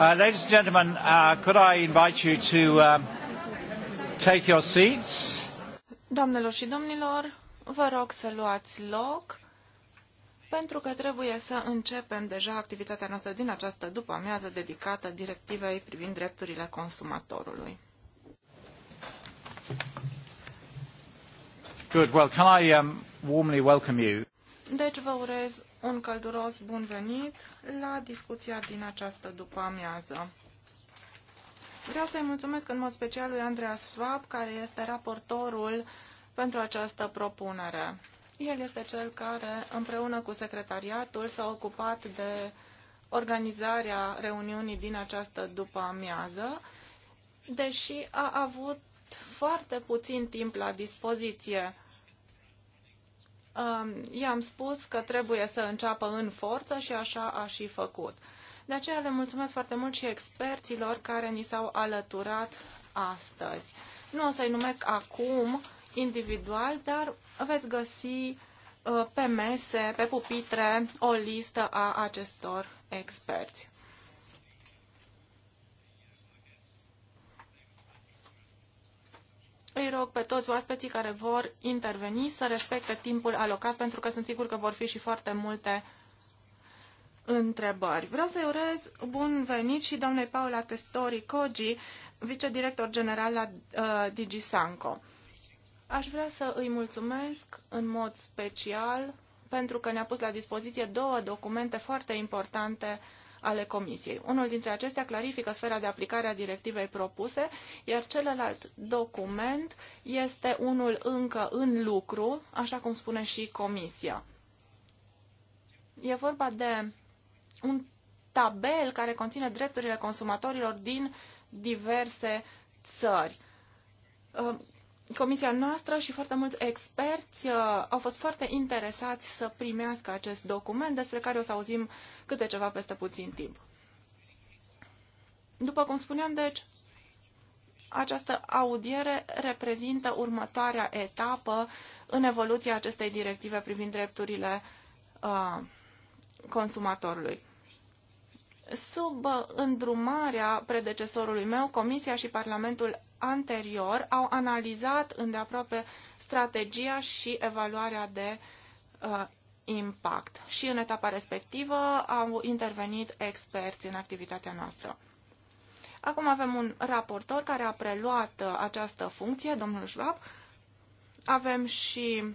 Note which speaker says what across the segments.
Speaker 1: Uh, ladies and gentlemen, uh, could I invite you to uh, take your seats? Doamnelor și domnilor, vă rog să luați loc pentru că trebuie să începem deja activitatea noastră din această după-amiază dedicată directivei privind drepturile
Speaker 2: consumatorului. Good. Well, can I um, warmly welcome you?
Speaker 1: Deci vă urez un călduros bun venit la discuția din această după-amiază. Vreau să-i mulțumesc în mod special lui Andreas Schwab, care este raportorul pentru această propunere. El este cel care, împreună cu secretariatul, s-a ocupat de organizarea reuniunii din această după-amiază, deși a avut foarte puțin timp la dispoziție Um, i-am spus că trebuie să înceapă în forță și așa a și făcut. De aceea le mulțumesc foarte mult și experților care ni s-au alăturat astăzi. Nu o să-i numesc acum individual, dar veți găsi uh, pe mese, pe pupitre, o listă a acestor experți. Îi rog pe toți oaspeții care vor interveni să respecte timpul alocat, pentru că sunt sigur că vor fi și foarte multe întrebări. Vreau să-i urez bun venit și doamnei Paula Testori Cogi, vicedirector general la uh, DigiSanco. Aș vrea să îi mulțumesc în mod special pentru că ne-a pus la dispoziție două documente foarte importante uh, ale Comisiei. Unul dintre acestea clarifică sfera de aplicare a directivei propuse, iar celălalt document este unul încă în lucru, așa cum spune și Comisia. E vorba de un tabel care conține drepturile consumatorilor din diverse țări. Ă, comisia noastră și foarte mulți experți uh, au fost foarte interesați să primească acest document, despre care o să auzim câte ceva peste puțin timp. După cum spuneam, deci, această audiere reprezintă următoarea etapă în evoluția acestei directive privind drepturile uh, consumatorului. Sub uh, îndrumarea predecesorului meu, Comisia și Parlamentul anterior au analizat îndeaproape strategia și evaluarea de uh, impact. Și în etapa respectivă au intervenit experți în activitatea noastră. Acum avem un raportor care a preluat uh, această funcție, domnul Schwab. Avem și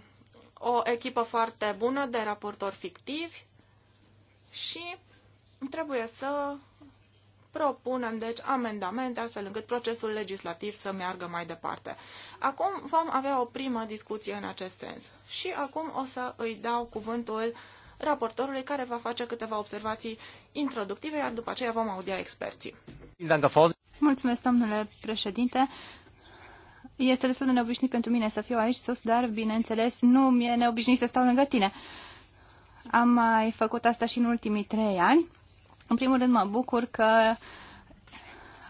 Speaker 1: o echipă foarte bună de raportori fictivi și trebuie să Propunem, deci, amendamente astfel încât procesul legislativ să meargă mai departe. Acum vom avea o primă discuție în acest sens. Și acum o să îi dau cuvântul raportorului care va face câteva observații introductive, iar după aceea vom audia experții.
Speaker 3: Mulțumesc, domnule președinte. Este destul de neobișnuit pentru mine să fiu aici sus, dar, bineînțeles, nu mi-e neobișnuit să stau lângă tine. Am mai făcut asta și în ultimii trei ani în primul rând mă bucur că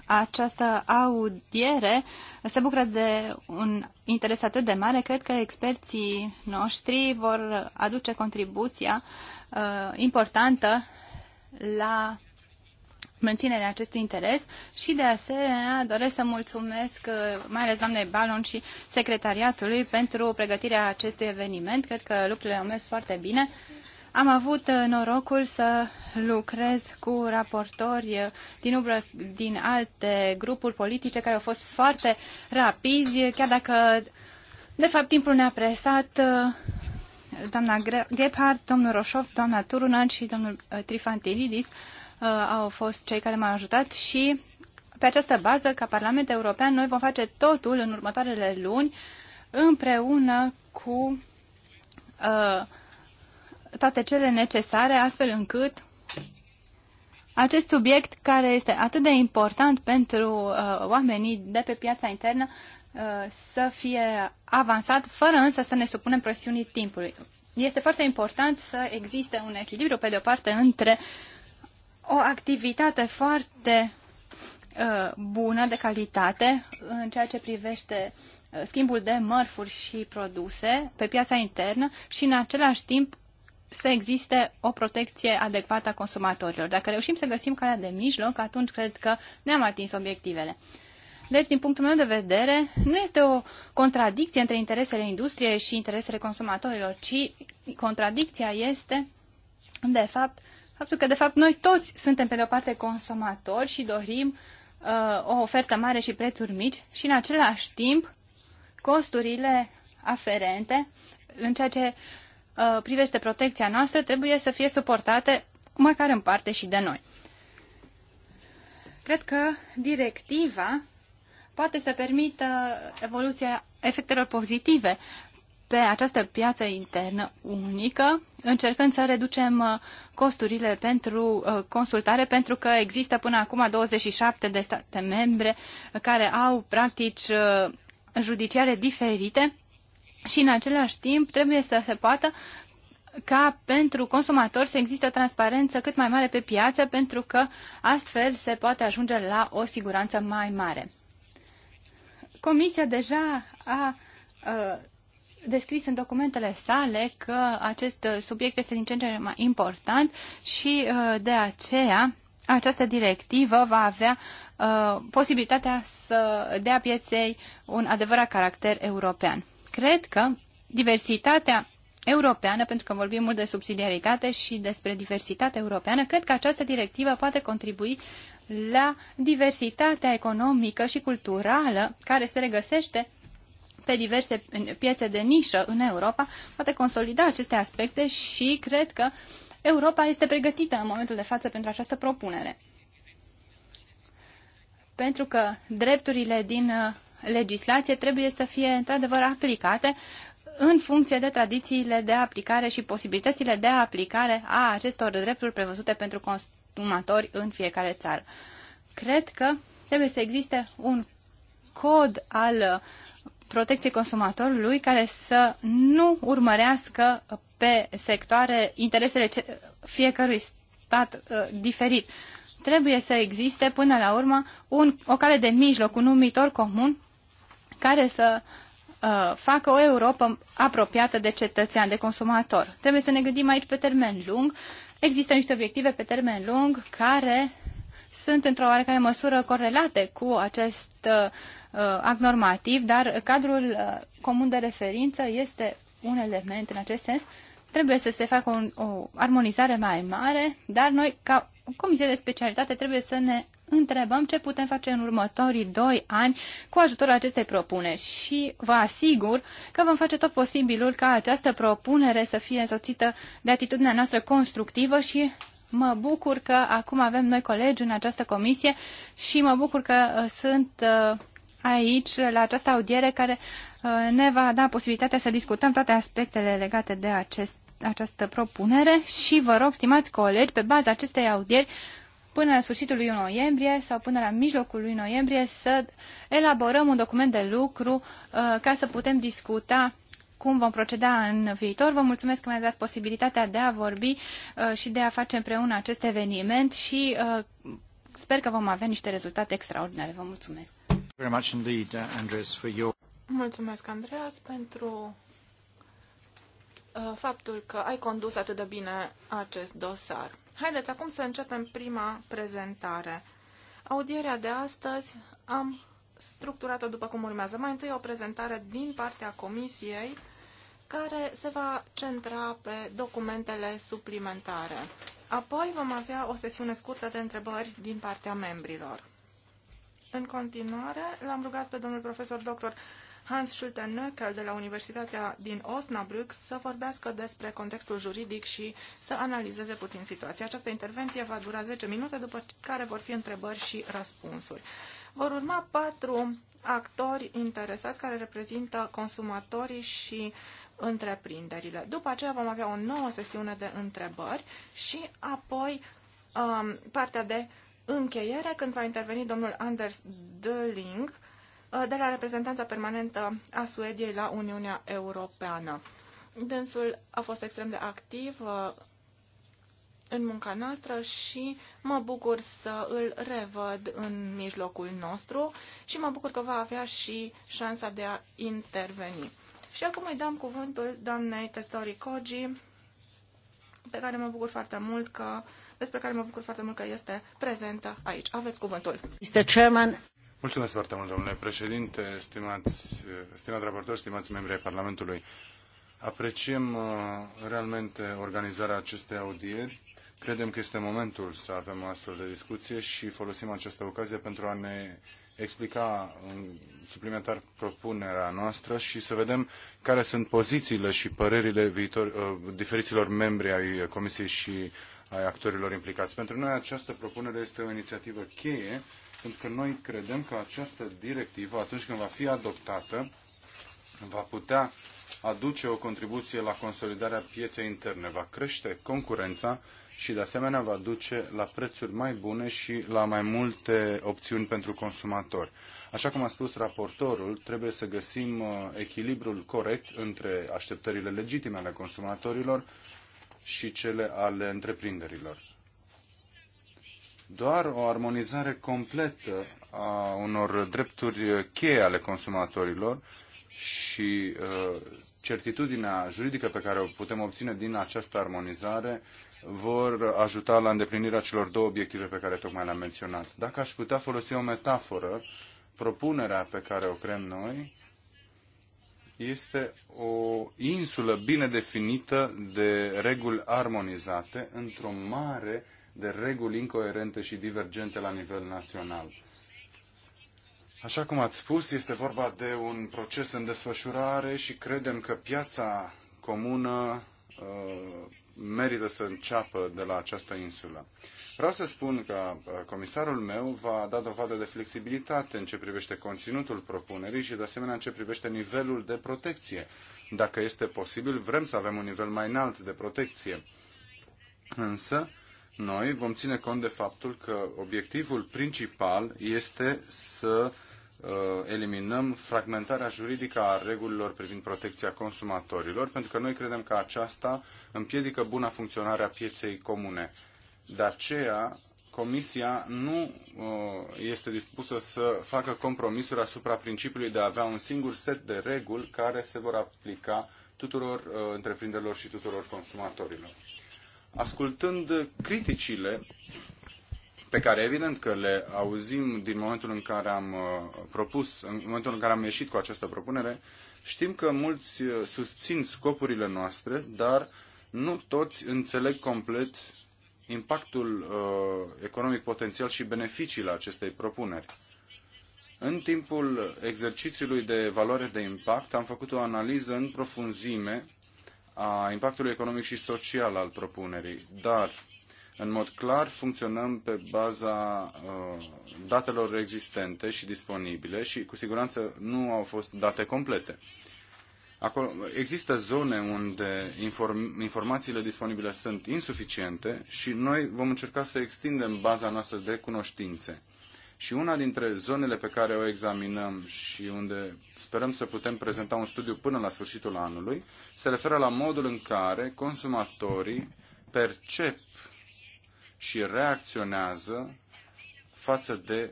Speaker 3: această audiere se bucură de un interes atât de mare. Cred că experții noștri vor aduce contribuția uh, importantă la menținerea acestui interes și de asemenea doresc să mulțumesc uh, mai ales doamnei Balon și secretariatului pentru pregătirea acestui eveniment. Cred că lucrurile au mers foarte bine am avut uh, norocul să lucrez cu raportori uh, din, umbră, din alte grupuri politice care au fost foarte rapizi, chiar dacă, de fapt, timpul ne-a presat. Uh, doamna Gebhardt, domnul Roșov, doamna Turunan și domnul Trifantilidis au fost cei care m-au ajutat și pe această bază, ca Parlament European, noi vom face totul în următoarele luni împreună cu uh, toate cele necesare, astfel încât acest subiect care este atât de important pentru uh, oamenii de pe piața internă uh, să fie avansat, fără însă să ne supunem presiunii timpului. Este foarte important să existe un echilibru, pe de o parte, între o activitate foarte uh, bună, de calitate, în ceea ce privește uh, schimbul de mărfuri și produse pe piața internă și, în același timp, să existe o protecție adecvată a consumatorilor. Dacă reușim să găsim calea de mijloc, atunci cred că ne-am atins obiectivele. Deci, din punctul meu de vedere, nu este o contradicție între interesele industriei și interesele consumatorilor, ci contradicția este, de fapt, faptul că, de fapt, noi toți suntem, pe de-o parte, consumatori și dorim uh, o ofertă mare și prețuri mici și, în același timp, costurile aferente în ceea ce uh, Uh, privește protecția noastră trebuie să fie suportate măcar în parte și de noi. Cred că directiva poate să permită evoluția efectelor pozitive pe această piață internă unică, încercând să reducem uh, costurile pentru uh, consultare, pentru că există până acum 27 de state membre care au practici judiciare diferite și în același timp trebuie să se poată ca pentru consumatori să existe o transparență cât mai mare pe piață, pentru că astfel se poate ajunge la o siguranță mai mare. Comisia deja a, a descris în documentele sale că acest subiect este din ce în ce mai important și a, de aceea această directivă va avea a, posibilitatea să dea pieței un adevărat caracter european. Cred că diversitatea europeană, pentru că vorbim mult de subsidiaritate și despre diversitatea europeană, cred că această directivă poate contribui la diversitatea economică și culturală care se regăsește pe diverse piețe de nișă în Europa, poate consolida aceste aspecte și cred că Europa este pregătită în momentul de față pentru această propunere. Pentru că drepturile din uh, legislație trebuie să fie într-adevăr aplicate în funcție de tradițiile de aplicare și posibilitățile de aplicare a acestor drepturi prevăzute pentru consumatori în fiecare țară. Cred că trebuie să existe un cod al protecției consumatorului care să nu urmărească pe sectoare interesele fiecărui stat uh, diferit. Trebuie să existe până la urmă un, o cale de mijloc, un numitor comun care să uh, facă o Europa apropiată de cetățean, de consumator. Trebuie să ne gândim aici pe termen lung. Există niște obiective pe termen lung care sunt într-o oarecare măsură corelate cu acest uh, uh act normativ, dar cadrul uh, comun de referință este un element în acest sens. Trebuie să se facă un, o armonizare mai mare, dar noi, ca Comisie de Specialitate, trebuie să ne întrebăm ce putem face în următorii doi ani cu ajutorul acestei propuneri și vă asigur că vom face tot posibilul ca această propunere să fie însoțită de atitudinea noastră constructivă și mă bucur că acum avem noi colegi în această comisie și mă bucur că uh, sunt uh, aici la această audiere care uh, ne va da posibilitatea să discutăm toate aspectele legate de acest, această propunere și vă rog, stimați colegi, pe baza acestei audieri până la sfârșitul lui noiembrie sau până la mijlocul lui noiembrie să elaborăm un document de lucru uh, ca să putem discuta cum vom proceda în viitor. Vă mulțumesc că mi-ați dat posibilitatea de a vorbi uh, și de a face împreună acest eveniment și uh, sper că vom avea niște rezultate extraordinare. Vă mulțumesc!
Speaker 1: Mulțumesc, Andreas, pentru faptul că ai condus atât de bine acest dosar. Haideți acum să începem prima prezentare. Audierea de astăzi am structurată după cum urmează. Mai întâi o prezentare din partea comisiei care se va centra pe documentele suplimentare. Apoi vom avea o sesiune scurtă de întrebări din partea membrilor. În continuare, l-am rugat pe domnul profesor doctor Hans Schulte-Nöckel de la Universitatea din Osnabrück să vorbească despre contextul juridic și să analizeze puțin situația. Această intervenție va dura 10 minute, după care vor fi întrebări și răspunsuri. Vor urma patru actori interesați care reprezintă consumatorii și întreprinderile. După aceea vom avea o nouă sesiune de întrebări și apoi um, partea de încheiere când va interveni domnul Anders Dölling Uh, de la reprezentanța permanentă a Suediei la Uniunea Europeană. Dânsul a fost extrem de activ uh, în munca noastră și mă bucur să îl revăd în mijlocul nostru și mă bucur că va avea și șansa de a interveni. Și acum îi dăm cuvântul doamnei Testori Koji, pe care mă bucur foarte mult că, despre care mă bucur foarte mult că este prezentă aici. Aveți cuvântul.
Speaker 2: Mr. Chairman. Mulțumesc foarte mult, domnule președinte, stimați, stimați raportori, stimați membri ai Parlamentului. Apreciem uh, realmente organizarea acestei audieri. Credem că este momentul să avem o astfel de discuție și folosim această ocazie pentru a ne explica suplimentar propunerea noastră și să vedem care sunt pozițiile și părerile viitor, uh, diferiților membri ai Comisiei și ai actorilor implicați. Pentru noi această propunere este o inițiativă cheie pentru că noi credem că această directivă, atunci când va fi adoptată, va putea aduce o contribuție la consolidarea pieței interne, va crește concurența și de asemenea va duce la prețuri mai bune și la mai multe opțiuni pentru consumatori. Așa cum a spus raportorul, trebuie să găsim uh, echilibrul corect între așteptările legitime ale consumatorilor și cele ale întreprinderilor. Doar o armonizare completă a unor drepturi cheie ale consumatorilor și uh, certitudinea juridică pe care o putem obține din această armonizare vor ajuta la îndeplinirea celor două obiective pe care tocmai le-am menționat. Dacă aș putea folosi o metaforă, propunerea pe care o creăm noi este o insulă bine definită de reguli armonizate într-o mare de reguli incoerente și divergente la nivel național. Așa cum ați spus, este vorba de un proces în desfășurare și credem că piața comună uh, merită să înceapă de la această insulă. Vreau să spun că uh, comisarul meu va da dovadă de flexibilitate în ce privește conținutul propunerii și de asemenea în ce privește nivelul de protecție. Dacă este posibil, vrem să avem un nivel mai înalt de protecție. Însă, noi vom ține cont de faptul că obiectivul principal este să uh, eliminăm fragmentarea juridică a regulilor privind protecția consumatorilor, pentru că noi credem că aceasta împiedică buna funcționare a pieței comune. De aceea, Comisia nu uh, este dispusă să facă compromisuri asupra principiului de a avea un singur set de reguli care se vor aplica tuturor uh, întreprinderilor și tuturor consumatorilor ascultând criticile pe care evident că le auzim din momentul în care am uh, propus, în momentul în care am ieșit cu această propunere, știm că mulți uh, susțin scopurile noastre, dar nu toți înțeleg complet impactul uh, economic potențial și beneficiile acestei propuneri. În timpul exercițiului de evaluare de impact am făcut o analiză în profunzime a impactului economic și social al propunerii, dar în mod clar funcționăm pe baza uh, datelor existente și disponibile și cu siguranță nu au fost date complete. Acolo există zone unde inform, informațiile disponibile sunt insuficiente și noi vom încerca să extindem baza noastră de cunoștințe. Și una dintre zonele pe care o examinăm și unde sperăm să putem prezenta un studiu până la sfârșitul anului, se referă la modul în care consumatorii percep și reacționează față de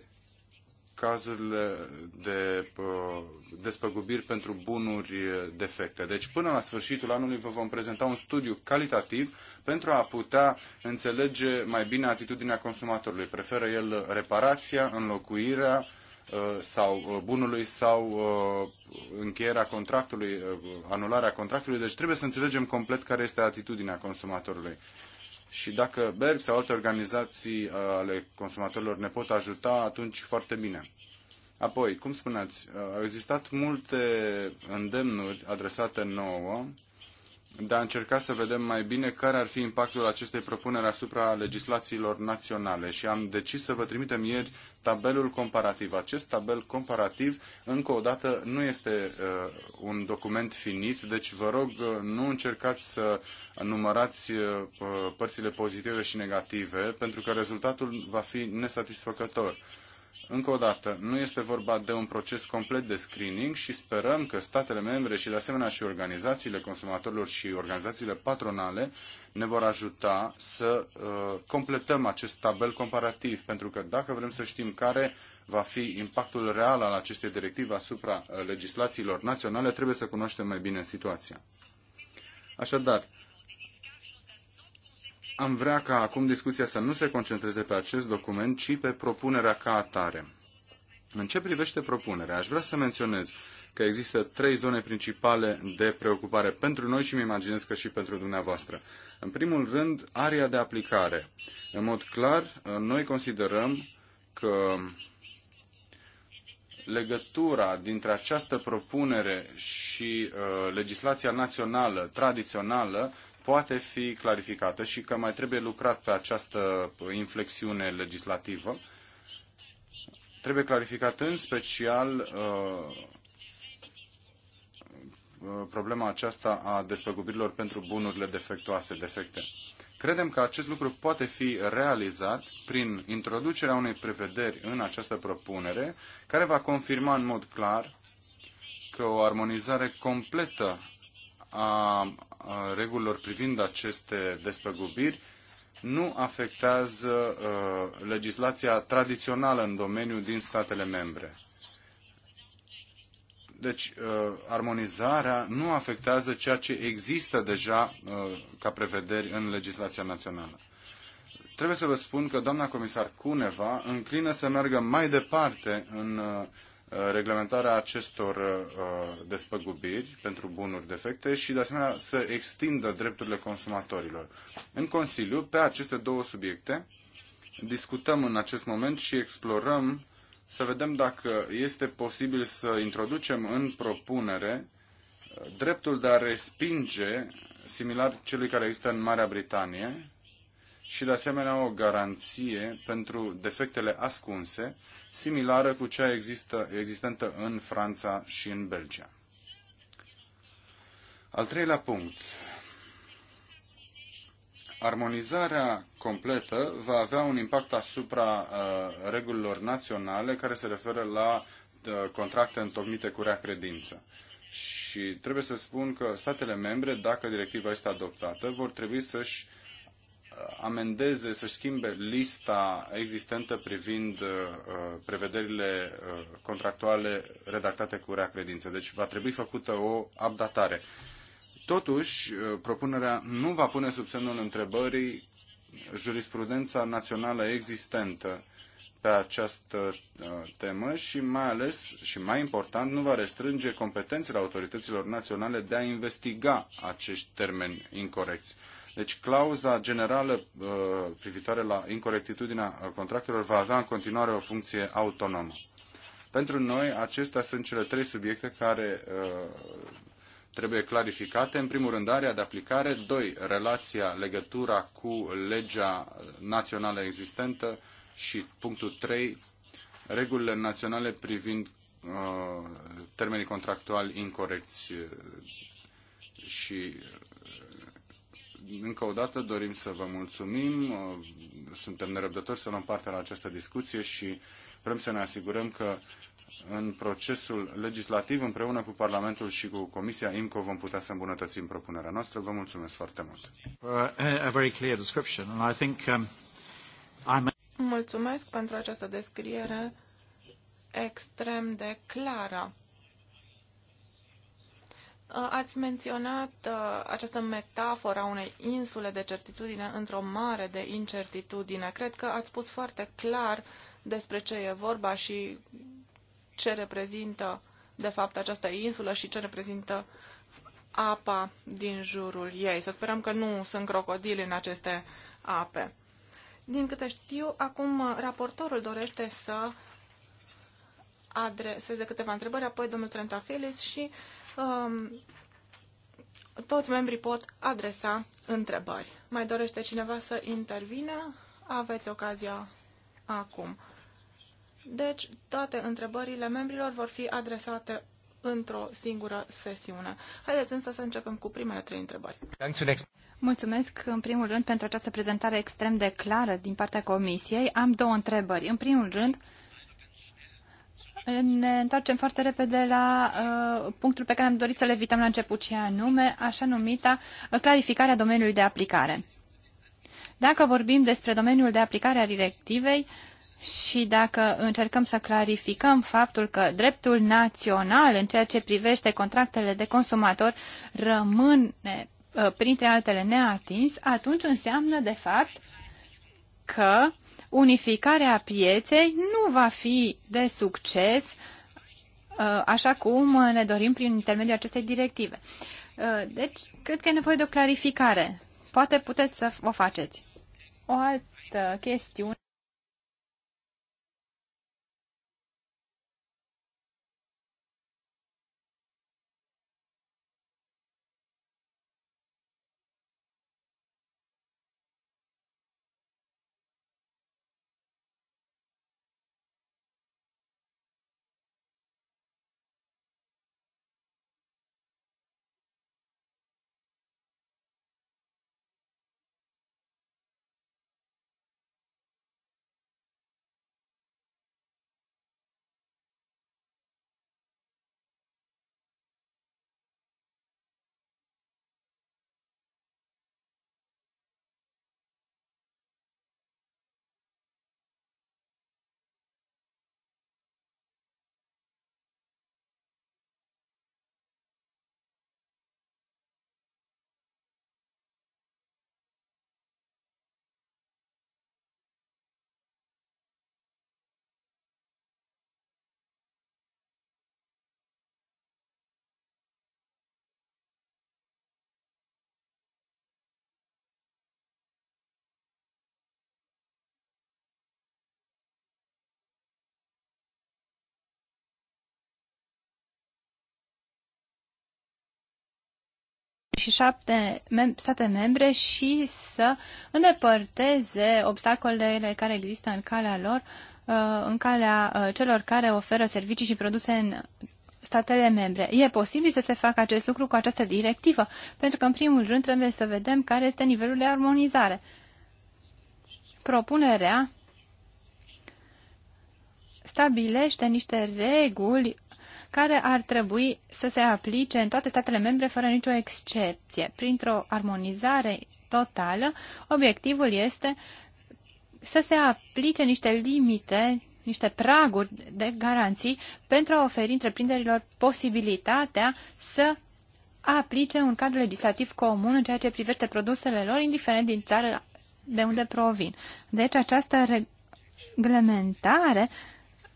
Speaker 2: cazurile de despăgubiri pentru bunuri defecte. Deci până la sfârșitul anului vă vom prezenta un studiu calitativ pentru a putea înțelege mai bine atitudinea consumatorului. Preferă el reparația, înlocuirea ă, sau ă, bunului sau ă, încheierea contractului, anularea contractului. Deci trebuie să înțelegem complet care este atitudinea consumatorului. Și dacă Berg sau alte organizații uh, ale consumatorilor ne pot ajuta, atunci foarte bine. Apoi, cum spuneați, uh, au existat multe îndemnuri adresate nouă de a încerca să vedem mai bine care ar fi impactul acestei propuneri asupra legislațiilor naționale și am decis să vă trimitem ieri tabelul comparativ. Acest tabel comparativ, încă o dată, nu este uh, un document finit, deci vă rog, uh, nu încercați să numărați uh, uh părțile pozitive și negative, pentru că rezultatul va fi nesatisfăcător încă o dată, nu este vorba de un proces complet de screening și sperăm că statele membre și de asemenea și organizațiile consumatorilor și organizațiile patronale ne vor ajuta să uh, completăm acest tabel comparativ, pentru că dacă vrem să știm care va fi impactul real al acestei directive asupra uh, legislațiilor naționale, trebuie să cunoaștem mai bine situația. Așadar, am vrea ca acum discuția să nu se concentreze pe acest document, ci pe propunerea ca atare. În ce privește propunerea, aș vrea să menționez că există trei zone principale de preocupare pentru noi și îmi imaginez că și pentru dumneavoastră. În primul rând, area de aplicare. În mod clar, noi considerăm că legătura dintre această propunere și uh, legislația națională tradițională poate fi clarificată și că mai trebuie lucrat pe această inflexiune legislativă. Trebuie clarificat în special uh, uh, problema aceasta a despăgubirilor pentru bunurile defectuoase, defecte. Credem că acest lucru poate fi realizat prin introducerea unei prevederi în această propunere, care va confirma în mod clar că o armonizare completă a regulilor privind aceste despăgubiri nu afectează legislația tradițională în domeniu din statele membre. Deci, armonizarea nu afectează ceea ce există deja ca prevederi în legislația națională. Trebuie să vă spun că doamna comisar Cuneva înclină să meargă mai departe în uh, Uh, reglementarea acestor uh, despăgubiri pentru bunuri defecte și, de asemenea, să extindă drepturile consumatorilor. În Consiliu, pe aceste două subiecte, discutăm în acest moment și explorăm să vedem dacă este posibil să introducem în propunere uh, dreptul de a respinge, similar celui care există în Marea Britanie, și de asemenea o garanție pentru defectele ascunse, similară cu cea există, existentă în Franța și în Belgia. Al treilea punct. Armonizarea completă va avea un impact asupra uh, regulilor naționale care se referă la uh, contracte întocmite cu rea credință. Și trebuie să spun că statele membre, dacă directiva este adoptată, vor trebui să-și Uh, amendeze, să schimbe lista existentă privind uh, uh, prevederile contractuale redactate cu rea Deci va trebui făcută o updatare. Totuși, propunerea nu va pune sub semnul întrebării jurisprudența națională existentă pe această temă și mai ales și mai important nu va restrânge competențele autorităților naționale de a investiga acești termeni incorrecți. Deci clauza generală uh, privitoare la incorectitudinea contractelor va avea în continuare o funcție autonomă. Pentru noi, acestea sunt cele trei subiecte care uh, trebuie clarificate. În primul rând, area de aplicare. Doi, relația, legătura cu legea națională existentă. Și punctul trei, regulile naționale privind uh, termenii contractuali incorrecți uh, și încă o dată dorim să vă mulțumim, uh, suntem nerăbdători să luăm parte la această discuție și vrem să ne asigurăm că în procesul legislativ, împreună cu Parlamentul și cu Comisia IMCO, vom putea să îmbunătățim propunerea noastră. Vă mulțumesc foarte mult.
Speaker 3: Uh, um,
Speaker 1: mulțumesc pentru această descriere extrem de clară. Uh, ați menționat uh, această metaforă a unei insule de certitudine într-o mare de incertitudine. Cred că ați spus foarte clar despre ce e vorba și ce reprezintă, de fapt, această insulă și ce reprezintă apa din jurul ei. Să sperăm că nu sunt crocodili în aceste ape. Din câte știu, acum uh, raportorul dorește să adreseze câteva întrebări, apoi domnul Trentafilis și uh, um, toți membrii pot adresa întrebări. Mai dorește cineva să intervină? Aveți ocazia acum. Deci, toate întrebările membrilor vor fi adresate într-o singură sesiune. Haideți însă să începem cu primele trei întrebări.
Speaker 3: Mulțumesc în primul rând pentru această prezentare extrem de clară din partea Comisiei. Am două întrebări. În primul rând, ne întoarcem foarte repede la uh, punctul pe care am dorit să-l evităm la început, și anume așa numita uh, clarificarea domeniului de aplicare. Dacă vorbim despre domeniul de aplicare a directivei și dacă încercăm să clarificăm faptul că dreptul național în ceea ce privește contractele de consumator rămâne, uh, printre altele, neatins, atunci înseamnă, de fapt, că unificarea pieței nu va fi de succes uh, așa cum ne dorim prin intermediul acestei directive. Uh, deci, cred că e nevoie de o clarificare. Poate puteți să o faceți. O altă chestiune 27 mem- state membre și să îndepărteze obstacolele care există în calea lor, uh, în calea uh, celor care oferă servicii și produse în statele membre. E posibil să se facă acest lucru cu această directivă, pentru că, în primul rând, trebuie să vedem care este nivelul de armonizare. Propunerea stabilește niște reguli care ar trebui să se aplice în toate statele membre fără nicio excepție. Printr-o armonizare totală, obiectivul este să se aplice niște limite, niște praguri de garanții pentru a oferi întreprinderilor posibilitatea să aplice un cadru legislativ comun în ceea ce privește produsele lor, indiferent din țară de unde provin. Deci această reglementare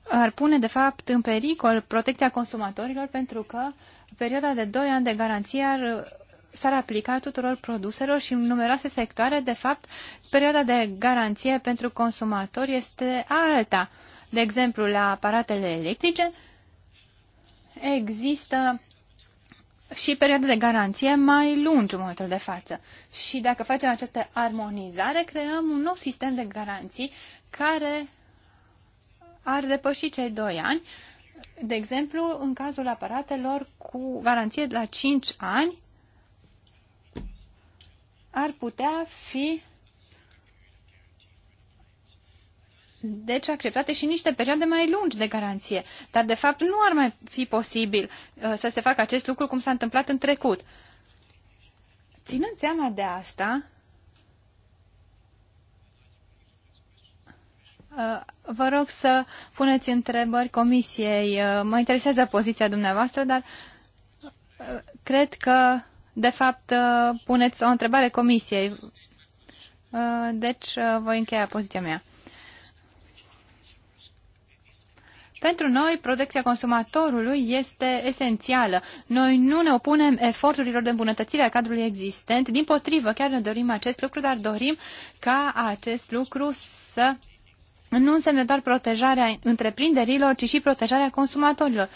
Speaker 3: ar pune, de fapt, în pericol protecția consumatorilor pentru că perioada de 2 ani de garanție ar s-ar aplica tuturor produselor și în numeroase sectoare, de fapt, perioada de garanție pentru consumatori este alta. De exemplu, la aparatele electrice există și perioada de garanție mai lungi în momentul de față. Și dacă facem această armonizare, creăm un nou sistem de garanții care ar depăși cei 2 ani, de exemplu, în cazul aparatelor cu garanție de la 5 ani, ar putea fi deci acceptate și niște perioade mai lungi de garanție. Dar, de fapt, nu ar mai fi posibil uh, să se facă acest lucru cum s-a întâmplat în trecut. Ținând seama de asta, Uh, vă rog să puneți întrebări comisiei. Uh, mă interesează poziția dumneavoastră, dar uh, cred că, de fapt, puneți o întrebare comisiei. Deci, voi încheia poziția mea. Pentru noi, protecția consumatorului este esențială. Noi nu ne opunem eforturilor de îmbunătățire a cadrului existent. Din potrivă, chiar ne dorim acest lucru, dar dorim ca acest lucru să nu însemne doar protejarea întreprinderilor, ci și protejarea consumatorilor.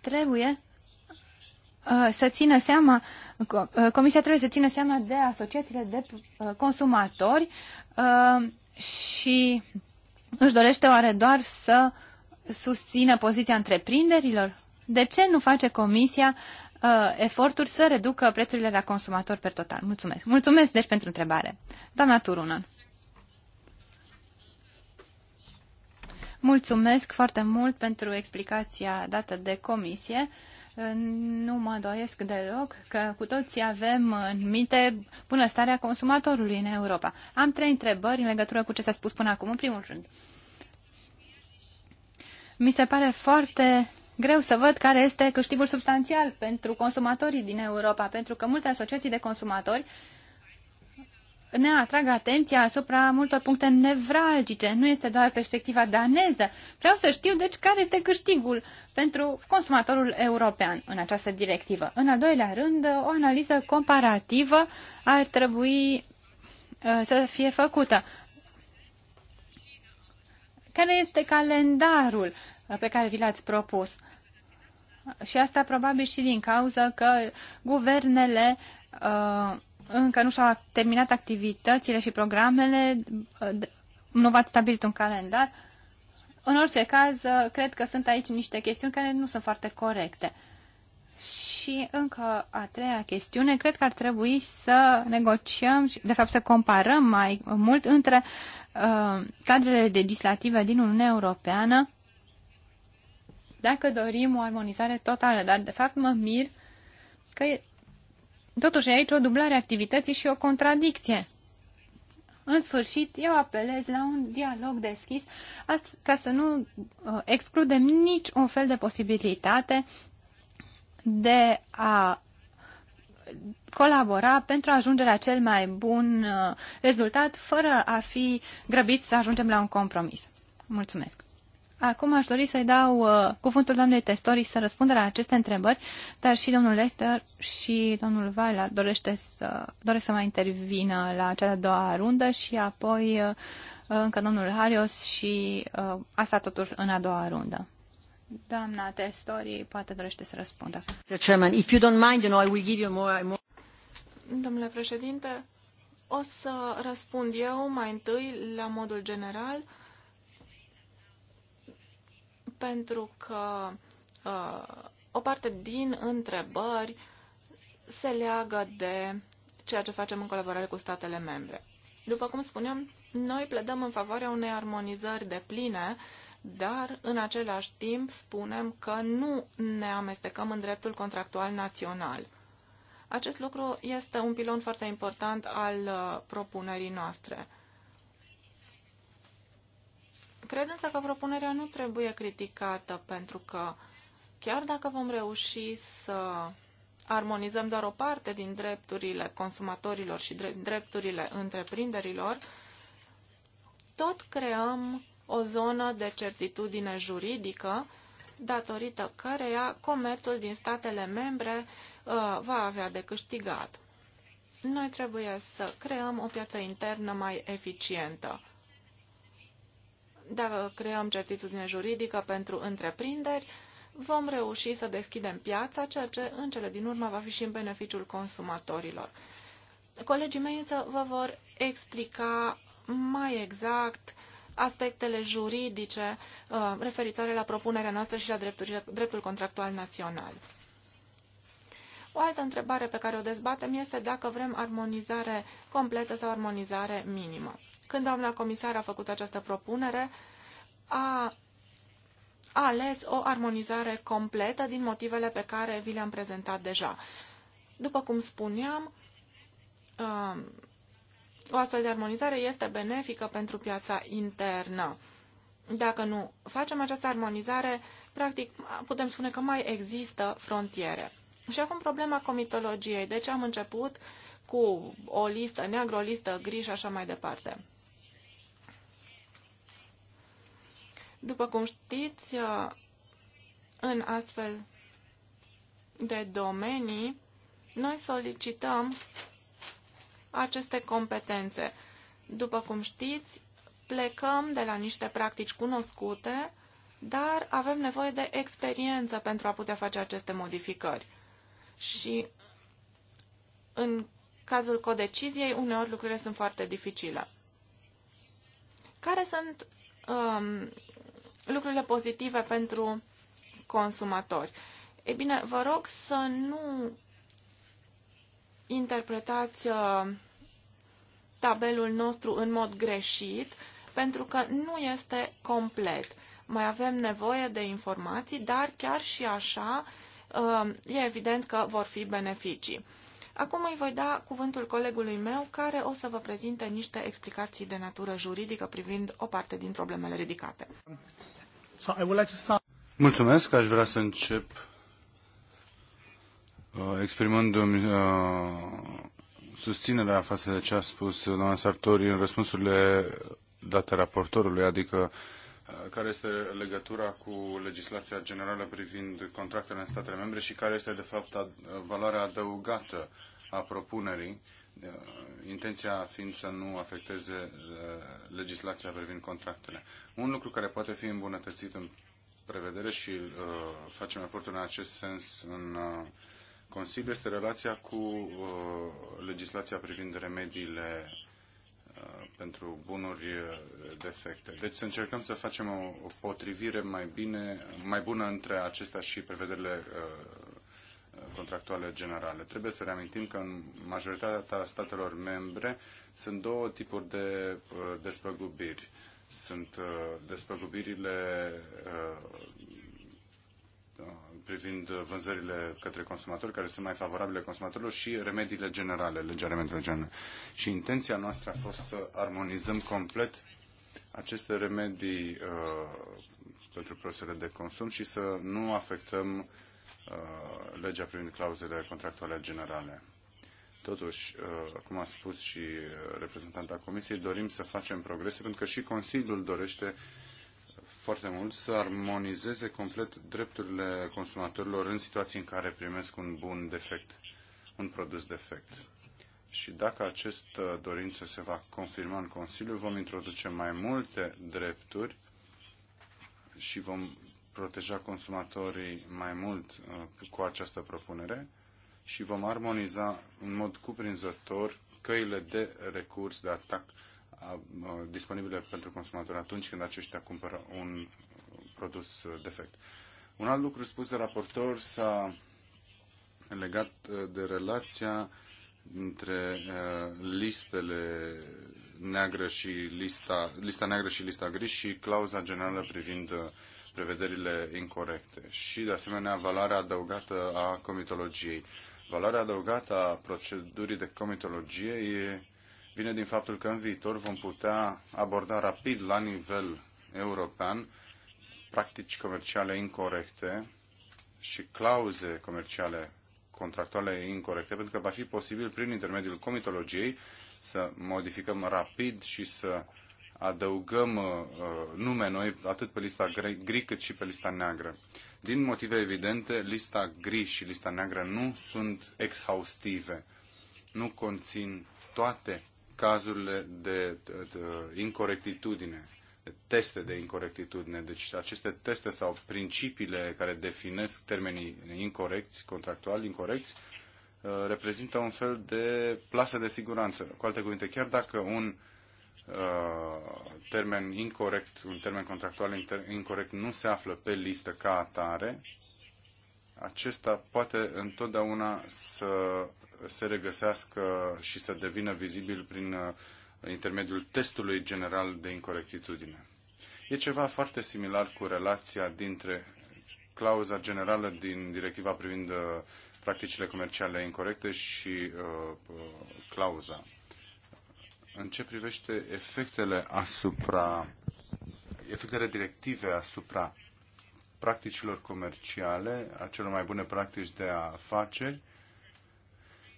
Speaker 3: Trebuie uh, să țină seama, uh, Comisia trebuie să țină seama de asociațiile de uh, consumatori și își dorește oare doar să susțină poziția întreprinderilor? De ce nu face Comisia eforturi să reducă prețurile la consumator pe total? Mulțumesc. Mulțumesc, deci, pentru întrebare. Doamna Turunan. Mulțumesc foarte mult pentru explicația dată de comisie. Nu mă doiesc deloc că cu toții avem în minte bunăstarea consumatorului în Europa. Am trei întrebări în legătură cu ce s-a spus până acum. În primul rând, mi se pare foarte greu să văd care este câștigul substanțial pentru consumatorii din Europa, pentru că multe asociații de consumatori uh, ne atrag atenția asupra multor puncte nevralgice. Nu este doar perspectiva daneză. Vreau să știu, deci, care este câștigul pentru consumatorul european în această directivă. În al doilea rând, o analiză comparativă ar trebui uh, să fie făcută. Care este calendarul pe care vi l-ați propus? Și asta probabil și din cauza că guvernele uh, încă nu și-au terminat activitățile și programele, nu v-ați stabilit un calendar. În orice caz, cred că sunt aici niște chestiuni care nu sunt foarte corecte. Și încă a treia chestiune, cred că ar trebui să negociem, și, de fapt să comparăm mai mult între uh, cadrele legislative din Uniunea Europeană dacă dorim o armonizare totală, dar de fapt mă mir că Totuși, aici o dublare a activității și o contradicție. În sfârșit, eu apelez la un dialog deschis ca să nu uh, excludem nici un fel de posibilitate de a colabora pentru a ajunge la cel mai bun uh, rezultat, fără a fi grăbiți să ajungem la un compromis. Mulțumesc! Acum aș dori să-i dau uh, cuvântul doamnei Testori să răspundă la aceste întrebări, dar și domnul Lechter și domnul Vaila dorește să, doresc să mai intervină la cea de-a doua rundă și apoi uh, uh, încă domnul Harios și uh, asta totuși în a doua rundă. Doamna Testori poate dorește să răspundă. Domnule
Speaker 1: președinte, o să răspund eu mai întâi la modul general pentru că uh, o parte din întrebări se leagă de ceea ce facem în colaborare cu statele membre. După cum spuneam, noi pledăm în favoarea unei armonizări de pline, dar în același timp spunem că nu ne amestecăm în dreptul contractual național. Acest lucru este un pilon foarte important al uh, propunerii noastre. Cred însă că propunerea nu trebuie criticată, pentru că chiar dacă vom reuși să armonizăm doar o parte din drepturile consumatorilor și drepturile întreprinderilor, tot creăm o zonă de certitudine juridică datorită căreia comerțul din statele membre uh, va avea de câștigat. Noi trebuie să creăm o piață internă mai eficientă dacă creăm certitudine juridică pentru întreprinderi, vom reuși să deschidem piața, ceea ce în cele din urmă va fi și în beneficiul consumatorilor. Colegii mei însă vă vor explica mai exact aspectele juridice uh, referitoare la propunerea noastră și la dreptul, dreptul contractual național. O altă întrebare pe care o dezbatem este dacă vrem armonizare completă sau armonizare minimă. Când doamna comisar a făcut această propunere, a a ales o armonizare completă din motivele pe care vi le-am prezentat deja. După cum spuneam, um, o astfel de armonizare este benefică pentru piața internă. Dacă nu facem această armonizare, practic putem spune că mai există frontiere. Și acum problema comitologiei. Deci am început cu o listă neagră, o listă gri și așa mai departe. După cum știți, în astfel de domenii, noi solicităm aceste competențe. După cum știți, plecăm de la niște practici cunoscute, dar avem nevoie de experiență pentru a putea face aceste modificări. Și în cazul codeciziei, uneori lucrurile sunt foarte dificile. Care sunt um, lucrurile pozitive pentru consumatori. E bine, vă rog să nu interpretați uh, tabelul nostru în mod greșit, pentru că nu este complet. Mai avem nevoie de informații, dar chiar și așa uh, e evident că vor fi beneficii. Acum îi voi da cuvântul colegului meu, care o să vă prezinte niște explicații de natură juridică privind o parte din problemele ridicate.
Speaker 2: Mulțumesc, aș vrea să încep uh, exprimându-mi uh, susținerea față de ce a spus doamna Sartori în răspunsurile date raportorului, adică uh, care este legătura cu legislația generală privind contractele în statele membre și care este, de fapt, valoarea adăugată a propunerii, uh, intenția fiind să nu afecteze uh, legislația privind contractele. Un lucru care poate fi îmbunătățit în prevedere și uh, facem efortul în acest sens în Consiliu este relația cu legislația privind remediile pentru bunuri defecte. Deci să încercăm să facem o, o potrivire mai bine, mai bună între acestea și prevederile uh, contractuale generale. Trebuie să reamintim că în majoritatea statelor membre sunt două tipuri de uh, despăgubiri. Sunt uh, despăgubirile uh, privind vânzările către consumatori, care sunt mai favorabile consumatorilor, și remediile generale, legea remediilor generale. Și intenția noastră a fost să armonizăm complet aceste remedii uh, pentru prosele de consum și să nu afectăm Uh, legea privind clauzele contractuale generale. Totuși, uh, cum a spus și reprezentanta Comisiei, dorim să facem progrese pentru că și Consiliul dorește foarte mult să armonizeze complet drepturile consumatorilor în situații în care primesc un bun defect, un produs defect. Și dacă această uh, dorință se va confirma în Consiliu, vom introduce mai multe drepturi și vom proteja consumatorii mai mult uh, cu această propunere și vom armoniza în mod cuprinzător căile de recurs, de atac uh, uh, disponibile pentru consumatori atunci când aceștia cumpără un produs defect. Un alt lucru spus de raportor s-a legat de relația între listele neagră și lista, lista neagră și lista gri și clauza generală privind prevederile incorrecte și, de asemenea, valoarea adăugată a comitologiei. Valoarea adăugată a procedurii de comitologie e, vine din faptul că în viitor vom putea aborda rapid la nivel european practici comerciale incorrecte și clauze comerciale contractuale incorrecte, pentru că va fi posibil prin intermediul comitologiei să modificăm rapid și să uh, adăugăm uh, uh, nume noi, atât pe lista gri, gri cât și pe lista neagră. Din motive evidente, lista gri și lista neagră nu sunt exhaustive. Nu conțin toate cazurile de, de, de incorectitudine, de teste de incorectitudine. Deci aceste teste sau principiile care definesc termenii incorrecți, contractuali incorrecți, uh, reprezintă un fel de plasă de siguranță. Cu alte cuvinte, chiar dacă un uh, Uh, termen incorrect, un termen contractual incorrect nu se află pe listă ca atare, acesta poate întotdeauna să se regăsească și să devină vizibil prin uh, intermediul testului general de incorectitudine. E ceva foarte similar cu relația dintre clauza generală din directiva privind uh, practicile comerciale incorrecte și uh, clauza în ce privește efectele asupra efectele directive asupra practicilor comerciale, a celor mai bune practici de afaceri,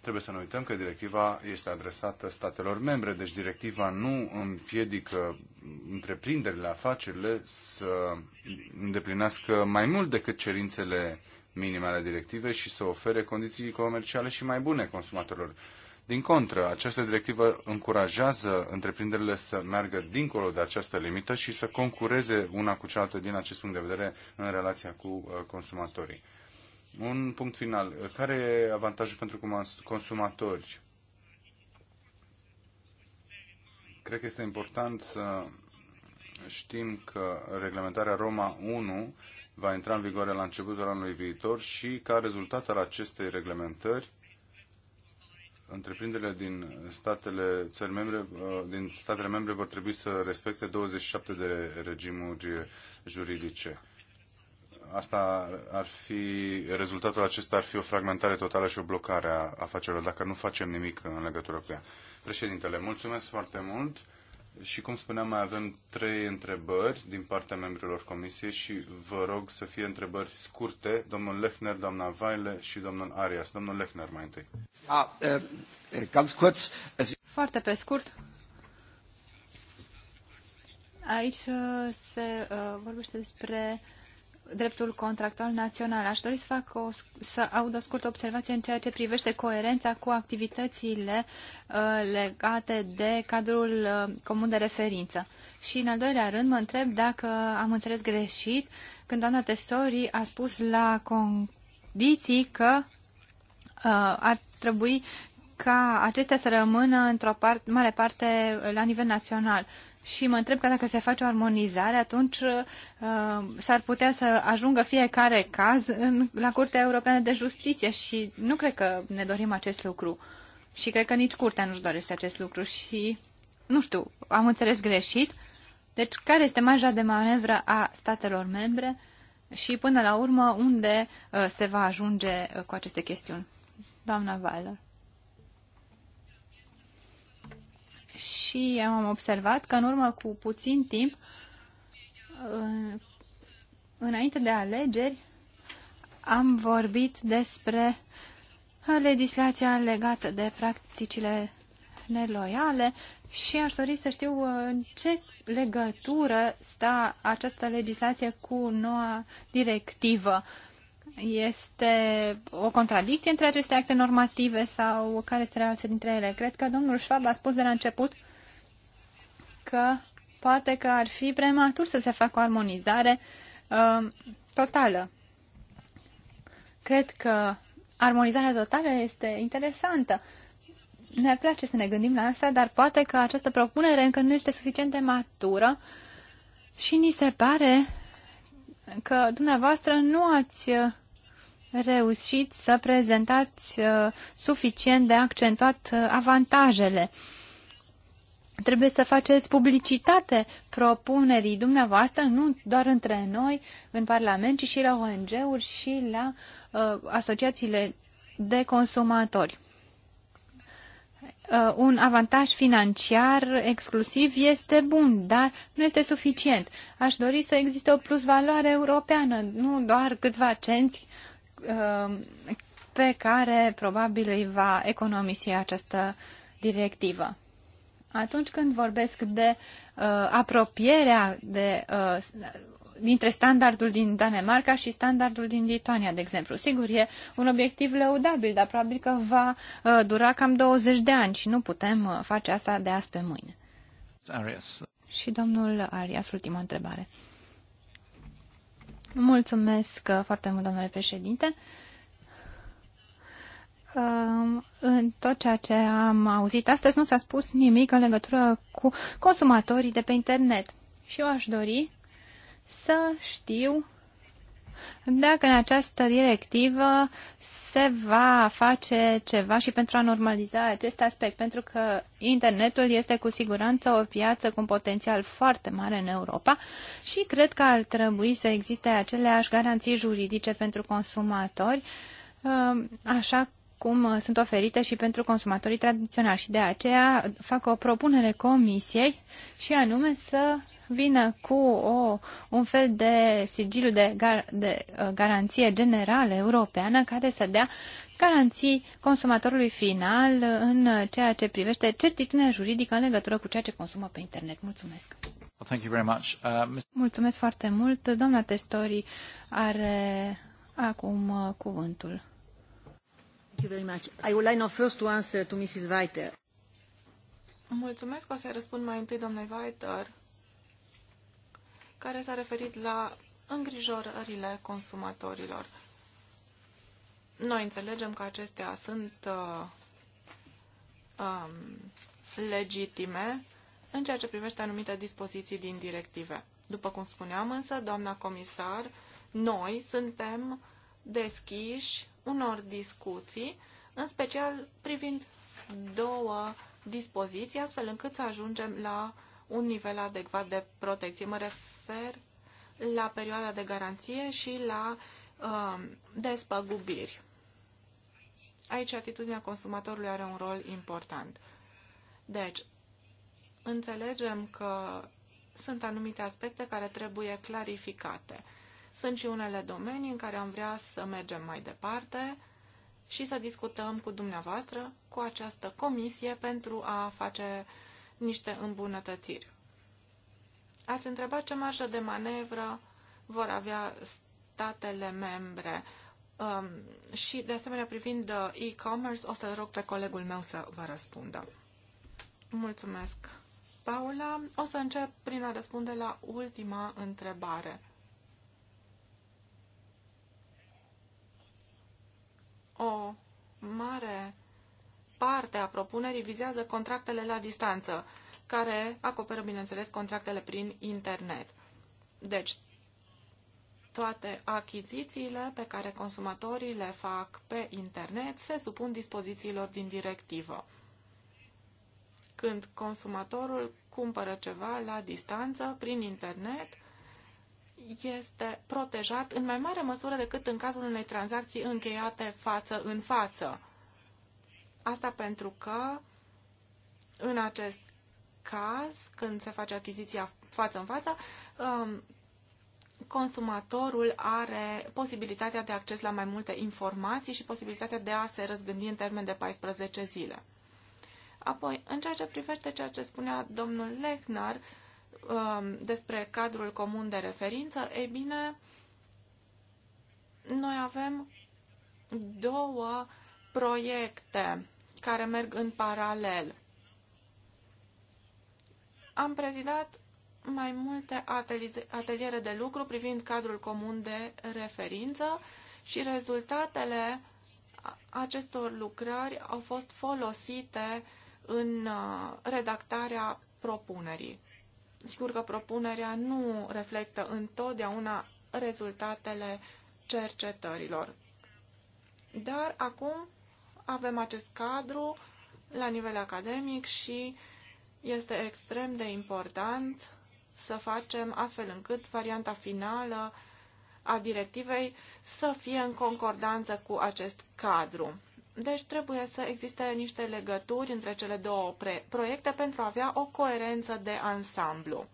Speaker 2: trebuie să nu uităm că directiva este adresată statelor membre, deci directiva nu împiedică întreprinderile, afacerile să îndeplinească mai mult decât cerințele minime ale directivei și să ofere condiții comerciale și mai bune consumatorilor. Din contră, această directivă încurajează întreprinderile să meargă dincolo de această limită și să concureze una cu cealaltă din acest punct de vedere în relația cu uh, consumatorii. Un punct final. Care e avantajul pentru consumatori? Cred că este important să știm că reglementarea Roma 1 va intra în vigoare la începutul anului viitor și ca rezultat al acestei reglementări Întreprinderile din statele, țări membre, uh, din statele membre vor trebui să respecte 27 de regimuri juridice. Asta ar fi, rezultatul acesta ar fi o fragmentare totală și o blocare a afacerilor, dacă nu facem nimic în legătură cu ea. Președintele, mulțumesc foarte mult. Și cum spuneam, mai avem trei întrebări din partea membrilor comisiei și vă rog să fie întrebări scurte, domnul Lechner, doamna Vaile și domnul Arias. Domnul Lechner mai întâi. A, e, ganz
Speaker 3: kurz. Foarte pe scurt. Aici uh, se uh, vorbește despre uh, dreptul contractual național. Aș dori să fac o, să aud o scurtă observație în ceea ce privește coerența cu activitățile uh, legate de cadrul uh, comun de referință. Și în al doilea rând mă întreb dacă am înțeles greșit când doamna Tesori a spus la condiții că uh, ar trebui ca acestea să rămână într-o part, mare parte la nivel național și mă întreb că dacă se face o armonizare, atunci uh, s-ar putea să ajungă fiecare caz în, la Curtea Europeană de Justiție și nu cred că ne dorim acest lucru. Și cred că nici Curtea nu-și dorește acest lucru și, nu știu, am înțeles greșit. Deci, care este marja de manevră a statelor membre și, până la urmă, unde uh, se va ajunge uh, cu aceste chestiuni? Doamna Weiler. și am observat că în urmă cu puțin timp, înainte de alegeri, am vorbit despre legislația legată de practicile neloiale și aș dori să știu uh, în ce legătură sta această legislație cu noua directivă este o contradicție între aceste acte normative sau care este relația dintre ele? Cred că domnul Schwab a spus de la început că poate că ar fi prematur să se facă o armonizare uh, totală. Cred că armonizarea totală este interesantă. Ne-ar place să ne gândim la asta, dar poate că această propunere încă nu este suficient de matură și ni se pare că dumneavoastră nu ați reușit să prezentați uh, suficient de accentuat uh, avantajele. Trebuie să faceți publicitate propunerii dumneavoastră, nu doar între noi în Parlament, ci și la ONG-uri și la uh, asociațiile de consumatori. Uh, un avantaj financiar exclusiv este bun, dar nu este suficient. Aș dori să existe o plusvaloare europeană, nu doar câțiva cenți uh, Um, pe care probabil îi va economisi această directivă. Atunci când vorbesc de uh, apropierea de, uh, dintre standardul din Danemarca și standardul din Lituania, de exemplu, sigur, e un obiectiv lăudabil, dar probabil că va uh, dura cam 20 de ani și nu putem uh, face asta de azi pe mâine. Arias. Și domnul Arias, ultima întrebare. Uh, Mulțumesc uh, foarte mult, domnule președinte. Um, în tot ceea ce am auzit astăzi nu s-a spus nimic în legătură cu consumatorii de pe internet. Și eu aș dori să știu dacă în această directivă se va face ceva și pentru a normaliza acest aspect, pentru că internetul este cu siguranță o piață cu un potențial foarte mare în Europa și cred că ar trebui să existe aceleași garanții juridice pentru consumatori, um, așa cum sunt oferite și pentru consumatorii tradiționali și de aceea fac o propunere comisiei și anume să vină cu o, un fel de sigiliu de, gar, de uh, garanție generală europeană care să dea garanții consumatorului final în ceea ce privește certitudinea juridică în legătură cu ceea ce consumă pe internet. Mulțumesc!
Speaker 2: Well, thank you very much. Uh,
Speaker 3: Mulțumesc foarte mult. Doamna Testori are acum uh, cuvântul.
Speaker 2: Thank you very much. I would like now first to answer to Mrs. Weiter.
Speaker 1: Mulțumesc, o să răspund mai întâi doamnei Weiter care s-a referit la îngrijorările consumatorilor. Noi înțelegem că acestea sunt uh, um, legitime în ceea ce privește anumite dispoziții din directive. După cum spuneam însă, doamna comisar, noi suntem deschiși unor discuții, în special privind două dispoziții, astfel încât să ajungem la un nivel adecvat de protecție. Mă refer refer la perioada de garanție și la uh, despăgubiri. Aici atitudinea consumatorului are un rol important. Deci, înțelegem că sunt anumite aspecte care trebuie clarificate. Sunt și unele domenii în care am vrea să mergem mai departe și să discutăm cu dumneavoastră, cu această comisie, pentru a face niște îmbunătățiri. Ați întrebat ce marjă de manevră vor avea statele membre. Um, și, de asemenea, privind uh, e-commerce, o să rog pe colegul meu să vă răspundă. Mulțumesc, Paula. O să încep prin a răspunde la ultima întrebare. O mare parte a propunerii vizează contractele la distanță, care acoperă, bineînțeles, contractele prin internet. Deci, toate achizițiile pe care consumatorii le fac pe internet se supun dispozițiilor din directivă. Când consumatorul cumpără ceva la distanță, prin internet, este protejat în mai mare măsură decât în cazul unei tranzacții încheiate față în față. Asta pentru că în acest caz, când se face achiziția față în față, um, consumatorul are posibilitatea de acces la mai multe informații și posibilitatea de a se răzgândi în termen de 14 zile. Apoi, în ceea ce privește ceea ce spunea domnul Lechner um, despre cadrul comun de referință, ei bine, noi avem două proiecte care merg în paralel. Am prezidat mai multe ateliere de lucru privind cadrul comun de referință și rezultatele acestor lucrări au fost folosite în uh, redactarea propunerii. Sigur că propunerea nu reflectă întotdeauna rezultatele cercetărilor. Dar acum avem acest cadru la nivel academic și este extrem de important să facem astfel încât varianta finală a directivei să fie în concordanță cu acest cadru. Deci trebuie să existe niște legături între cele două proiecte pentru a avea o coerență de ansamblu.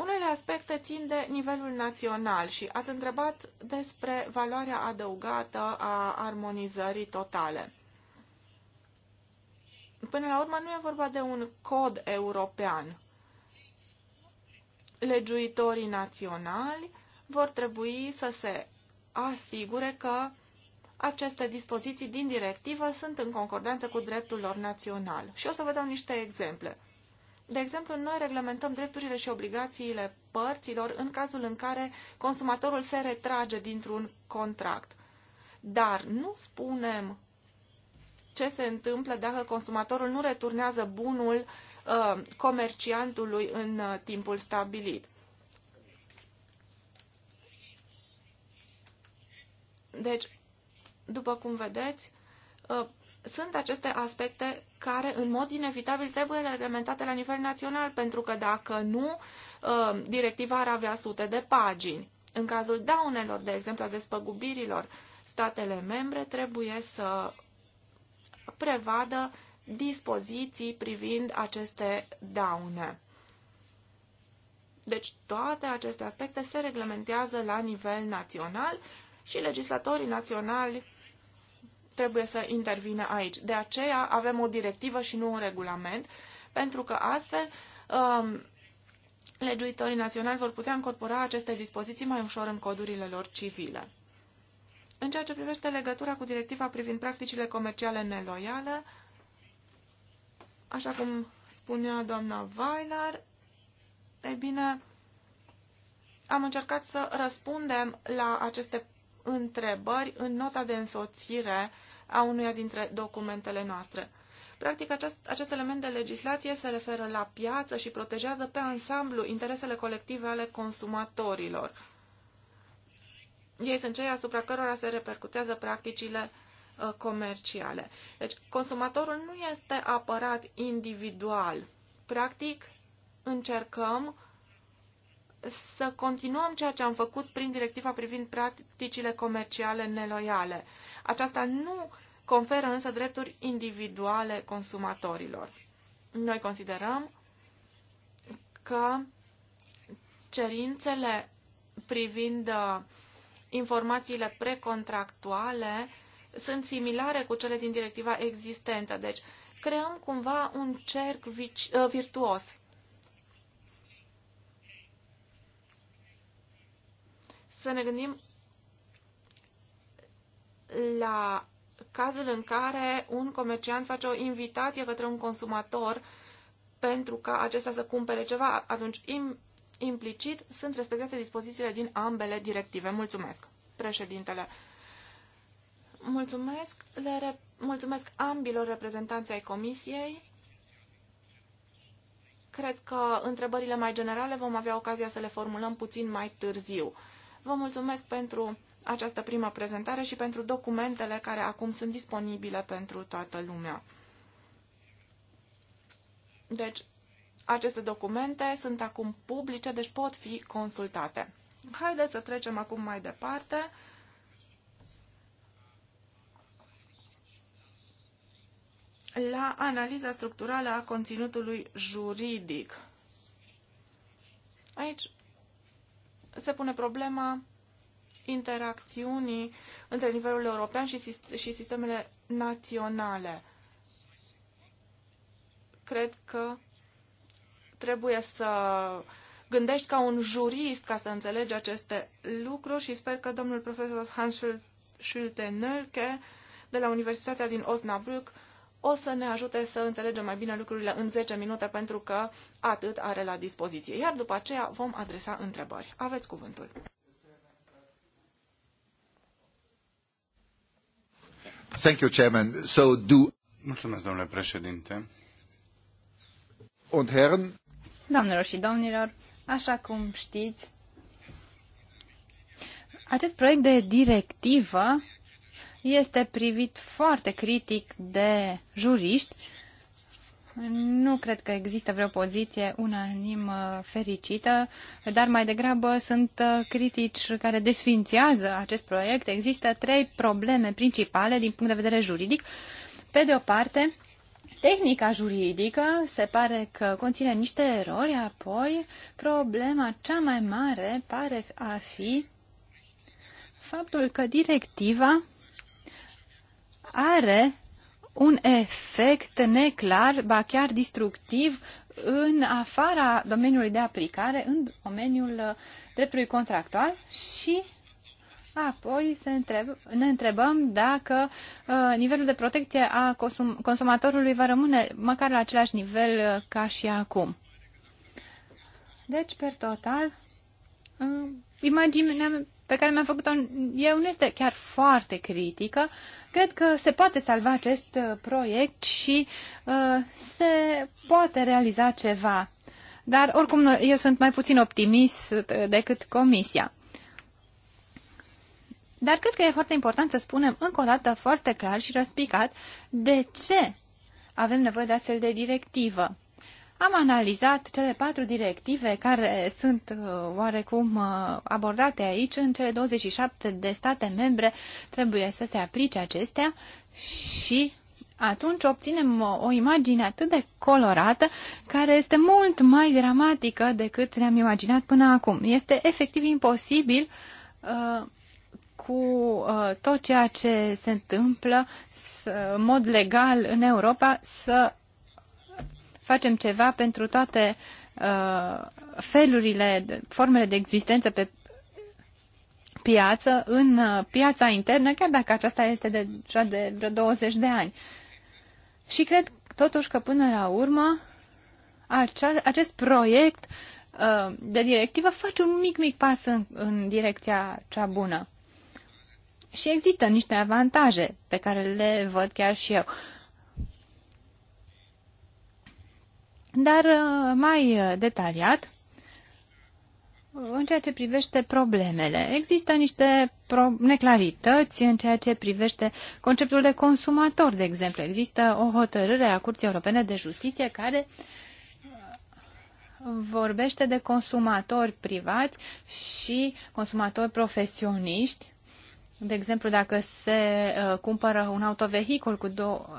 Speaker 1: Unele aspecte țin de nivelul național și ați întrebat despre valoarea adăugată a armonizării totale. Până la urmă, nu e vorba de un cod european. Legiuitorii naționali vor trebui să se asigure că aceste dispoziții din directivă sunt în concordanță cu dreptul lor național. Și o să vă dau niște exemple. De exemplu, noi reglementăm drepturile și obligațiile părților în cazul în care consumatorul se retrage dintr-un contract. Dar nu spunem ce se întâmplă dacă consumatorul nu returnează bunul uh, comerciantului în uh, timpul stabilit. Deci, după cum vedeți, uh, sunt aceste aspecte care, în mod inevitabil, trebuie reglementate la nivel național, pentru că dacă nu, uh, directiva ar avea sute de pagini. În cazul daunelor, de exemplu, a despăgubirilor, statele membre trebuie să prevadă dispoziții privind aceste daune. Deci toate aceste aspecte se reglementează la nivel național și legislatorii naționali trebuie să intervină aici. De aceea avem o directivă și nu un regulament, pentru că astfel um, legiuitorii naționali vor putea încorpora aceste dispoziții mai ușor în codurile lor civile. În ceea ce privește legătura cu directiva privind practicile comerciale neloiale, așa cum spunea doamna Weiler, e bine, am încercat să răspundem la aceste întrebări în nota de însoțire a unuia dintre documentele noastre. Practic, acest, acest element de legislație se referă la piață și protejează pe ansamblu interesele colective ale consumatorilor. Ei sunt cei asupra cărora se repercutează practicile uh, comerciale. Deci, consumatorul nu este apărat individual. Practic, încercăm să continuăm ceea ce am făcut prin directiva privind practicile comerciale neloiale. Aceasta nu conferă însă drepturi individuale consumatorilor. Noi considerăm că cerințele privind uh, informațiile precontractuale sunt similare cu cele din directiva existentă. Deci, creăm cumva un cerc uh, virtuos să ne gândim la cazul în care un comerciant face o invitație către un consumator pentru ca acesta să cumpere ceva, atunci im, implicit sunt respectate dispozițiile din ambele directive. Mulțumesc, președintele. Mulțumesc, le re, mulțumesc ambilor reprezentanți ai comisiei. Cred că întrebările mai generale vom avea ocazia să le formulăm puțin mai târziu. Vă mulțumesc pentru această prima prezentare și pentru documentele care acum sunt disponibile pentru toată lumea. Deci, aceste documente sunt acum publice, deci pot fi consultate. Haideți să trecem acum mai departe. la analiza structurală a conținutului juridic. Aici se pune problema interacțiunii între nivelul european și, și sistemele naționale. Cred că trebuie să gândești ca un jurist ca să înțelegi aceste lucruri și sper că domnul profesor Hans Schulte-Nölke de la Universitatea din Osnabrück o să ne ajute să înțelegem mai bine lucrurile în 10 minute, pentru că atât are la dispoziție. Iar după aceea vom adresa întrebări. Aveți cuvântul.
Speaker 2: Thank you, Chairman. So do... Mulțumesc, domnule președinte. Und Herren.
Speaker 3: Doamnelor și domnilor, așa cum știți, acest proiect de directivă este privit foarte critic de juriști. Nu cred că există vreo poziție unanim uh, fericită, dar mai degrabă sunt uh, critici care desfințează acest proiect. Există trei probleme principale din punct de vedere juridic. Pe de o parte, Tehnica juridică se pare că conține niște erori, apoi problema cea mai mare pare a fi faptul că directiva are un efect neclar, ba chiar destructiv, în afara domeniului de aplicare, în domeniul uh, dreptului contractual și apoi se întreb, ne întrebăm dacă uh, nivelul de protecție a consum, consumatorului va rămâne măcar la același nivel uh, ca și acum. Deci, per total, uh, imaginea pe care mi-am făcut-o eu nu este chiar foarte critică. Cred că se poate salva acest uh, proiect și uh, se poate realiza ceva. Dar oricum eu sunt mai puțin optimist uh, decât comisia. Dar cred că e foarte important să spunem încă o dată foarte clar și răspicat de ce avem nevoie de astfel de directivă. Am analizat cele patru directive care sunt uh, oarecum uh, abordate aici. În cele 27 de state membre trebuie să se aplice acestea și atunci obținem o imagine atât de colorată, care este mult mai dramatică decât ne-am imaginat până acum. Este efectiv imposibil uh, cu uh, tot ceea ce se întâmplă în mod legal în Europa să facem ceva pentru toate uh, felurile, formele de existență pe piață, în uh, piața internă, chiar dacă aceasta este deja de vreo 20 de ani. Și cred totuși că până la urmă acea, acest proiect uh, de directivă face un mic, mic pas în, în direcția cea bună. Și există niște avantaje pe care le văd chiar și eu. Uh, Dar uh, mai uh, detaliat, în ceea ce privește problemele, există niște pro- neclarități în ceea ce privește conceptul de consumator, de exemplu. Există o hotărâre a Curții Europene de Justiție care uh, vorbește de consumatori privați și consumatori profesioniști de exemplu, dacă se uh, cumpără un autovehicul cu două uh,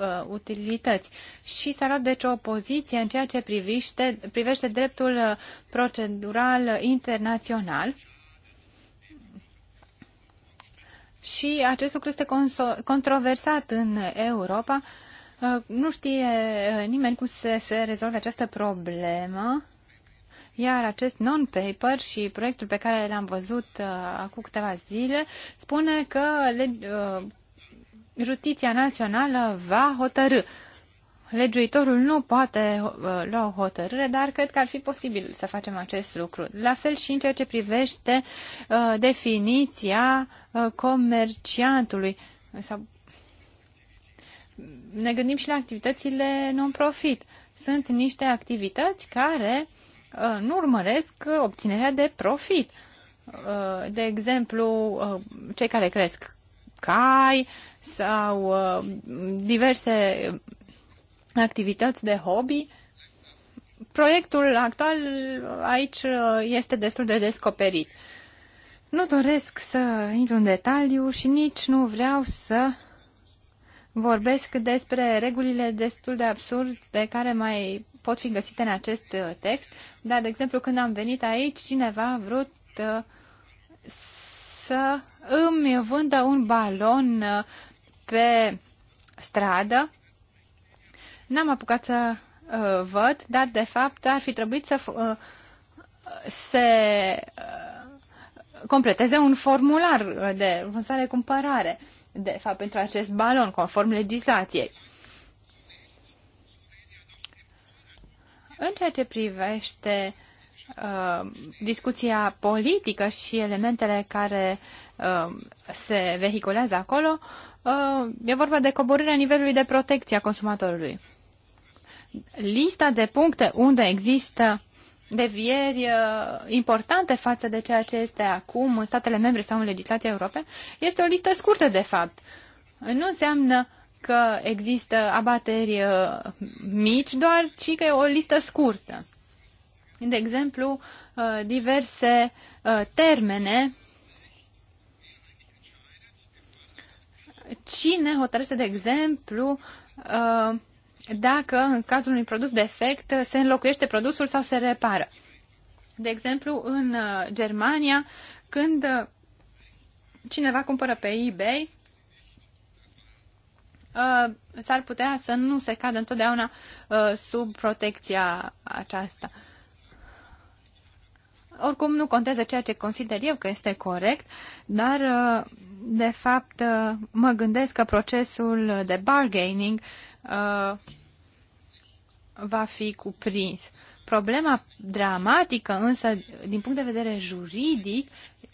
Speaker 3: uh, utilități și s-a luat deci o poziție în ceea ce privește, privește dreptul uh, procedural internațional și acest lucru este controversat în Europa. Uh, nu știe uh, nimeni cum se, se rezolve această problemă iar acest non-paper și proiectul pe care l-am văzut uh, acum câteva zile spune că le, uh, justiția națională va hotărâ. Legiuitorul nu poate uh, lua o hotărâre, dar cred că ar fi posibil să facem acest lucru. La fel și în ceea ce privește uh, definiția uh, comerciantului sau ne gândim și la activitățile non-profit. Sunt niște activități care Uh, nu urmăresc obținerea de profit. Uh, de exemplu, uh, cei care cresc cai sau diverse activități de hobby. Proiectul actual aici este destul de descoperit. Nu doresc să intru în detaliu și nici nu vreau să vorbesc despre regulile destul de absurde care mai pot fi găsite în acest uh, text, dar, de exemplu, când am venit aici, cineva a vrut uh, să îmi vândă un balon uh, pe stradă. N-am apucat să văd, dar de fapt ar fi trebuit să se completeze un formular de vânzare-cumpărare, de fapt, pentru acest balon, conform legislației. În ceea ce privește uh, discuția politică și elementele care uh, se vehiculează acolo, uh, e vorba de coborârea nivelului de protecție a consumatorului. Lista de puncte unde există devieri uh, importante față de ceea ce este acum în statele membre sau în legislația Europei, este o listă scurtă, de fapt. Nu înseamnă că există abateri uh, mici doar, ci că e o listă scurtă. De exemplu, uh, diverse uh, termene. Cine hotărăște, de exemplu, dacă în cazul unui produs defect se înlocuiește produsul sau se repară? De exemplu, în Germania, când cineva cumpără pe eBay Uh, s-ar putea să nu se cadă întotdeauna uh, sub protecția aceasta. Oricum nu contează ceea ce consider eu că este corect, dar uh, de fapt mă gândesc că procesul de bargaining va fi cuprins. Problema dramatică însă, din punct de vedere juridic,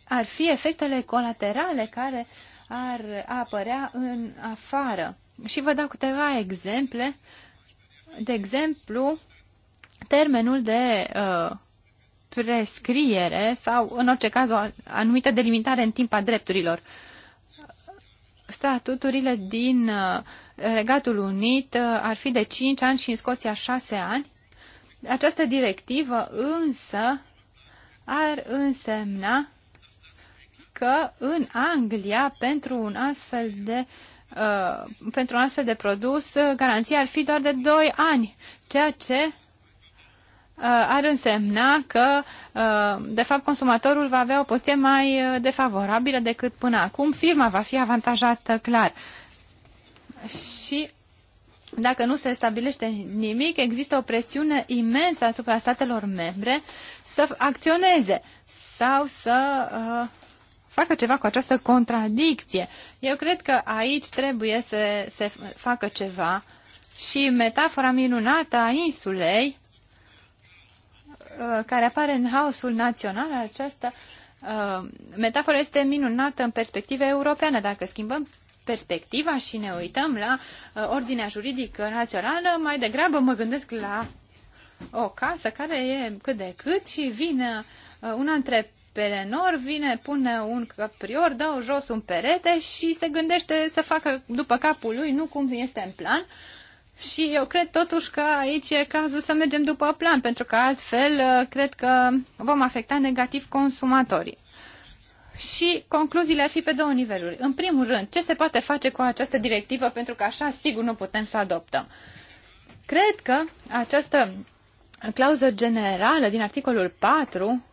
Speaker 3: ar fi efectele colaterale care ar apărea în afară și vă dau câteva exemple. De exemplu, termenul de uh, prescriere sau, în orice caz, o anumită delimitare în timp a drepturilor. Statuturile din uh, Regatul Unit uh, ar fi de 5 ani și în Scoția 6 ani. Această directivă însă ar însemna că în Anglia, pentru un astfel de uh, Uh, pentru un astfel de produs, uh, garanția ar fi doar de 2 ani, ceea ce uh, ar însemna că, de fapt, consumatorul va avea o poziție mai defavorabilă decât până acum. Firma va fi avantajată clar. Și dacă nu se stabilește nimic, există o presiune imensă asupra statelor membre să acționeze sau să uh, facă ceva cu această contradicție. Eu cred că aici trebuie să se facă ceva și metafora minunată a insulei uh, care apare în haosul național, această metafora uh, metaforă este minunată în perspectiva europeană. Dacă schimbăm perspectiva și ne uităm la uh, ordinea juridică națională, mai degrabă mă gândesc la o casă care e cât de cât și vine un antreprenor pelenor, vine, pune un căprior, dă jos un perete și se gândește să facă după capul lui, nu cum este în plan. Și eu cred totuși că aici e cazul să mergem după plan, pentru că altfel uh, cred că vom afecta negativ consumatorii. Și concluziile ar fi pe două niveluri. În primul rând, ce se poate face cu această directivă, pentru că așa sigur nu putem să o adoptăm. Cred că această clauză generală din articolul 4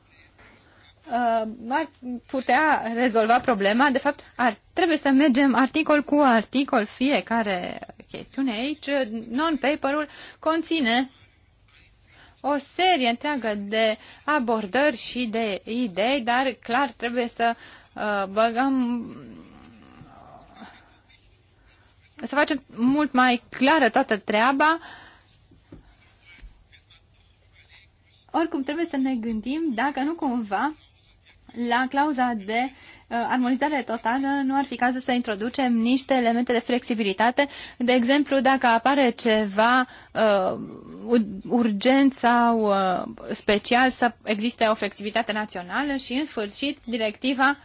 Speaker 3: Uh, ar putea rezolva problema. De fapt, ar, trebuie să mergem articol cu articol fiecare chestiune aici. Non-paperul conține o serie întreagă de abordări și de idei, dar clar trebuie să uh, băgăm să facem mult mai clară toată treaba. Oricum, trebuie să ne gândim dacă nu cumva la clauza de uh, armonizare totală nu ar fi cazul să introducem niște elemente de flexibilitate. De exemplu, dacă apare ceva uh, urgent sau uh, special, să existe o flexibilitate națională și, în sfârșit, directiva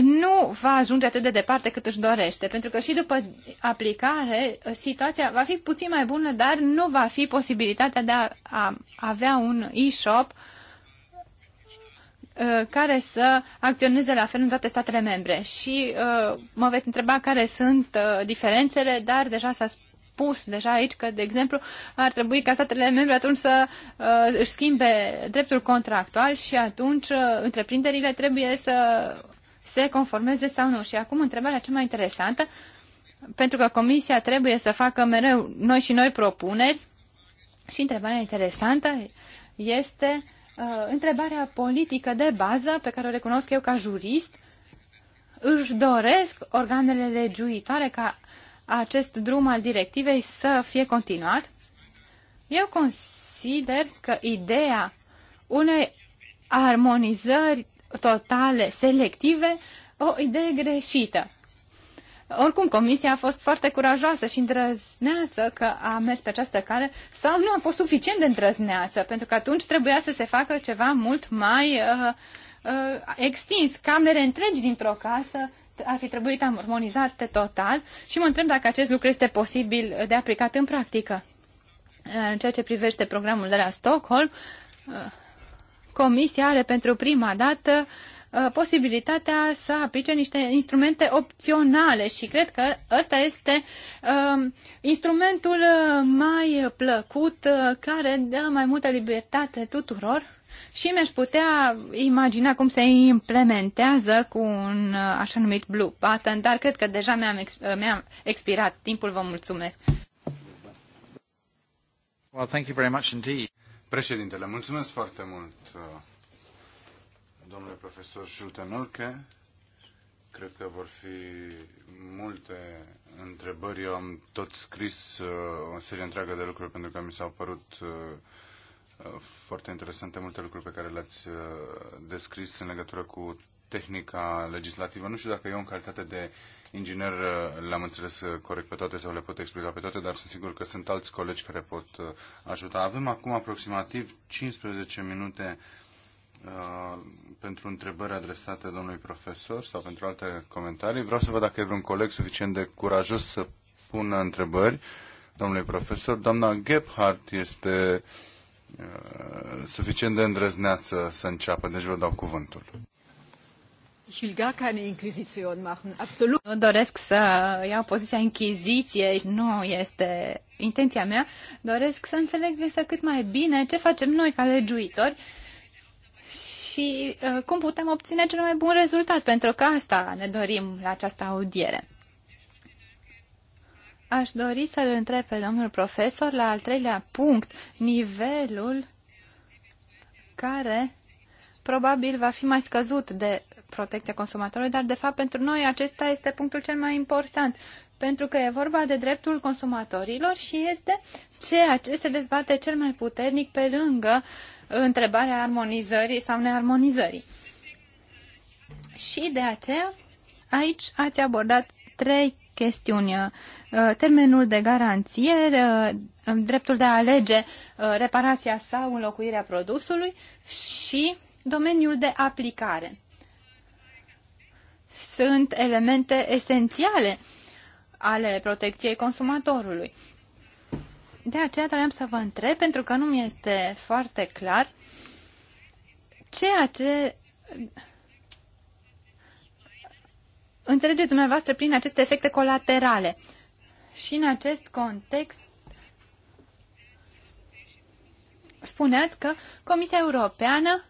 Speaker 3: nu va ajunge atât de departe cât își dorește, pentru că și după aplicare situația va fi puțin mai bună, dar nu va fi posibilitatea de a, a avea un e-shop uh, Uh, care să acționeze la fel în toate statele membre. Și uh, mă veți întreba care sunt uh, diferențele, dar deja s-a spus deja aici că, de exemplu, ar trebui ca statele membre atunci să uh, își schimbe dreptul contractual și atunci uh, întreprinderile trebuie să se conformeze sau nu. Și acum întrebarea cea mai interesantă, pentru că Comisia trebuie să facă mereu noi și noi propuneri și întrebarea interesantă este uh, Uh, întrebarea politică de bază pe care o recunosc eu ca jurist. Își doresc organele legiuitoare ca acest drum al directivei să fie continuat? Eu consider că ideea unei armonizări totale, selective, o idee greșită. Oricum, comisia a fost foarte curajoasă și îndrăzneață că a mers pe această cale sau nu a fost suficient de îndrăzneață, pentru că atunci trebuia să se facă ceva mult mai uh, uh, extins. Camere întregi dintr-o casă ar fi trebuit armonizate total și mă întreb dacă acest lucru este posibil de aplicat în practică. Uh, în ceea ce privește programul de la Stockholm, uh, Comisia are pentru prima dată uh, Uh, posibilitatea să aplice niște instrumente opționale și cred că ăsta este um, instrumentul uh, mai plăcut uh, care dă mai multă libertate tuturor și mi-aș putea imagina cum se implementează cu un așa numit blue button, dar cred că deja mi-am, exp mi expirat timpul, vă mulțumesc.
Speaker 2: Well, thank you very much indeed. Președintele, mulțumesc foarte mult domnule profesor Schultenolke. Cred că vor fi multe întrebări. Eu am tot scris uh, o serie întreagă de lucruri pentru că mi s-au părut uh, uh, foarte interesante multe lucruri pe care le-ați descris în legătură cu tehnica legislativă. Nu știu dacă eu, în calitate de inginer, le-am înțeles corect pe toate sau le pot explica pe toate, dar sunt sigur că sunt alți colegi care pot ajuta. Avem acum aproximativ 15 minute Uh, pentru întrebări adresate domnului profesor sau pentru alte comentarii. Vreau să văd dacă e vreun coleg suficient de curajos să pună întrebări domnului profesor. Doamna Gebhardt este uh, suficient de îndrăzneață să înceapă, deci vă dau cuvântul.
Speaker 3: Nu doresc să iau poziția închiziției, nu este intenția mea. Doresc să înțeleg însă cât mai bine ce facem noi ca legiuitori uh, și uh, cum putem obține cel mai bun rezultat, pentru că asta ne dorim la această audiere. Aș dori să-l întreb pe domnul profesor la al treilea punct, nivelul care probabil va fi mai scăzut de protecția consumatorului, dar de fapt pentru noi acesta este punctul cel mai important, pentru că e vorba de dreptul consumatorilor și este ceea ce se dezbate cel mai puternic pe lângă întrebarea armonizării sau nearmonizării. Și de aceea, aici ați abordat trei chestiuni. Uh, termenul de garanție, uh, dreptul de a alege uh, reparația sau înlocuirea produsului și domeniul de aplicare. Sunt elemente esențiale ale protecției consumatorului. De aceea doream să vă întreb, pentru că nu mi este foarte clar, ceea ce înțelegeți dumneavoastră prin aceste efecte colaterale. Și în acest context spuneați că Comisia Europeană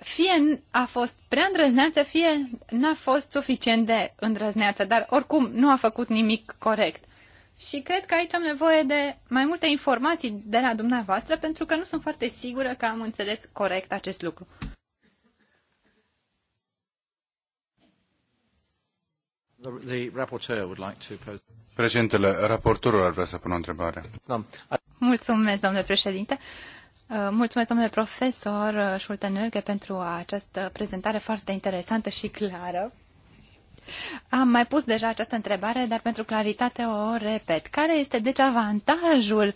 Speaker 3: fie a fost prea îndrăzneață, fie n-a fost suficient de îndrăzneață, dar oricum nu a făcut nimic corect și cred că aici am nevoie de mai multe informații de la dumneavoastră pentru că nu sunt foarte sigură că am înțeles corect acest lucru.
Speaker 2: Președintele, raportorul ar vrea să pună o întrebare.
Speaker 3: Mulțumesc, domnule președinte. Uh, mulțumesc, domnule profesor Schultenelke, pentru această prezentare foarte interesantă și clară. Am mai pus deja această întrebare, dar pentru claritate o repet. Care este deci avantajul uh,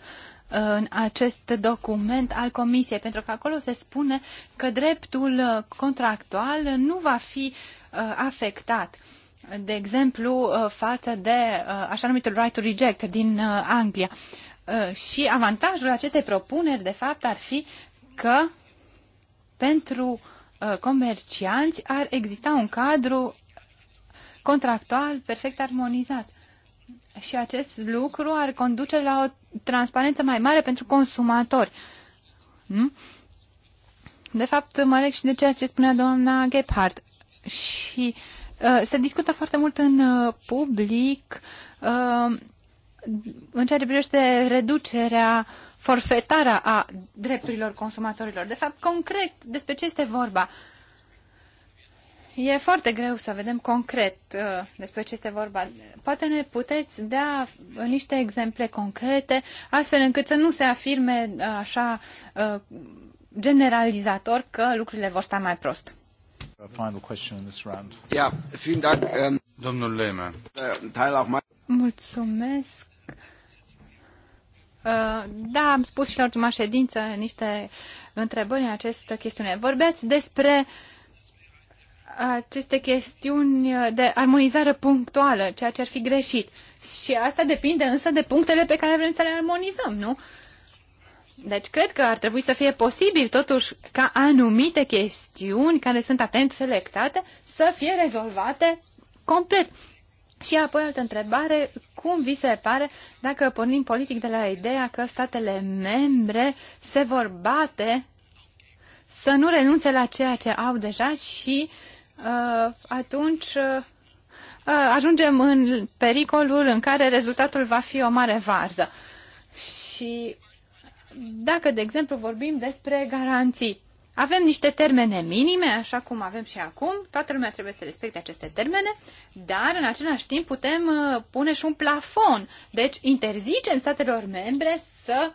Speaker 3: în acest document al Comisiei, pentru că acolo se spune că dreptul uh, contractual nu va fi uh, afectat. De exemplu, față de așa numitul right to reject din Anglia. Și avantajul acestei propuneri, de fapt, ar fi că pentru comercianți ar exista un cadru contractual perfect armonizat. Și acest lucru ar conduce la o transparență mai mare pentru consumatori. Nu? De fapt, mă leg și de ceea ce spunea doamna Gephardt. Și uh, se discută foarte mult în uh, public uh, în ceea ce privește reducerea forfetară a drepturilor consumatorilor. De fapt, concret, despre ce este vorba? Uh, E foarte greu să vedem concret uh, despre ce este vorba. Poate ne puteți da niște exemple concrete, astfel încât să nu se afirme uh, așa uh, generalizator că lucrurile vor sta mai prost.
Speaker 2: Yeah, Dank, ähm, Domnul Lehmann. Äh,
Speaker 3: Mulțumesc. Uh, da, am spus și la ultima ședință niște întrebări în această chestiune. Vorbeați despre uh, aceste chestiuni de armonizare punctuală, ceea ce ar fi greșit. Și asta depinde însă de punctele pe care vrem să le armonizăm, nu? Deci cred că ar trebui să fie posibil totuși ca anumite chestiuni care sunt atent selectate să fie rezolvate complet. Și apoi altă întrebare, cum vi se pare dacă pornim politic de la ideea că statele membre se vor bate să nu renunțe la ceea ce au deja și uh, Uh, atunci uh, uh, ajungem în pericolul în care rezultatul va fi o mare varză. Și dacă, de exemplu, vorbim despre garanții, avem niște termene minime, așa cum avem și acum, toată lumea trebuie să respecte aceste termene, dar în același timp putem pune și un plafon. Deci interzicem statelor membre să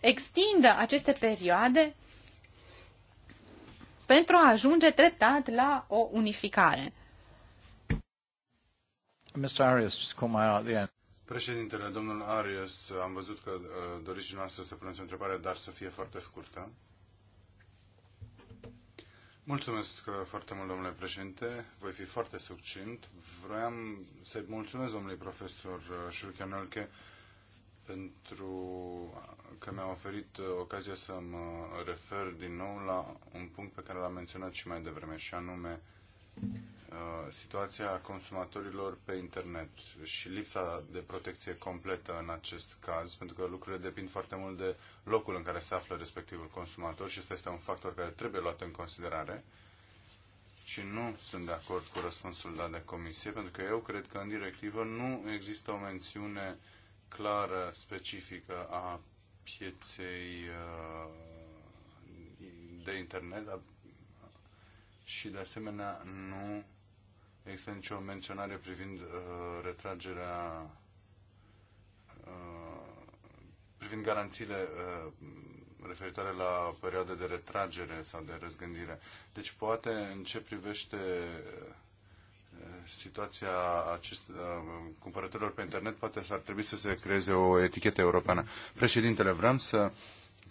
Speaker 3: extindă aceste perioade pentru a ajunge treptat la o unificare.
Speaker 2: Mr. Arias, just call my at the end. Președintele, domnul Arias, am văzut că uh, doriți noastră să puneți o întrebare, dar să fie foarte scurtă. Mulțumesc uh, foarte mult, domnule președinte. Voi fi foarte succint. Vreau să-i mulțumesc domnului profesor uh, Șurchenelche pentru că mi-a oferit uh, ocazia să mă uh, refer din nou la un punct pe care l-am menționat și mai devreme, și anume uh, situația consumatorilor pe internet și lipsa de protecție completă în acest caz, pentru că lucrurile depind foarte mult de locul în care se află respectivul consumator și ăsta este un factor care trebuie luat în considerare. Și nu sunt de acord cu răspunsul dat de comisie, pentru că eu cred că în directivă nu există o mențiune clară, specifică a pieței uh, de internet și de asemenea nu există nicio menționare privind uh, retragerea uh, privind garanțiile referitoare la perioade de retragere sau de răzgândire. Deci poate în ce privește situația acest, uh, cumpărătorilor pe internet, poate ar trebui să se creeze o etichetă europeană. Președintele, vreau să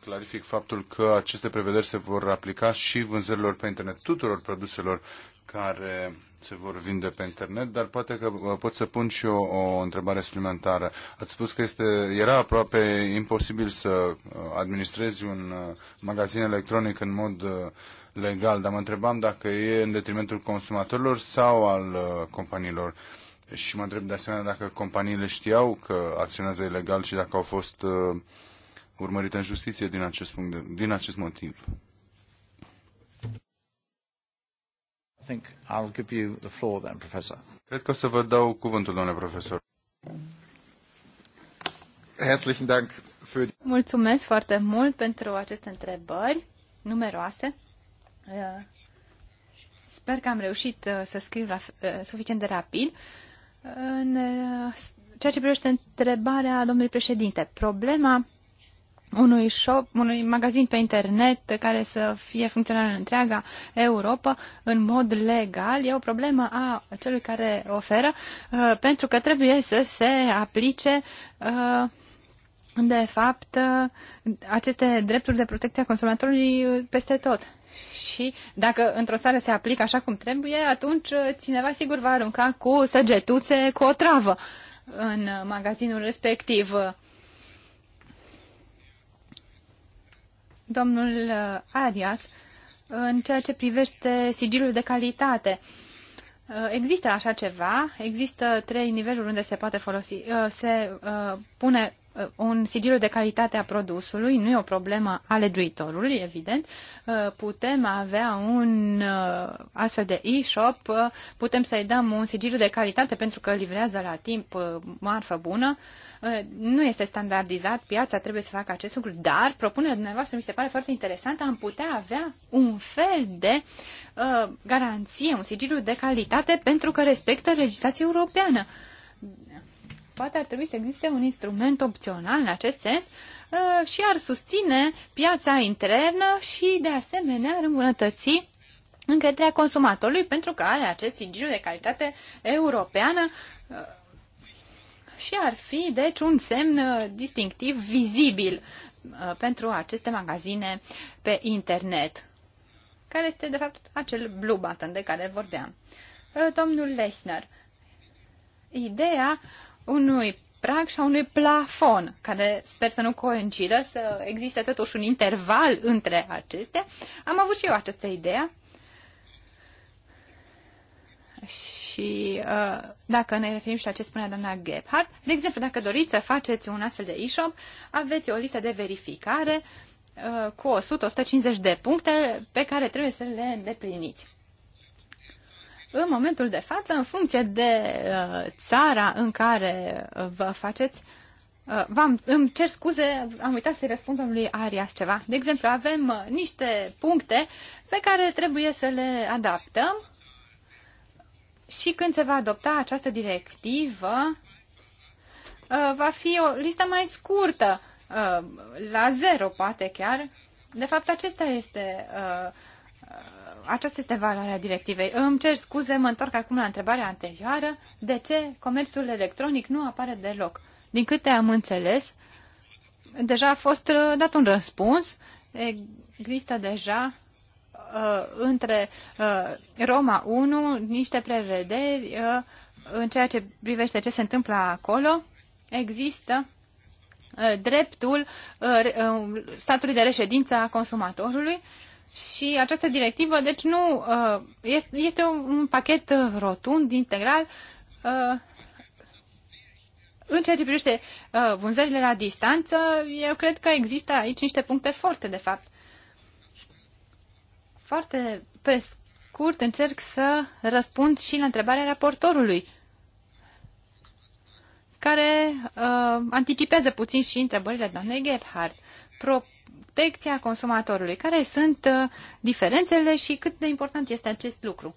Speaker 2: clarific faptul că aceste prevederi se vor aplica și vânzărilor pe internet tuturor produselor care se vor vinde pe internet, dar poate că uh, pot să pun și eu o, întrebare suplimentară. Ați spus că este, era aproape imposibil să uh, administrezi un magazin electronic în mod legal, dar mă întrebam dacă e în detrimentul consumatorilor sau al uh, companiilor. Și mă întreb de asemenea dacă companiile știau că acționează ilegal și dacă au fost uh, urmărite în justiție din acest, punct de, din acest motiv. I think I'll give you the floor then, Professor. Cred că o să vă dau cuvântul, domnule profesor.
Speaker 3: Mulțumesc foarte mult pentru aceste întrebări numeroase. Uh, sper că am reușit uh, să scriu la, uh, suficient de rapid. În ceea ce privește întrebarea domnului președinte, problema unui shop, unui magazin pe internet care să fie funcțional în întreaga Europa în mod legal. E o problemă a celui care oferă pentru că trebuie să se aplice de fapt, aceste drepturi de protecție a consumatorului uh, peste tot. Și dacă într-o țară se aplică așa cum trebuie, atunci uh, cineva sigur va arunca cu săgetuțe, cu o travă în magazinul respectiv. Domnul uh, Arias, în ceea ce privește sigiliul de calitate, Există așa ceva, există trei niveluri unde se poate folosi, se pune Uh, un sigiliu de calitate a produsului, nu e o problemă a legiuitorului, evident. Uh, putem avea un uh, astfel de e-shop, putem să-i dăm un sigiliu de calitate pentru că livrează la timp marfă bună. Nu este standardizat, piața trebuie să facă acest lucru, dar propunerea dumneavoastră mi se pare foarte interesantă. Am putea avea un fel de garanție, un sigiliu de calitate pentru că respectă legislația europeană. Poate ar trebui să existe un instrument opțional în acest sens uh, și ar susține piața internă și, de asemenea, ar îmbunătăți încrederea consumatorului pentru că are acest sigiliu de calitate europeană uh, și ar fi, deci, un semn uh, distinctiv vizibil pentru aceste magazine pe internet, care este, de fapt, acel blue button de care vorbeam. Domnul Lechner, ideea unui prag și a unui plafon, care sper să nu coincidă, să existe totuși un interval între acestea. Am avut și eu această idee. Și uh, dacă ne referim și la ce spunea doamna Gebhardt, de exemplu, dacă doriți să faceți un astfel de e-shop, aveți o listă de verificare uh, cu 100-150 de puncte pe care trebuie să le îndepliniți în momentul de față, în funcție de uh, țara în care uh, vă faceți uh, am îmi cer scuze, am uitat să-i răspund lui Arias ceva. De exemplu, avem uh, niște puncte pe care trebuie să le adaptăm și când se va adopta această directivă, uh, va fi o listă mai scurtă, uh, la zero poate chiar. De fapt, acesta este uh, aceasta este valoarea directivei. Îmi cer scuze, mă întorc acum la întrebarea anterioară. De ce comerțul electronic nu apare deloc? Din câte am înțeles, deja a fost uh, dat un răspuns. Există deja uh, între uh, Roma 1 niște prevederi în ceea ce privește ce se întâmplă acolo. Există dreptul statului de reședință a consumatorului și această directivă, deci nu uh, este un pachet uh, rotund, integral, uh, în ceea ce privește vânzările la distanță, eu cred că există aici niște puncte forte, de fapt. Foarte pe scurt încerc să răspund și la întrebarea raportorului, care anticipează puțin și întrebările doamnei Gerhardt protecția consumatorului. Care sunt uh, diferențele și cât de important este acest lucru?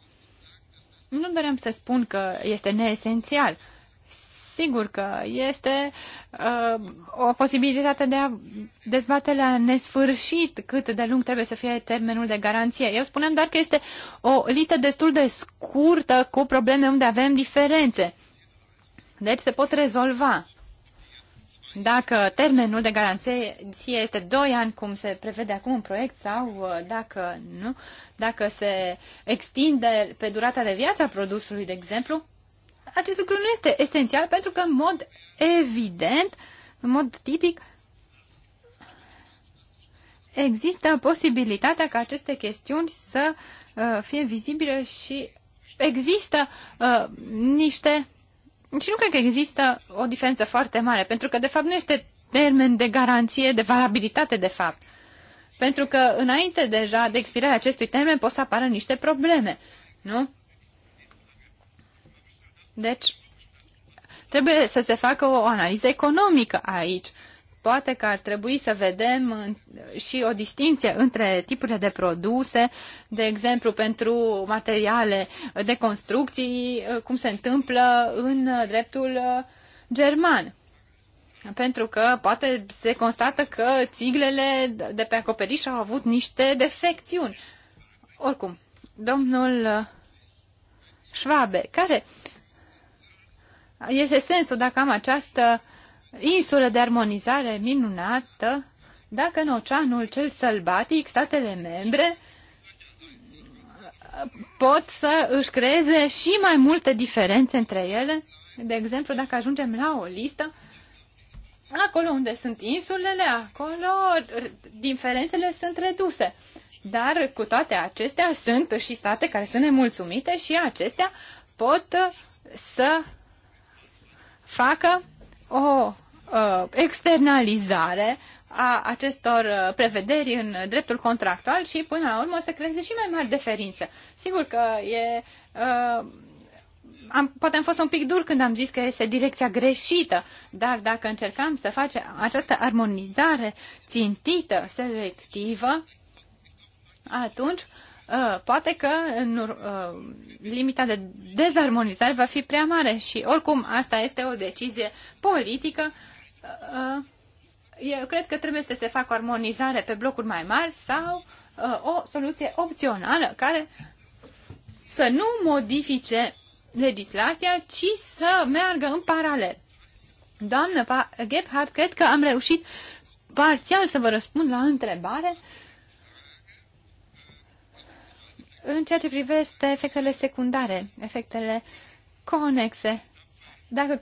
Speaker 3: Nu doream să spun că este neesențial. Sigur că este uh, o posibilitate de a dezbate la nesfârșit cât de lung trebuie să fie termenul de garanție. Eu spunem doar că este o listă destul de scurtă cu probleme unde avem diferențe. Deci se pot rezolva dacă termenul de garanție este 2 ani, cum se prevede acum în proiect, sau uh, dacă nu, dacă se extinde pe durata de viață a produsului, de exemplu, acest lucru nu este esențial pentru că, în mod evident, în mod tipic, există posibilitatea ca aceste chestiuni să uh, fie vizibile și există uh, niște și nu cred că există o diferență foarte mare, pentru că, de fapt, nu este termen de garanție, de valabilitate, de fapt. Pentru că, înainte deja de expirarea acestui termen, pot să apară niște probleme, nu? Deci, trebuie să se facă o analiză economică aici. Poate că ar trebui să vedem și o distinție între tipurile de produse, de exemplu pentru materiale de construcții, cum se întâmplă în dreptul german. Pentru că poate se constată că țiglele de pe acoperiș au avut niște defecțiuni. Oricum, domnul Schwabe, care este sensul dacă am această uh, insulă de armonizare minunată, dacă în oceanul cel sălbatic statele membre pot să își creeze și mai multe diferențe între ele. De exemplu, dacă ajungem la o listă, acolo unde sunt insulele, acolo diferențele sunt reduse. Dar cu toate acestea sunt și state care sunt nemulțumite și acestea pot să facă o Uh, externalizare a acestor uh, prevederi în dreptul contractual și până la urmă să creeze și mai mari deferințe. Sigur că e uh, am, poate am fost un pic dur când am zis că este direcția greșită, dar dacă încercam să facem această armonizare țintită, selectivă, atunci uh, poate că în, uh, limita de dezarmonizare va fi prea mare și oricum asta este o decizie politică Uh, eu cred că trebuie să se facă o armonizare pe blocuri mai mari sau uh, o soluție opțională care să nu modifice legislația, ci să meargă în paralel. Doamnă Gebhardt, cred că am reușit parțial să vă răspund la întrebare în ceea ce privește efectele secundare, efectele conexe dacă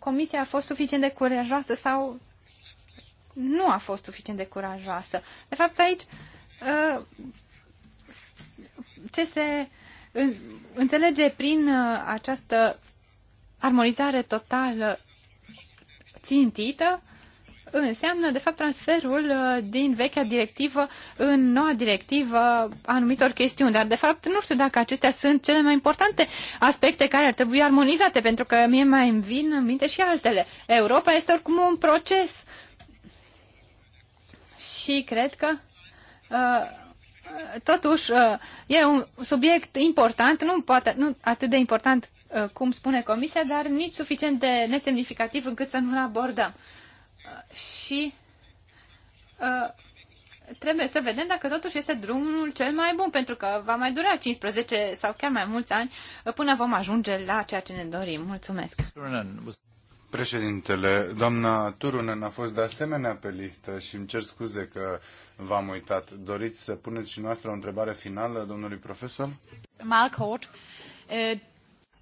Speaker 3: comisia a fost suficient de curajoasă sau nu a fost suficient de curajoasă. De fapt, aici uh, ce se înțelege prin uh, această armonizare totală țintită înseamnă, de fapt, transferul uh, din vechea directivă în noua directivă anumitor chestiuni. Dar, de fapt, nu știu dacă acestea sunt cele mai importante aspecte care ar trebui armonizate, pentru că mie mai îmi vin în minte și altele. Europa este oricum un proces. Și cred că uh, totuși uh, e un subiect important, nu, poate, nu atât de important uh, cum spune Comisia, dar nici suficient de nesemnificativ încât să nu-l abordăm și uh, trebuie să vedem dacă totuși este drumul cel mai bun, pentru că va mai dura 15 sau chiar mai mulți ani până vom ajunge la ceea ce ne dorim. Mulțumesc!
Speaker 2: Președintele, doamna Turunen a fost de asemenea pe listă și îmi cer scuze că v-am uitat. Doriți să puneți și noastră o întrebare finală, domnului profesor?
Speaker 3: Malcourt. Eh,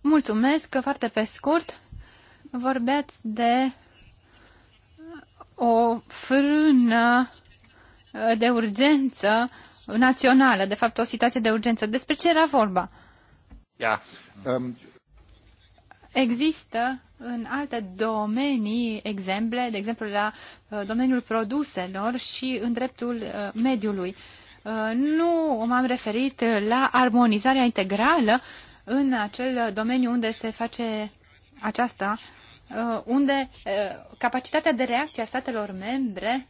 Speaker 3: Mulțumesc, foarte pe scurt. Vorbeați de o frână uh, de urgență națională, de fapt o situație de urgență. Despre ce era vorba?
Speaker 2: Yeah. Um...
Speaker 3: Există în alte domenii exemple, de exemplu la uh, domeniul produselor și în dreptul uh, mediului. Nu m-am referit la armonizarea integrală în acel domeniu unde se face aceasta Uh, unde uh, capacitatea de reacție a statelor membre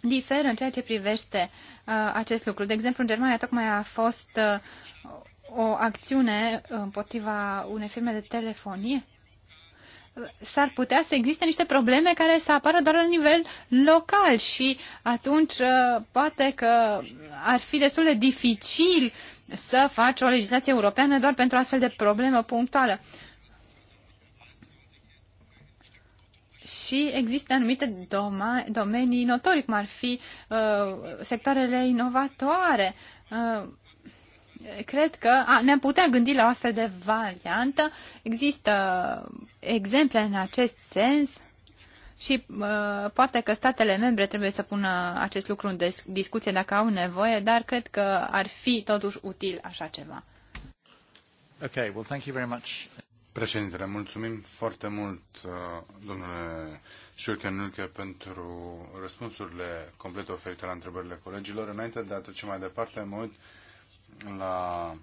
Speaker 3: diferă în ceea ce privește uh, acest lucru. De exemplu, în Germania tocmai a fost o acțiune împotriva unei firme de telefonie s-ar putea să existe niște probleme care să apară doar la nivel local și atunci poate că ar fi destul de dificil să faci o legislație europeană doar pentru astfel de problemă punctuală. și există anumite domenii notorii, cum ar fi uh, sectoarele inovatoare. Uh, cred că ne-am putea gândi la o astfel de variantă. Există exemple în acest sens și uh, poate că statele membre trebuie să pună acest lucru în dis discuție dacă au nevoie, dar cred că ar fi totuși util așa ceva.
Speaker 2: Okay, well, thank you very much. Președintele, mulțumim foarte mult, uh, domnule Șurchenulche, pentru răspunsurile complete oferite la întrebările colegilor. Înainte de a trece mai departe, mă uit la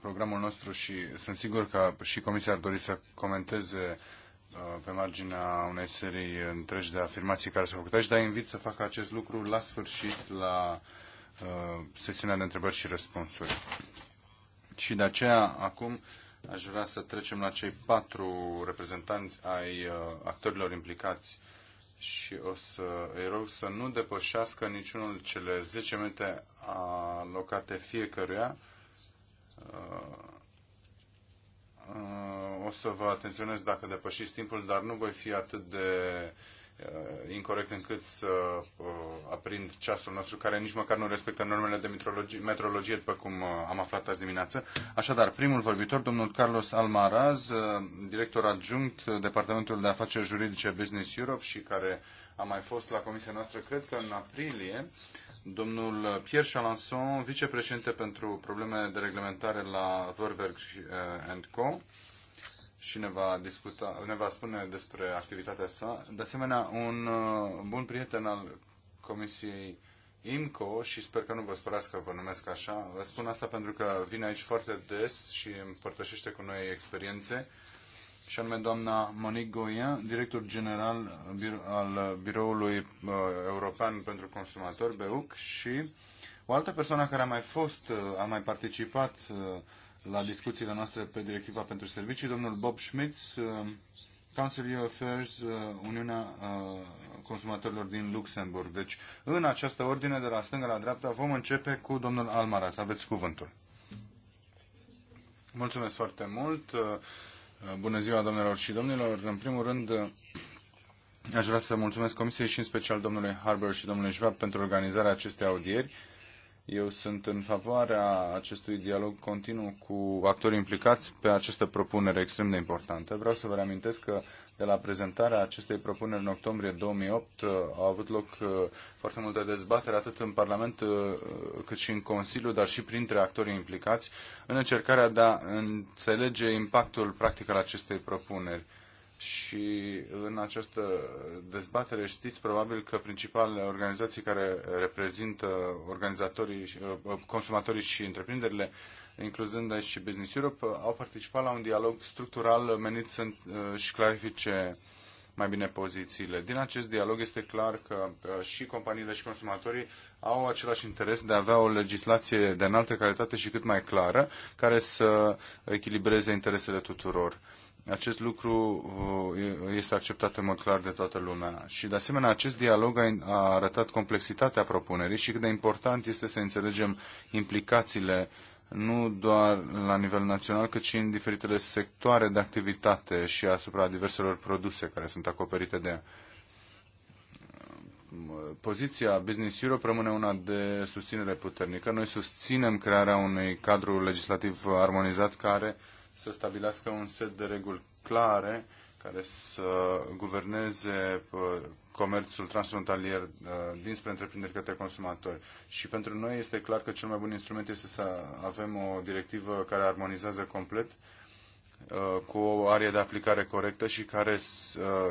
Speaker 2: programul nostru și sunt sigur că și Comisia ar dori să comenteze uh, pe marginea unei serii întregi de afirmații care s-au făcut aici, dar invit să facă acest lucru la sfârșit, la uh, sesiunea de întrebări și răspunsuri. Și de aceea, acum, Aș vrea să trecem la cei patru reprezentanți ai uh, actorilor implicați și o să îi rog să nu depășească niciunul cele 10 minute alocate fiecăruia. Uh, uh, o să vă atenționez dacă depășiți timpul, dar nu voi fi atât de uh, incorrect încât să uh, aprind ceasul nostru, care nici măcar nu respectă normele de metrologie, metrologie după cum uh, am aflat azi dimineață. Așadar, primul vorbitor, domnul Carlos Almaraz, uh, director adjunct uh, Departamentul de Afaceri Juridice Business Europe și care a mai fost la comisia noastră, cred că în aprilie, domnul Pierre Chalanson, vicepreședinte pentru probleme de reglementare la Verwerk uh, Co., și ne va, discuta, ne va spune despre activitatea sa. De asemenea, un uh, bun prieten al Comisiei IMCO și sper că nu vă spărați că vă numesc așa. Vă spun asta pentru că vine aici foarte des și împărtășește cu noi experiențe și anume doamna Monique Goyen, director general al Biroului uh, European pentru Consumatori, BEUC, și o altă persoană care a mai fost, uh, a mai participat la discuțiile noastre pe directiva pentru servicii, domnul Bob Schmitz, uh, Council of Affairs, uh, Uniunea uh, Consumatorilor din Luxemburg. Deci, în această ordine, de la stânga la dreapta, vom începe cu domnul Almaras. Aveți cuvântul. Mulțumesc foarte mult. Bună ziua, domnilor și domnilor. În primul rând, aș vrea să mulțumesc Comisiei și în special domnului Harbour și domnului Jvab pentru organizarea acestei audieri eu sunt în favoarea acestui dialog continuu cu actorii implicați pe această propunere extrem de importantă. Vreau să vă reamintesc că de la prezentarea acestei propuneri în octombrie 2008 uh, au avut loc uh, foarte multe dezbatere atât în Parlament uh, cât și în Consiliu, dar și printre actorii implicați în încercarea de a înțelege impactul practic al acestei propuneri și în această dezbatere știți probabil că principalele organizații care reprezintă organizatorii, uh, uh, consumatorii și întreprinderile, incluzând aici și Business Europe, uh, au participat la un dialog structural menit să și clarifice mai bine pozițiile. Din acest dialog este clar că și companiile și consumatorii au același interes de a avea o legislație de înaltă calitate și cât mai clară, care să echilibreze interesele tuturor. Acest lucru uh, este acceptat în mod clar de toată lumea. Și, de asemenea, acest dialog a arătat complexitatea propunerii și cât de important este să înțelegem implicațiile nu doar la nivel național, cât și în diferitele sectoare de activitate și asupra diverselor produse care sunt acoperite de ea. Poziția Business Europe rămâne una de susținere puternică. Noi susținem crearea unui cadru legislativ armonizat care să stabilească un set de reguli clare care să guverneze uh, comerțul transfrontalier uh, dinspre întreprinderi către consumatori. Și pentru noi este clar că cel mai bun instrument este să avem o directivă care armonizează complet uh, cu o arie de aplicare corectă și care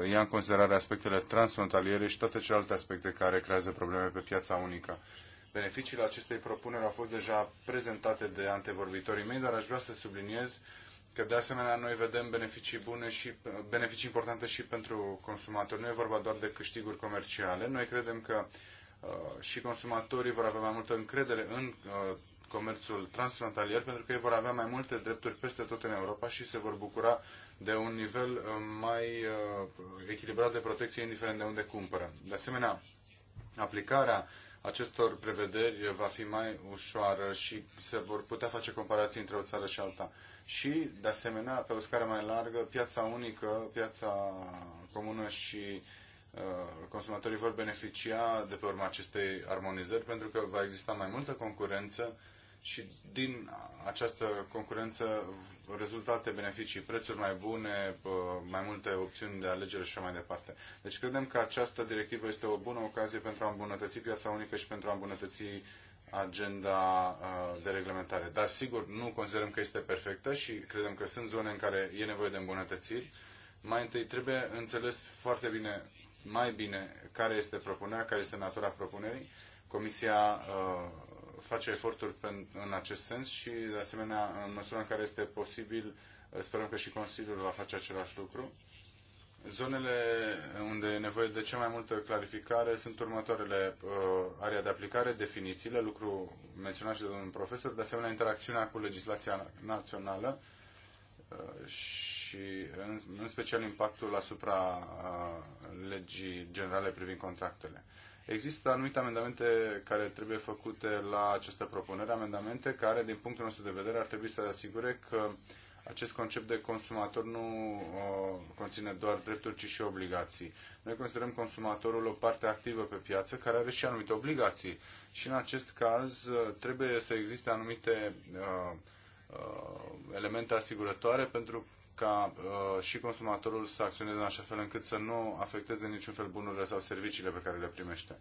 Speaker 2: ia în considerare aspectele transfrontaliere și toate celelalte aspecte care creează probleme pe piața unică. Beneficiile acestei propuneri au fost deja prezentate de antevorbitorii mei, dar aș vrea să subliniez uh, că de asemenea noi vedem beneficii bune și beneficii importante și pentru consumatori. Nu e vorba doar de câștiguri comerciale. Noi credem că uh, și consumatorii vor avea mai multă încredere în uh, comerțul transfrontalier pentru că ei vor avea mai multe drepturi peste tot în Europa și se vor bucura de un nivel uh, mai uh, echilibrat de protecție indiferent de unde cumpără. De asemenea, aplicarea uh, acestor prevederi va fi mai ușoară și se vor putea face comparații între o țară și alta. Și, de asemenea, pe o scară mai largă, piața unică, piața comună și uh, consumatorii vor beneficia de pe urma acestei armonizări pentru că va exista mai multă concurență și din această concurență rezultate, beneficii, prețuri mai bune, mai multe opțiuni de alegere și așa mai departe. Deci credem că această directivă este o bună ocazie pentru a îmbunătăți piața unică și pentru a îmbunătăți uh, agenda uh, de reglementare. Dar sigur, nu considerăm că este perfectă și credem că sunt zone în care e nevoie de îmbunătățiri. Mai întâi trebuie înțeles foarte bine, mai bine, care este propunerea, care este natura propunerii. Comisia uh, face eforturi în acest sens și, de asemenea, în măsura în care este posibil, eh, sperăm că și Consiliul va face același lucru. Zonele unde e nevoie de cea mai multă clarificare sunt următoarele. Eh, area de aplicare, definițiile, lucru menționat și de domnul profesor, de asemenea interacțiunea cu legislația națională eh, și în, special impactul asupra legii generale privind contractele. Există anumite amendamente care trebuie făcute la această propunere, amendamente care, din punctul nostru de vedere, ar trebui să asigure că acest concept de consumator nu uh, conține doar drepturi, ci și obligații. Noi considerăm consumatorul o parte activă pe piață care are și anumite obligații. Și în acest caz uh, trebuie să existe anumite uh, uh, elemente asigurătoare pentru ca uh, și consumatorul să acționeze în așa fel încât să nu afecteze niciun fel bunurile sau serviciile pe care le primește.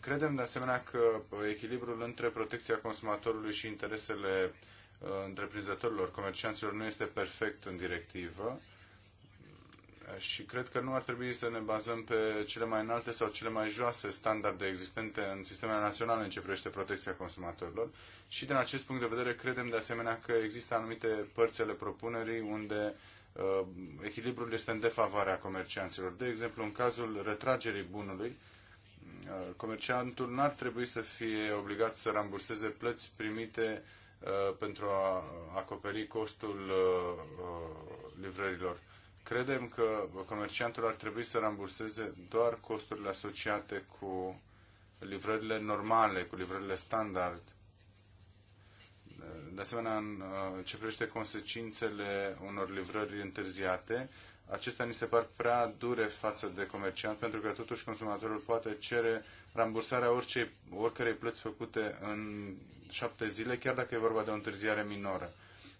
Speaker 2: Credem de asemenea că echilibrul între protecția consumatorului și interesele uh, întreprinzătorilor, comercianților, nu este perfect în directivă și cred că nu ar trebui să ne bazăm pe cele mai înalte sau cele mai joase standarde existente în sistemele naționale în ce privește protecția consumatorilor. Și din acest punct de vedere credem de asemenea că există anumite părți ale propunerii unde uh, echilibrul este în defavoarea comercianților. De exemplu, în cazul retragerii bunului, uh, comerciantul n-ar trebui să fie obligat să ramburseze plăți primite uh, pentru a acoperi costul uh, uh livrărilor Credem că comerciantul ar trebui să ramburseze doar costurile asociate cu livrările normale, cu livrările standard. De asemenea, în uh, ce privește consecințele unor livrări întârziate, acestea ni se par prea dure față de comerciant, pentru că totuși consumatorul poate cere rambursarea orice, oricărei plăți făcute în șapte zile, chiar dacă e vorba de o întârziare minoră.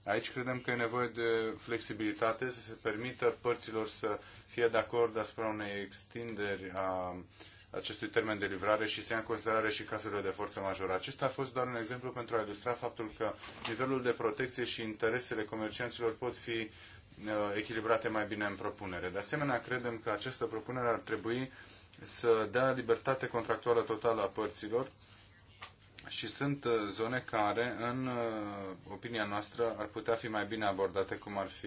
Speaker 2: Aici credem că e nevoie de flexibilitate să se permită părților să fie de acord asupra unei extinderi a acestui termen de livrare și să ia în considerare și cazurile de forță majoră. Acesta a fost doar un exemplu pentru a ilustra faptul că nivelul de protecție și interesele comercianților pot fi uh, echilibrate mai bine în propunere. De asemenea, credem că această propunere ar trebui să dea libertate contractuală totală a părților și sunt uh, zone care, în uh, opinia noastră, ar putea fi mai bine abordate, cum ar fi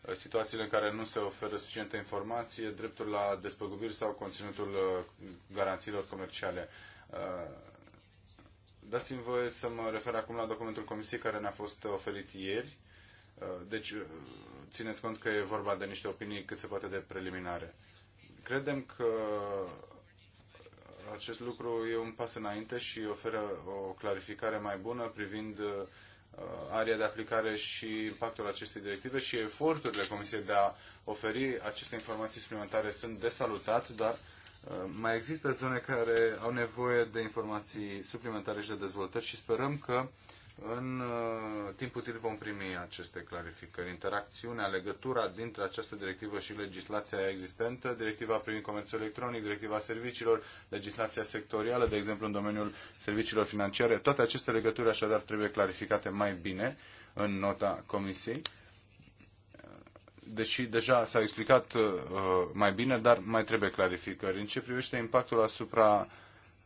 Speaker 2: uh, situațiile în care nu se oferă suficientă informație, dreptul la despăgubiri sau conținutul garanțiilor comerciale. Dați-mi voie să mă refer acum la documentul comisiei care ne-a fost oferit ieri. Deci, țineți cont că e vorba de niște opinii cât se poate de preliminare. Credem că acest lucru e un pas înainte și oferă o clarificare mai bună privind uh, area de aplicare și impactul acestei directive și eforturile Comisiei de a oferi aceste informații suplimentare sunt de salutat, dar uh, mai există zone care au nevoie de informații suplimentare și de dezvoltări și sperăm că în uh, timp util vom primi aceste clarificări. Interacțiunea, legătura dintre această directivă și legislația existentă, directiva privind comerțul electronic, directiva serviciilor, legislația sectorială, de exemplu în domeniul serviciilor financiare, toate aceste legături așadar trebuie clarificate mai bine în nota comisiei. Deși deja s-a explicat uh, mai bine, dar mai trebuie clarificări. În ce privește impactul asupra uh,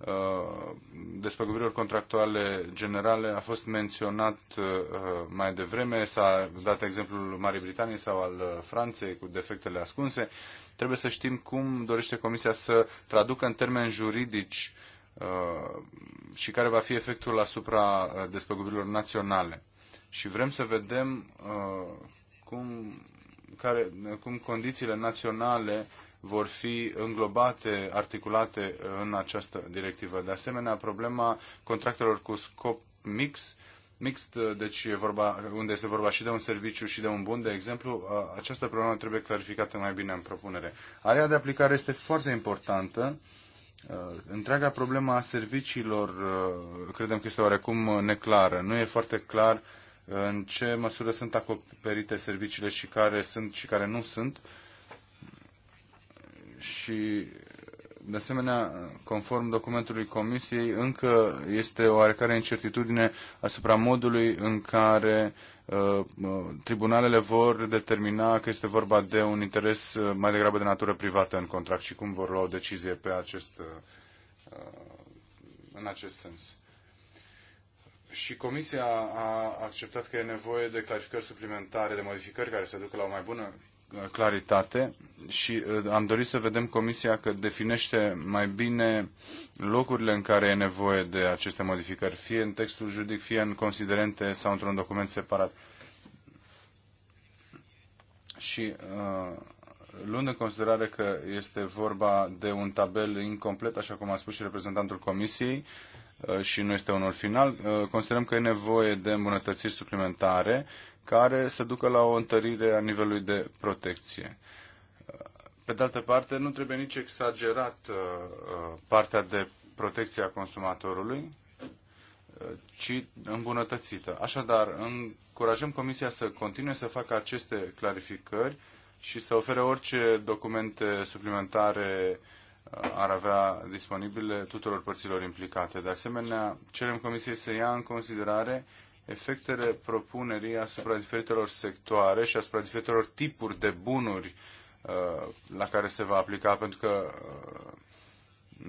Speaker 2: Uh, despăgubirilor contractuale generale a fost menționat uh, mai devreme, s-a dat exemplul Marii Britanii sau al uh, Franței cu defectele ascunse. Trebuie să știm cum dorește Comisia să traducă în termeni juridici și care va fi efectul asupra despăgubirilor naționale. Și vrem să vedem cum, care, cum condițiile naționale vor fi înglobate, articulate în această directivă. De asemenea, problema contractelor cu scop mix mixt, deci e vorba, unde este vorba și de un serviciu și de un bun, de exemplu, această problemă trebuie clarificată mai bine în propunere. Area de aplicare este foarte importantă. Întreaga problemă a serviciilor credem că este oarecum neclară. Nu e foarte clar în ce măsură sunt acoperite serviciile și care sunt și care nu sunt și de asemenea, conform documentului Comisiei, încă este o oarecare incertitudine asupra modului în care uh, tribunalele vor determina că este vorba de un interes uh, mai degrabă de natură privată în contract și cum vor lua o decizie pe acest, uh, în acest sens. Și Comisia a acceptat că e nevoie de clarificări suplimentare, de modificări care să ducă la o mai bună claritate și uh, am dorit să vedem Comisia că definește mai bine locurile în care e nevoie de aceste modificări, fie în textul juridic, fie în considerente sau într-un document separat. Și uh, luând în considerare că este vorba de un tabel incomplet, așa cum a spus și reprezentantul Comisiei, uh, și nu este unul final, considerăm că e nevoie de îmbunătățiri suplimentare care să ducă la o întărire a nivelului de protecție. Pe de altă parte, nu trebuie nici exagerat uh, uh, partea de protecție a consumatorului, uh, ci îmbunătățită. Așadar, încurajăm Comisia să continue să facă aceste clarificări și să ofere orice documente suplimentare ar avea disponibile tuturor părților implicate. De asemenea, cerem Comisiei să ia în considerare efectele propunerii asupra diferitelor sectoare și asupra diferitelor tipuri de bunuri uh, la care se va aplica, pentru că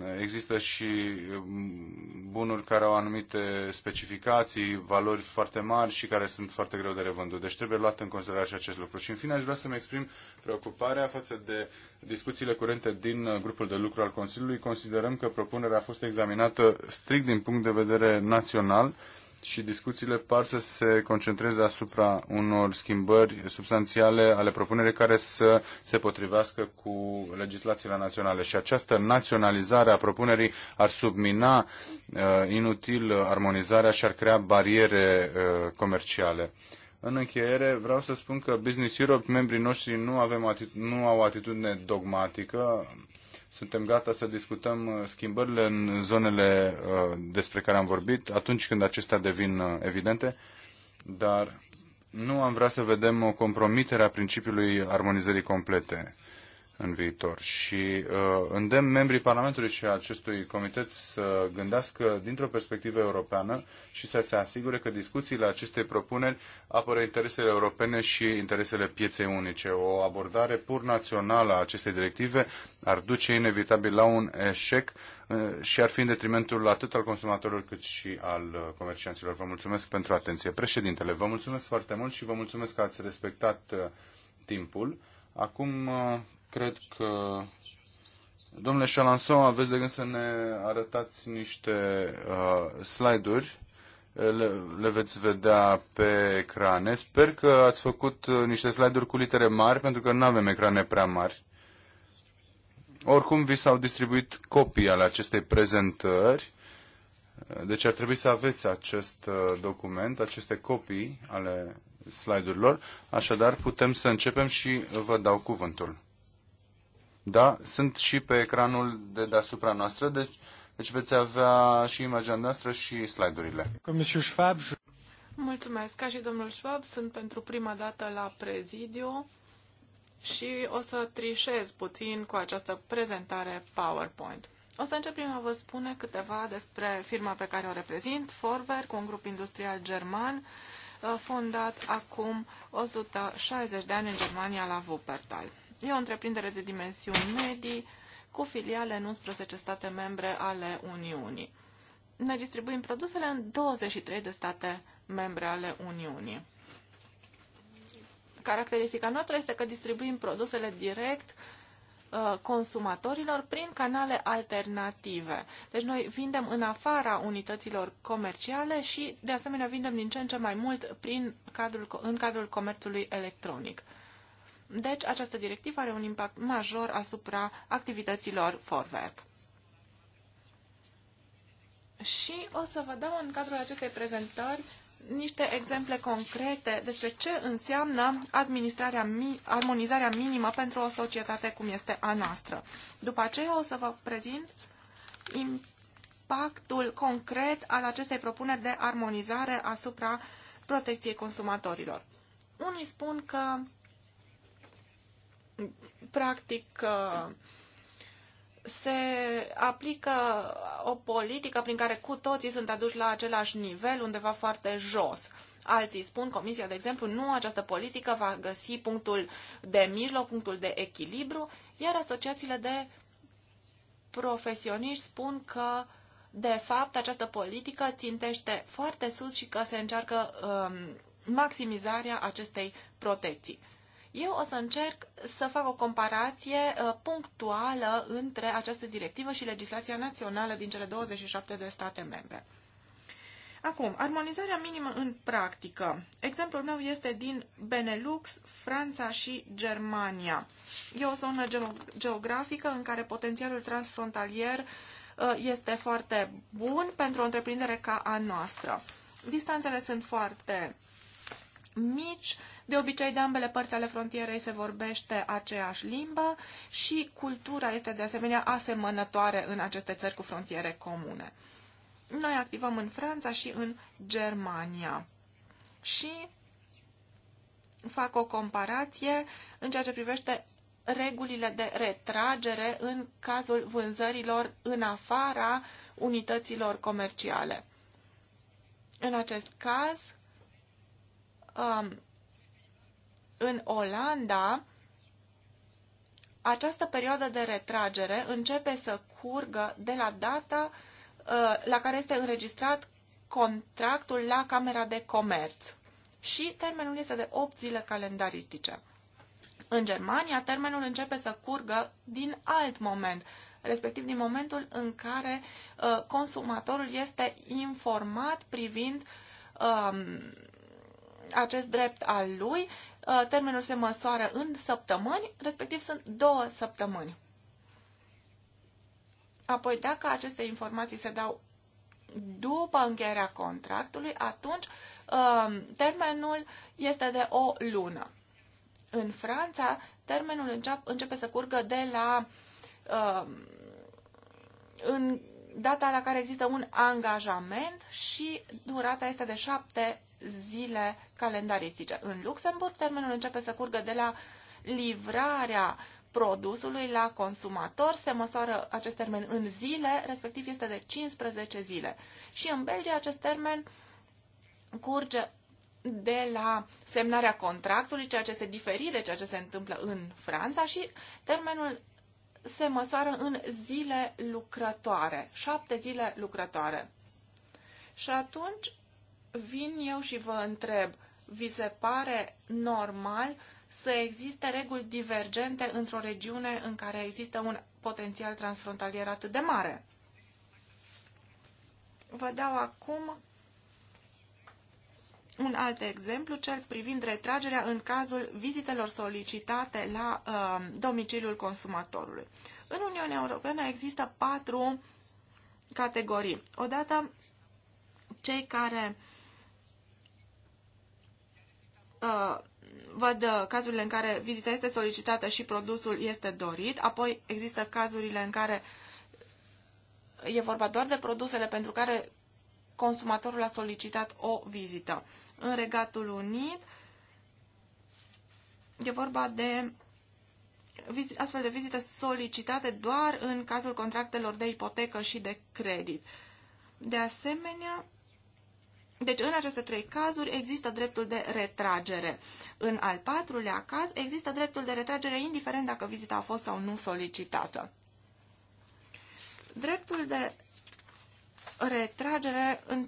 Speaker 2: uh, există și um, bunuri care au anumite specificații, valori foarte mari și care sunt foarte greu de revândut. Deci trebuie luat în considerare și acest lucru. Și în fine aș vrea să-mi exprim preocuparea față de discuțiile curente din uh, grupul de lucru al Consiliului. Considerăm că propunerea a fost examinată strict din punct de vedere național, și discuțiile par să se concentreze asupra unor schimbări substanțiale ale propunerii care să se potrivească cu legislațiile naționale. Și această naționalizare a propunerii ar submina uh, inutil armonizarea și ar crea bariere uh, comerciale. În încheiere, vreau să spun că Business Europe, membrii noștri, nu, avem ati- nu au atitudine dogmatică suntem gata să discutăm uh, schimbările în zonele uh, despre care am vorbit atunci când acestea devin uh, evidente, dar nu am vrea să vedem o compromitere a principiului armonizării complete în viitor. Și uh, îndemn membrii Parlamentului și acestui comitet să gândească dintr-o perspectivă europeană și să se asigure că discuțiile acestei propuneri apără interesele europene și interesele pieței unice. O abordare pur națională a acestei directive ar duce inevitabil la un eșec uh, și ar fi în detrimentul atât al consumatorilor cât și al uh, comercianților. Vă mulțumesc pentru atenție. Președintele, vă mulțumesc foarte mult și vă mulțumesc că ați respectat uh, timpul. Acum uh, Cred că... Domnule Chalanson, aveți de gând să ne arătați niște uh, slide-uri. Le, le veți vedea pe ecrane. Sper că ați făcut uh, niște slide-uri cu litere mari, pentru că nu avem ecrane prea mari. Oricum, vi s-au distribuit copii ale acestei prezentări. Deci ar trebui să aveți acest uh, document, aceste copii ale slide-urilor. Așadar, putem să începem și vă dau cuvântul. Da, sunt și pe ecranul de deasupra noastră, deci, deci veți avea și imaginea noastră și slide-urile. Mulțumesc.
Speaker 1: Ca și domnul Schwab, sunt pentru prima dată la prezidiu și o să trișez puțin cu această prezentare PowerPoint. O să încep prin a vă spune câteva despre firma pe care o reprezint, Forwerk, un grup industrial german, uh, fondat acum 160 de ani în Germania la Wuppertal. E o întreprindere de dimensiuni medii, cu filiale în 11 state membre ale Uniunii. Ne distribuim produsele în 23 de state membre ale Uniunii. Caracteristica noastră este că distribuim produsele direct uh, consumatorilor prin canale alternative. Deci noi vindem în afara unităților comerciale și de asemenea vindem din ce în ce mai mult prin cadrul, în cadrul comerțului electronic. Deci, această directivă are un impact major asupra activităților Forwerk. Și o să vă dau în cadrul acestei prezentări niște exemple concrete despre ce înseamnă administrarea mi armonizarea minimă pentru o societate cum este a noastră. După aceea o să vă prezint impactul concret al acestei propuneri de armonizare asupra protecției consumatorilor. Unii spun că practic, uh, se aplică o politică prin care cu toții sunt aduși la același nivel, undeva foarte jos. Alții spun, Comisia, de exemplu, nu această politică va găsi punctul de mijloc, punctul de echilibru, iar asociațiile de profesioniști spun că, de fapt, această politică țintește foarte sus și că se încearcă um, maximizarea acestei protecții. Eu o să încerc să fac o comparație uh, punctuală între această directivă și legislația națională din cele 27 de state membre. Acum, armonizarea minimă în practică. Exemplul meu este din Benelux, Franța și Germania. E o zonă geografică în care potențialul transfrontalier uh, este foarte bun pentru o întreprindere ca a noastră. Distanțele sunt foarte mici, de obicei, de ambele părți ale frontierei se vorbește aceeași limbă și cultura este de asemenea asemănătoare în aceste țări cu frontiere comune. Noi activăm în Franța și în Germania. Și fac o comparație în ceea ce privește regulile de retragere în cazul vânzărilor în afara unităților comerciale. În acest caz, în Olanda, această perioadă de retragere începe să curgă de la data uh, la care este înregistrat contractul la Camera de Comerț și termenul este de 8 zile calendaristice. În Germania, termenul începe să curgă din alt moment, respectiv din momentul în care uh, consumatorul este informat privind um, acest drept al lui Uh, termenul se măsoară în săptămâni, respectiv sunt două săptămâni. Apoi, dacă aceste informații se dau după încheierea contractului, atunci uh, termenul este de o lună. În Franța, termenul începe să curgă de la uh, în data la care există un angajament și durata este de șapte zile calendaristice. În Luxemburg, termenul începe să curgă de la livrarea produsului la consumator. Se măsoară acest termen în zile, respectiv este de 15 zile. Și în Belgia acest termen curge de la semnarea contractului, ceea ce este diferit de ceea ce se întâmplă în Franța și termenul se măsoară în zile lucrătoare, șapte zile lucrătoare. Și atunci vin eu și vă întreb, vi se pare normal să existe reguli divergente într-o regiune în care există un potențial transfrontalier atât de mare? Vă dau acum un alt exemplu, cel privind retragerea în cazul vizitelor solicitate la uh, domiciliul consumatorului. În Uniunea Europeană există patru categorii. Odată, cei care uh, Uh, văd uh, cazurile în care vizita este solicitată și produsul este dorit, apoi există cazurile în care e vorba doar de produsele pentru care consumatorul a solicitat o vizită. În Regatul Unit e vorba de astfel de vizite solicitate doar în cazul contractelor de ipotecă și de credit. De asemenea, deci, în aceste trei cazuri există dreptul de retragere. În al patrulea caz există dreptul de retragere indiferent dacă vizita a fost sau nu solicitată. Dreptul de retragere în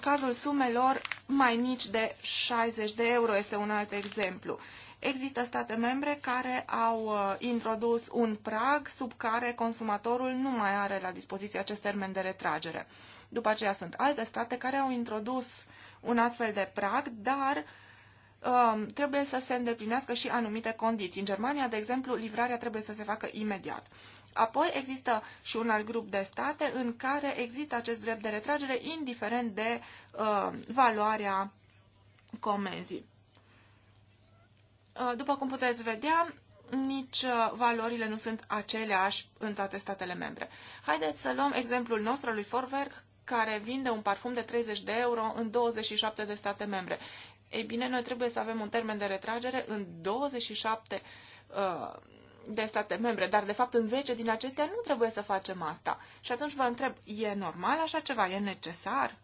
Speaker 1: cazul sumelor mai mici de 60 de euro este un alt exemplu. Există state membre care au uh, introdus un prag sub care consumatorul nu mai are la dispoziție acest termen de retragere. După aceea sunt alte state care au introdus un astfel de prag, dar um, trebuie să se îndeplinească și anumite condiții. În Germania, de exemplu, livrarea trebuie să se facă imediat. Apoi există și un alt grup de state în care există acest drept de retragere, indiferent de uh, valoarea comenzii. Uh, după cum puteți vedea, nici uh, valorile nu sunt aceleași în toate statele membre. Haideți să luăm exemplul nostru lui Forwerk, care vinde un parfum de 30 de euro în 27 de state membre. Ei bine, noi trebuie să avem un termen de retragere în 27 uh, de state membre, dar de fapt în 10 din acestea nu trebuie să facem asta. Și atunci vă întreb, e normal așa ceva? E necesar?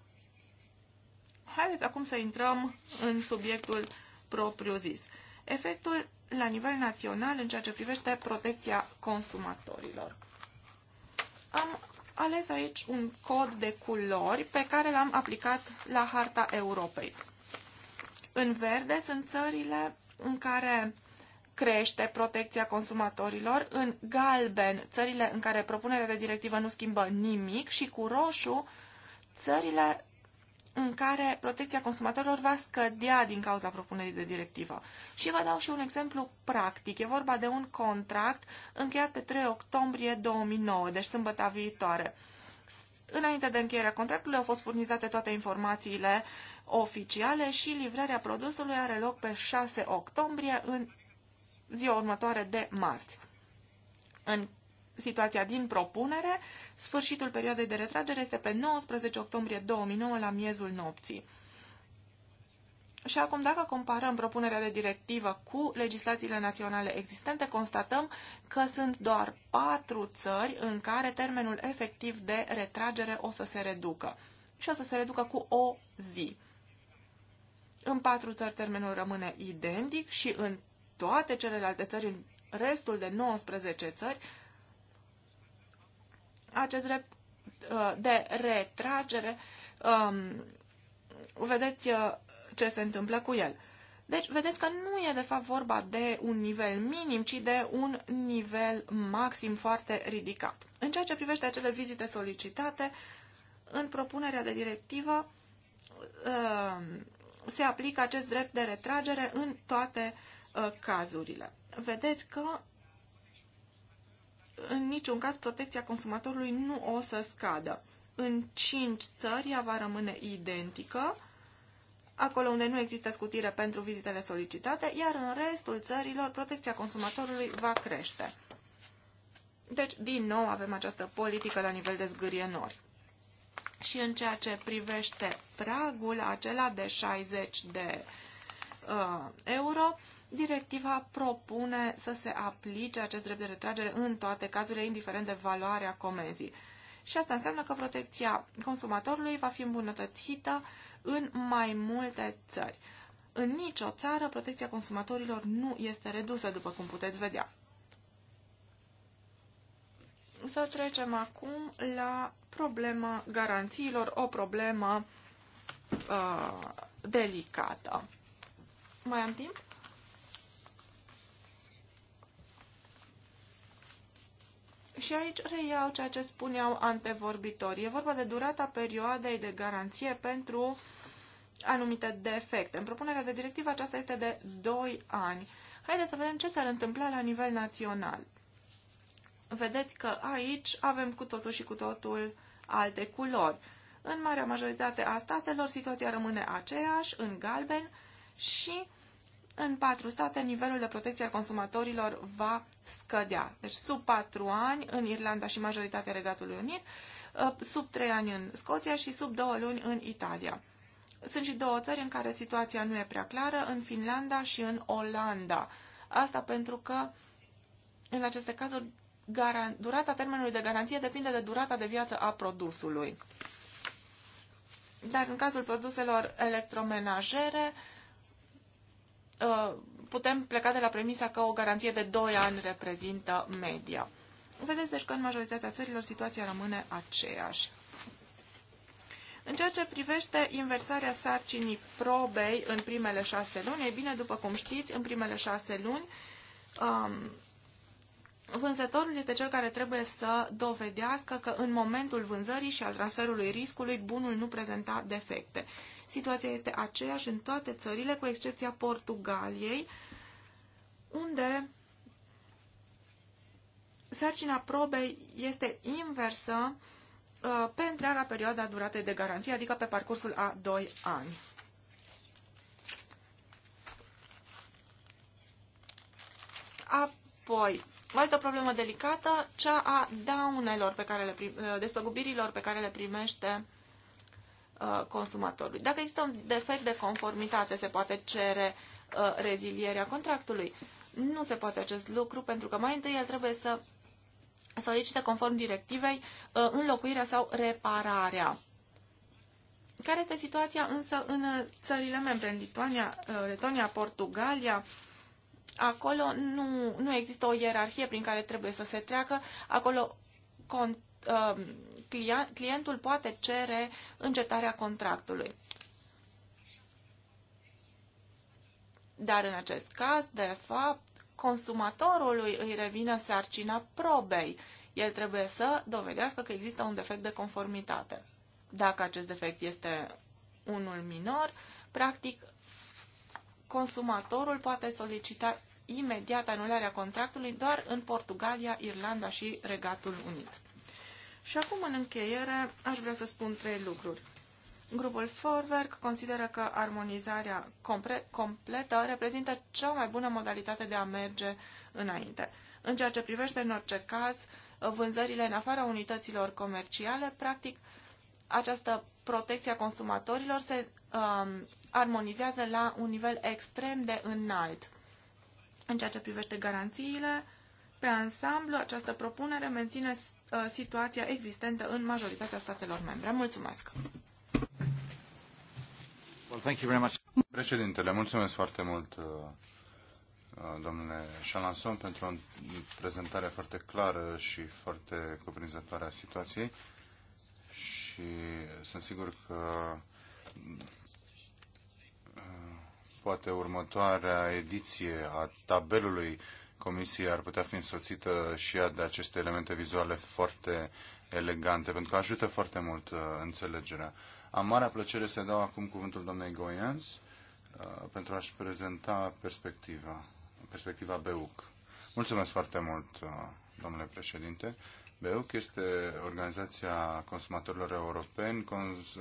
Speaker 1: Haideți acum să intrăm în subiectul propriu-zis. Efectul la nivel național în ceea ce privește protecția consumatorilor. Am ales aici un cod de culori pe care l-am aplicat la harta Europei. În verde sunt țările în care crește protecția consumatorilor, în galben țările în care propunerea de directivă nu schimbă nimic și cu roșu țările în care protecția consumatorilor va scădea din cauza propunerii de directivă. Și vă dau și un exemplu practic. E vorba de un contract încheiat pe 3 octombrie 2009, deci sâmbăta viitoare. Înainte de încheierea contractului au fost furnizate toate informațiile oficiale și livrarea produsului are loc pe 6 octombrie în ziua următoare de marți. În situația din propunere. Sfârșitul perioadei de retragere este pe 19 octombrie 2009 la miezul nopții. Și acum, dacă comparăm propunerea de directivă cu legislațiile naționale existente, constatăm că sunt doar patru țări în care termenul efectiv de retragere o să se reducă. Și o să se reducă cu o zi. În patru țări termenul rămâne identic și în toate celelalte țări, în restul de 19 țări, acest drept uh, de retragere, um, vedeți uh, ce se întâmplă cu el. Deci, vedeți că nu e de fapt vorba de un nivel minim, ci de un nivel maxim foarte ridicat. În ceea ce privește acele vizite solicitate, în propunerea de directivă um, se aplică acest drept de retragere în toate uh, cazurile. Vedeți că în niciun caz protecția consumatorului nu o să scadă. În 5 țări ea va rămâne identică, acolo unde nu există scutire pentru vizitele solicitate, iar în restul țărilor protecția consumatorului va crește. Deci, din nou, avem această politică la nivel de nori. Și în ceea ce privește pragul acela de 60 de uh, euro, Directiva propune să se aplice acest drept de retragere în toate cazurile, indiferent de valoarea comenzii. Și asta înseamnă că protecția consumatorului va fi îmbunătățită în mai multe țări. În nicio țară, protecția consumatorilor nu este redusă, după cum puteți vedea. Să trecem acum la problema garanțiilor, o problemă uh, delicată. Mai am timp? Și aici reiau ceea ce spuneau antevorbitorii. E vorba de durata perioadei de garanție pentru anumite defecte. În propunerea de directivă aceasta este de 2 ani. Haideți să vedem ce s-ar întâmpla la nivel național. Vedeți că aici avem cu totul și cu totul alte culori. În marea majoritate a statelor situația rămâne aceeași, în galben, și în patru state, nivelul de protecție al consumatorilor va scădea. Deci sub patru ani în Irlanda și majoritatea Regatului Unit, ă, sub trei ani în Scoția și sub două luni în Italia. Sunt și două țări în care situația nu e prea clară, în Finlanda și în Olanda. Asta pentru că, în aceste cazuri, durata termenului de garanție depinde de durata de viață a produsului. Dar în cazul produselor electromenajere, Uh, putem pleca de la premisa că o garanție de 2 ani reprezintă media. Vedeți deci că în majoritatea țărilor situația rămâne aceeași. În ceea ce privește inversarea sarcinii probei în primele șase luni, e bine, după cum știți, în primele șase luni, um, vânzătorul este cel care trebuie să dovedească că în momentul vânzării și al transferului riscului, bunul nu prezenta defecte. Situația este aceeași în toate țările, cu excepția Portugaliei, unde sarcina probei este inversă uh, pe întreaga perioadă a duratei de garanție, adică pe parcursul a 2 ani. Apoi, o altă problemă delicată, cea a daunelor pe care le prim, uh, despăgubirilor pe care le primește Uh, consumatorului. Dacă există un defect de conformitate, se poate cere uh, rezilierea contractului. Nu se poate acest lucru pentru că mai întâi el trebuie să solicite conform directivei uh, înlocuirea sau repararea. Care este situația însă în țările membre, în Lituania, Letonia, Portugalia? Acolo nu, nu există o ierarhie prin care trebuie să se treacă. Acolo con, uh, clientul poate cere încetarea contractului. Dar în acest caz, de fapt, consumatorului îi revine sarcina probei. El trebuie să dovedească că există un defect de conformitate. Dacă acest defect este unul minor, practic consumatorul poate solicita imediat anularea contractului doar în Portugalia, Irlanda și Regatul Unit. Și acum, în încheiere, aș vrea să spun trei lucruri. Grupul Forwerk consideră că armonizarea compre- completă reprezintă cea mai bună modalitate de a merge înainte. În ceea ce privește, în orice caz, vânzările în afara unităților comerciale, practic, această protecție a consumatorilor se um, armonizează la un nivel extrem de înalt. În ceea ce privește garanțiile, pe ansamblu, această propunere menține Uh, situația existentă în majoritatea statelor membre. Mulțumesc!
Speaker 2: Well, thank you very much. Președintele, mulțumesc foarte mult, uh, uh, domnule Chalanson, pentru o prezentare foarte clară și foarte cuprinzătoare a situației și sunt sigur că poate următoarea ediție a tabelului comisiei ar putea fi însoțită și ea de aceste elemente vizuale foarte elegante, pentru că ajută foarte mult uh, înțelegerea. Am marea plăcere să dau acum cuvântul doamnei Goians uh, pentru a-și prezenta perspectiva, perspectiva BEUC. Mulțumesc foarte mult, uh, domnule președinte. BEUC este Organizația Consumatorilor Europeni.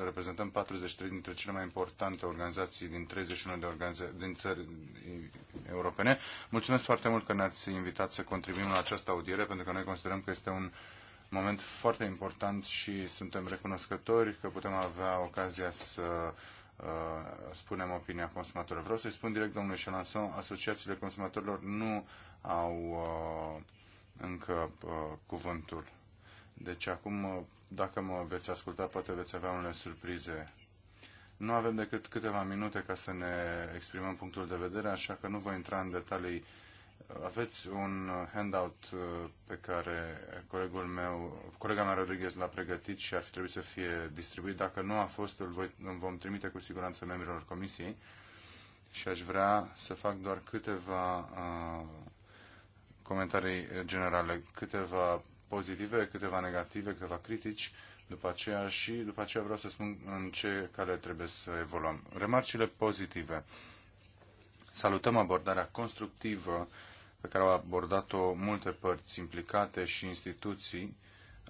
Speaker 2: reprezentăm 43 dintre cele mai importante organizații din 31 de organiza- din țări europene. Mulțumesc foarte mult că ne-ați invitat să contribuim la această audiere, pentru că noi considerăm că este un moment foarte important și suntem recunoscători că putem avea ocazia să uh, spunem opinia consumatorilor. Vreau să-i spun direct, domnului Chalanson, asociațiile consumatorilor nu au uh, încă uh, cuvântul. Deci acum, uh, dacă mă veți asculta, poate veți avea unele surprize. Nu avem decât câteva minute ca să ne exprimăm punctul de vedere, așa că nu voi intra în detalii. Aveți un uh, handout uh, pe care colegul meu, colega mea Rodriguez l-a pregătit și ar fi trebuit să fie distribuit. Dacă nu a fost, îl, voi, îl vom trimite cu siguranță membrilor comisiei și aș vrea să fac doar câteva uh, comentarii generale. Câteva pozitive, câteva negative, câteva critici după aceea și după aceea vreau să spun în ce care trebuie să evoluăm. Remarcile pozitive. Salutăm abordarea constructivă pe care au abordat-o multe părți implicate și instituții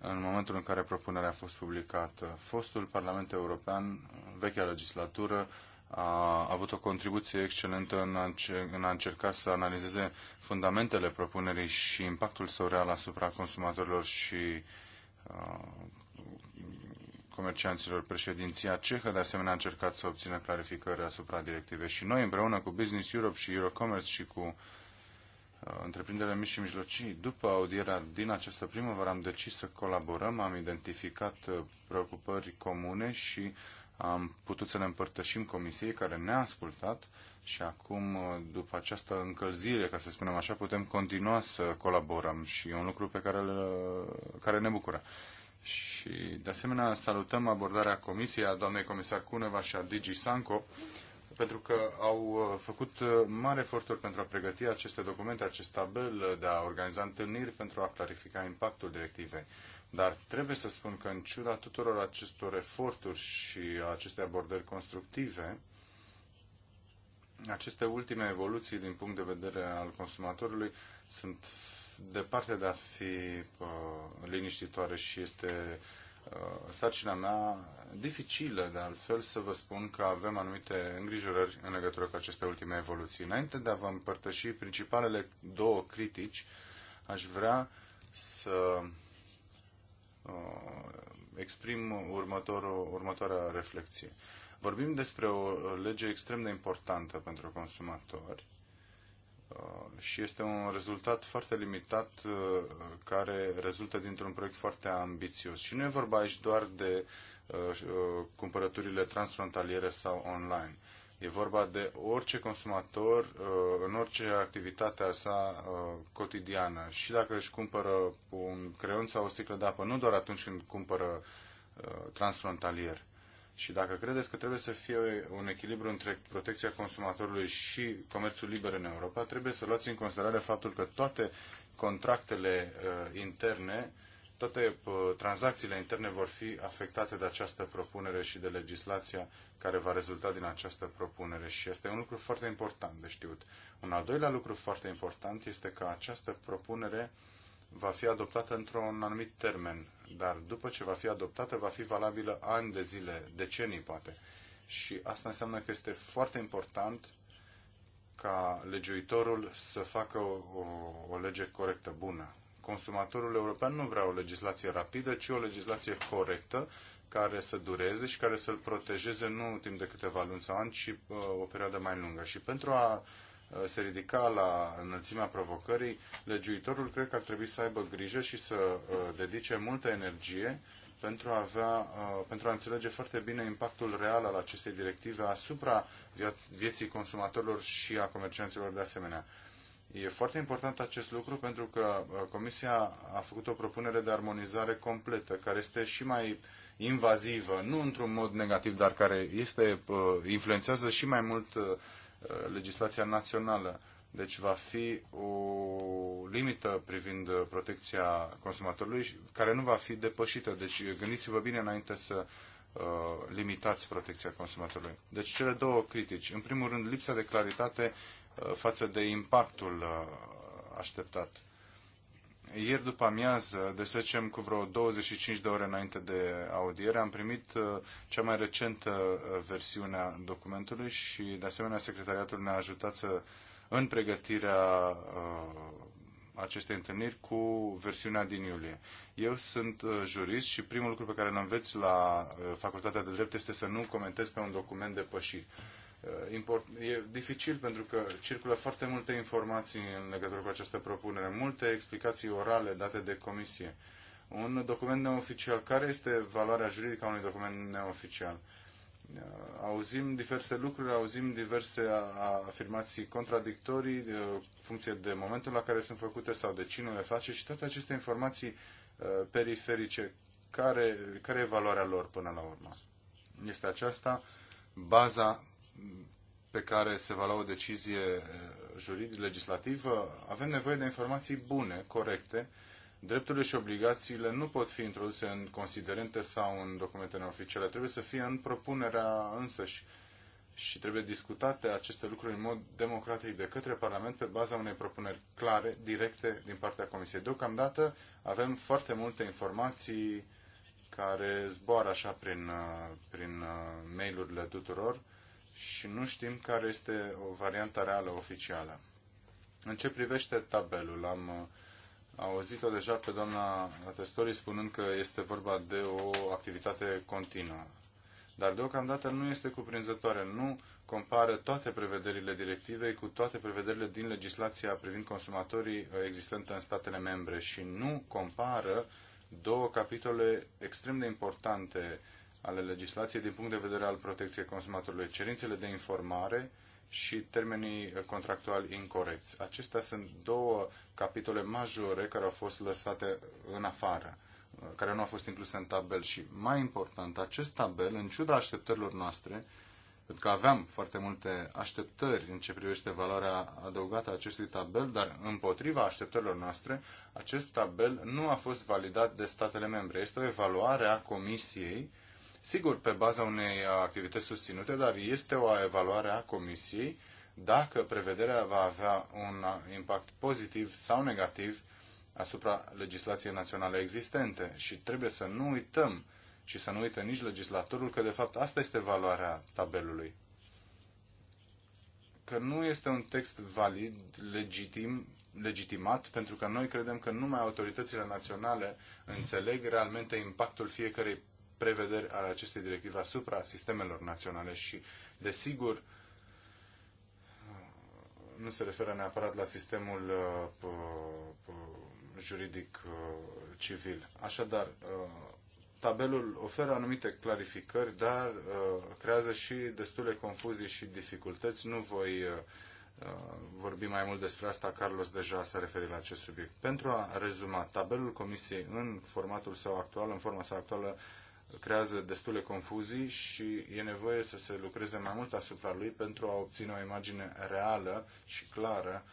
Speaker 2: în momentul în care propunerea a fost publicată. Fostul Parlament European, vechea legislatură, a avut o contribuție excelentă în a, în a încerca să analizeze fundamentele propunerii și impactul său real asupra consumatorilor și uh, comercianților. Președinția cehă, de asemenea, a încercat să obțină clarificări asupra directivei și noi, împreună cu Business Europe și Eurocommerce și cu întreprinderile mici și mijlocii, după audierea din această primăvară, am decis să colaborăm, am identificat preocupări comune și am putut să ne împărtășim comisiei care ne-a ascultat și acum, uh, după această încălzire, ca să spunem așa, putem continua să colaborăm și e un lucru pe care, uh, care ne bucură. Și, de asemenea, salutăm abordarea comisiei a doamnei comisar Cuneva și a Digi Sanco, pentru că au uh, făcut mari eforturi pentru a pregăti aceste documente, acest tabel de a organiza întâlniri pentru a clarifica impactul directivei. Dar trebuie să spun că în ciuda tuturor acestor eforturi și aceste abordări constructive, aceste ultime evoluții din punct de vedere al consumatorului sunt departe de a fi uh, liniștitoare și este uh, sarcina mea dificilă, de altfel, să vă spun că avem anumite îngrijorări în legătură cu aceste ultime evoluții. Înainte de a vă împărtăși principalele două critici, aș vrea să Uh, exprim următorul, următoarea reflexie. Vorbim despre o lege extrem de importantă pentru consumatori uh, și este un rezultat foarte limitat uh, care rezultă dintr-un proiect foarte ambițios. Și nu e vorba aici doar de cumpărăturile transfrontaliere sau online. E vorba de orice consumator uh, în orice activitatea sa uh, cotidiană. Și dacă își cumpără un creon sau o sticlă de apă, nu doar atunci când cumpără uh, transfrontalier. Și dacă credeți că trebuie să fie un echilibru între protecția consumatorului și comerțul liber în Europa, trebuie să luați în considerare faptul că toate contractele uh, interne toate uh, tranzacțiile interne vor fi afectate de această propunere și de legislația care va rezulta din această propunere și este un lucru foarte important de știut. Un al doilea lucru foarte important este că această propunere va fi adoptată într-un anumit termen, dar după ce va fi adoptată va fi valabilă ani de zile, decenii poate. Și asta înseamnă că este foarte important ca legiuitorul să facă o, o lege corectă, bună, consumatorul european nu vrea o legislație rapidă, ci o legislație corectă, care să dureze și care să-l protejeze nu timp de câteva luni sau ani, ci uh, o perioadă mai lungă. Și pentru a uh, se ridica la înălțimea provocării, legiuitorul cred că ar trebui să aibă grijă și să uh, dedice multă energie pentru a, avea, uh, pentru a înțelege foarte bine impactul real al acestei directive asupra vieții consumatorilor și a comercianților de asemenea. E foarte important acest lucru pentru că uh, Comisia a făcut o propunere de armonizare completă, care este și mai invazivă, nu într-un mod negativ, dar care este, uh, influențează și mai mult uh, legislația națională. Deci va fi o limită privind protecția consumatorului care nu va fi depășită. Deci gândiți-vă bine înainte să limitați protecția consumatorului. Deci cele două critici. În primul rând, lipsa de claritate Uh, față de impactul uh, așteptat. Ieri după amiază, de să zicem cu vreo 25 de ore înainte de audiere, am primit uh, cea mai recentă versiune a documentului și, de asemenea, secretariatul ne-a ajutat să, în pregătirea acestei întâlniri cu versiunea din iulie. Eu sunt jurist și primul lucru pe care îl înveți la Facultatea de Drept este să nu comentez pe un document depășit. Uh, import, e dificil pentru că circulă foarte multe informații în legătură cu această propunere, multe explicații orale date de comisie. Un document neoficial. Care este valoarea juridică a unui document neoficial? Uh, auzim diverse lucruri, auzim diverse afirmații contradictorii, uh, funcție de momentul la care sunt făcute sau de cine le face și toate aceste informații periferice, care, care e valoarea lor până la urmă? Este aceasta baza pe care se va lua o decizie eh, juridică legislativă, avem nevoie de informații bune, corecte. Drepturile și obligațiile nu pot fi introduse în considerente sau în documente neoficiale. Trebuie să fie în propunerea însăși și trebuie discutate aceste lucruri în mod democratic de către Parlament pe baza unei propuneri clare, directe din partea Comisiei. Deocamdată avem foarte multe informații care zboară așa prin, eh, prin eh, mail-urile tuturor și nu știm care este o variantă reală oficială. În ce privește tabelul, am uh, auzit-o deja pe doamna atestorii spunând că este vorba de o activitate continuă. Dar deocamdată nu este cuprinzătoare, nu compară toate prevederile directivei cu toate prevederile din legislația privind consumatorii uh, existentă în statele membre și nu compară două capitole extrem de importante ale legislației din punct de vedere al protecției consumatorului, cerințele de informare și termenii contractuali incorrecți. Acestea sunt două capitole majore care au fost lăsate în afară, care nu au fost incluse în tabel și, mai important, acest tabel, în ciuda așteptărilor noastre, pentru că aveam foarte multe așteptări în ce privește valoarea adăugată a acestui tabel, dar împotriva așteptărilor noastre, acest tabel nu a fost validat de statele membre. Este o evaluare a Comisiei sigur pe baza unei activități susținute, dar este o evaluare a Comisiei dacă prevederea va avea un impact pozitiv sau negativ asupra legislației naționale existente și trebuie să nu uităm și să nu uită nici legislatorul că de fapt asta este valoarea tabelului. Că nu este un text valid, legitim, legitimat, pentru că noi credem că numai autoritățile naționale înțeleg realmente impactul fiecărei prevederi ale acestei directive asupra sistemelor naționale și, desigur, nu se referă neapărat la sistemul uh, juridic uh, civil. Așadar, uh, tabelul oferă anumite clarificări, dar creează și destule confuzii și dificultăți. Nu voi vorbi mai mult despre asta, Carlos deja s-a referit la acest subiect. Pentru a rezuma, tabelul Comisiei în formatul său actual, în forma sa actuală, creează destule confuzii și e nevoie să se lucreze mai mult asupra lui pentru a obține o imagine reală și clară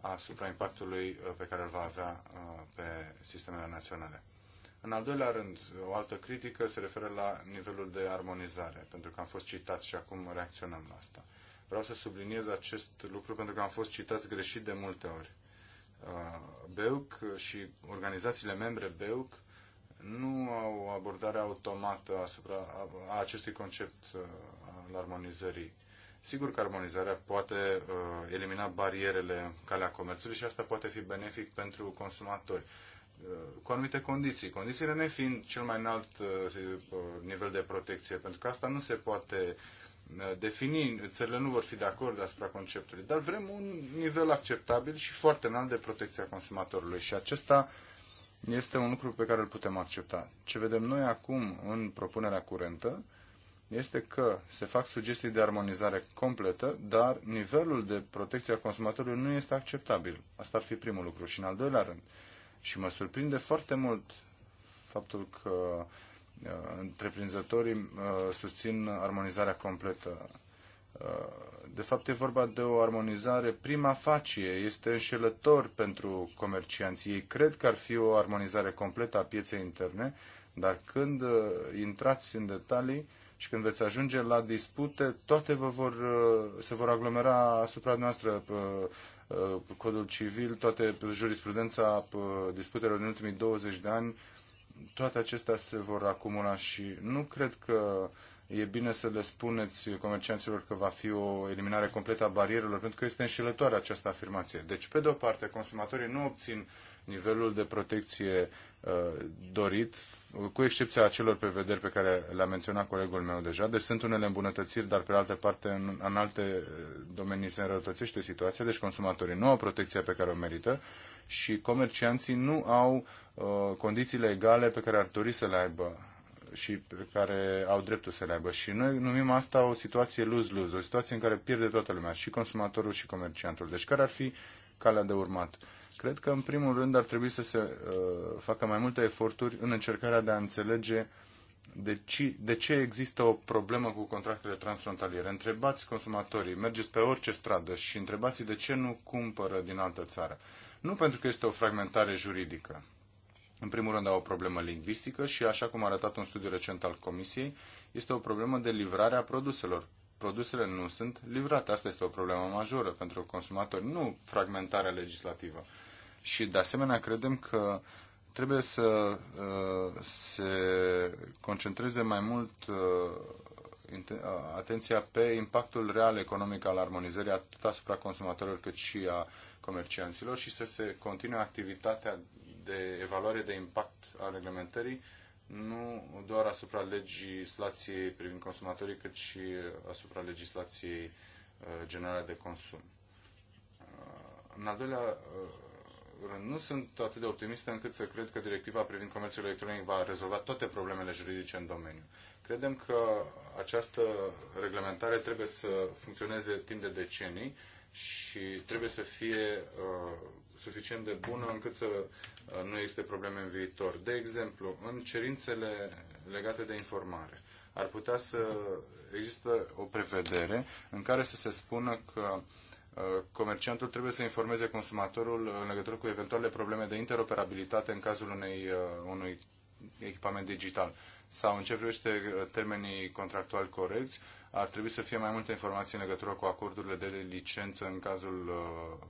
Speaker 2: asupra impactului uh, pe care îl va avea uh, pe sistemele naționale. În al doilea rând, o altă critică se referă la nivelul de armonizare, pentru că am fost citați și acum reacționăm la asta. Vreau să subliniez acest lucru pentru că am fost citați greșit de multe ori. Uh, BEUC și organizațiile membre BEUC nu au o abordare automată asupra a acestui concept uh, al armonizării. Sigur că armonizarea poate uh, elimina barierele în calea comerțului și asta poate fi benefic pentru consumatori uh, cu anumite condiții. Condițiile ne fiind cel mai înalt uh, nivel de protecție, pentru că asta nu se poate defini, țările nu vor fi de acord asupra conceptului, dar vrem un nivel acceptabil și foarte înalt de protecția consumatorului și acesta uh, este un lucru pe care îl putem accepta. Ce vedem noi acum în propunerea curentă este că se fac sugestii de armonizare completă, dar nivelul de protecție a consumatorului nu este acceptabil. Asta ar fi primul lucru. Și în al doilea rând, și mă surprinde foarte mult faptul că uh, întreprinzătorii uh, susțin armonizarea completă uh, de fapt, e vorba de o armonizare prima facie. Este înșelător pentru comercianții. Ei cred că ar fi o armonizare completă a pieței interne, dar când uh, intrați în detalii și când veți ajunge la dispute, toate vă vor, uh, se vor aglomera asupra noastră uh, codul civil, toate jurisprudența disputelor din ultimii 20 de ani, toate acestea se vor acumula și nu cred că e bine să le spuneți comercianților că va fi o eliminare completă a barierelor, pentru că este înșelătoare această afirmație. Deci, pe de o parte, consumatorii nu obțin nivelul de protecție uh, dorit, cu excepția acelor prevederi pe care le-a menționat colegul meu deja. Deci sunt unele îmbunătățiri, dar pe de altă parte, în, în alte uh, domenii se înrăutățește situația, deci consumatorii nu au protecția pe care o merită și comercianții nu au uh, condițiile egale pe care ar dori să le aibă și pe care au dreptul să le aibă. Și noi numim asta o situație lose-lose, o situație în care pierde toată lumea, și consumatorul și comerciantul. Deci care ar fi calea de urmat? Cred că, în primul rând, ar trebui să se uh, facă mai multe eforturi în încercarea de a înțelege de ce, de ce există o problemă cu contractele transfrontaliere. Întrebați consumatorii, mergeți pe orice stradă și întrebați de ce nu cumpără din altă țară. Nu pentru că este o fragmentare juridică în primul rând, au o problemă lingvistică și, așa cum a arătat un studiu recent al Comisiei, este o problemă de livrare a produselor. Produsele nu sunt livrate. Asta este o problemă majoră pentru consumatori, nu fragmentarea legislativă. Și, de asemenea, credem că trebuie să uh, se concentreze mai mult uh, uh atenția pe impactul real economic al armonizării atât asupra consumatorilor cât și a comercianților și să se continue activitatea de evaluare de impact a reglementării, nu doar asupra legislației privind consumatorii, cât și uh, asupra legislației uh, generale de consum. Uh, în al doilea rând, nu sunt atât de optimist încât să cred că directiva privind comerțul electronic va rezolva toate problemele juridice în domeniu. Credem că această reglementare trebuie să funcționeze timp de decenii și trebuie să fie uh, suficient de bună încât să uh, nu existe probleme în viitor. De exemplu, în cerințele legate de informare, ar putea să există o prevedere în care să se spună că uh, comerciantul trebuie să informeze consumatorul în legătură cu eventuale probleme de interoperabilitate în cazul unei, uh, unui echipament digital sau în ce privește uh, termenii contractuali corecți, ar trebui să fie mai multe informații în legătură cu acordurile de licență în cazul uh,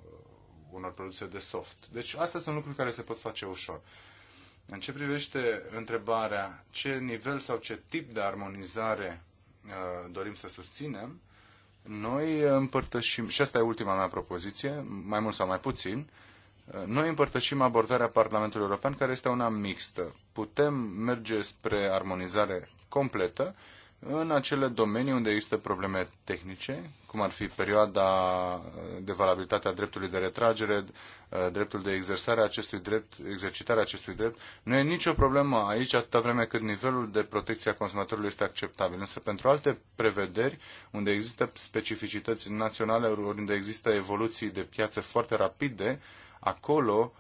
Speaker 2: unor produse de soft. Deci astea sunt lucruri care se pot face ușor. În ce privește întrebarea ce nivel sau ce tip de armonizare uh, dorim să susținem, noi împărtășim, și asta e ultima mea propoziție, mai mult sau mai puțin, uh, noi împărtășim abordarea Parlamentului European, care este una mixtă. Putem merge spre armonizare completă în acele domenii unde există probleme tehnice, cum ar fi perioada uh, de valabilitate a dreptului de retragere, uh, dreptul de exersare a acestui drept, exercitarea acestui drept. Nu e nicio problemă aici atâta vreme cât nivelul de protecție a consumatorului este acceptabil. Însă pentru alte prevederi, unde există specificități naționale, unde există evoluții de piață foarte rapide, acolo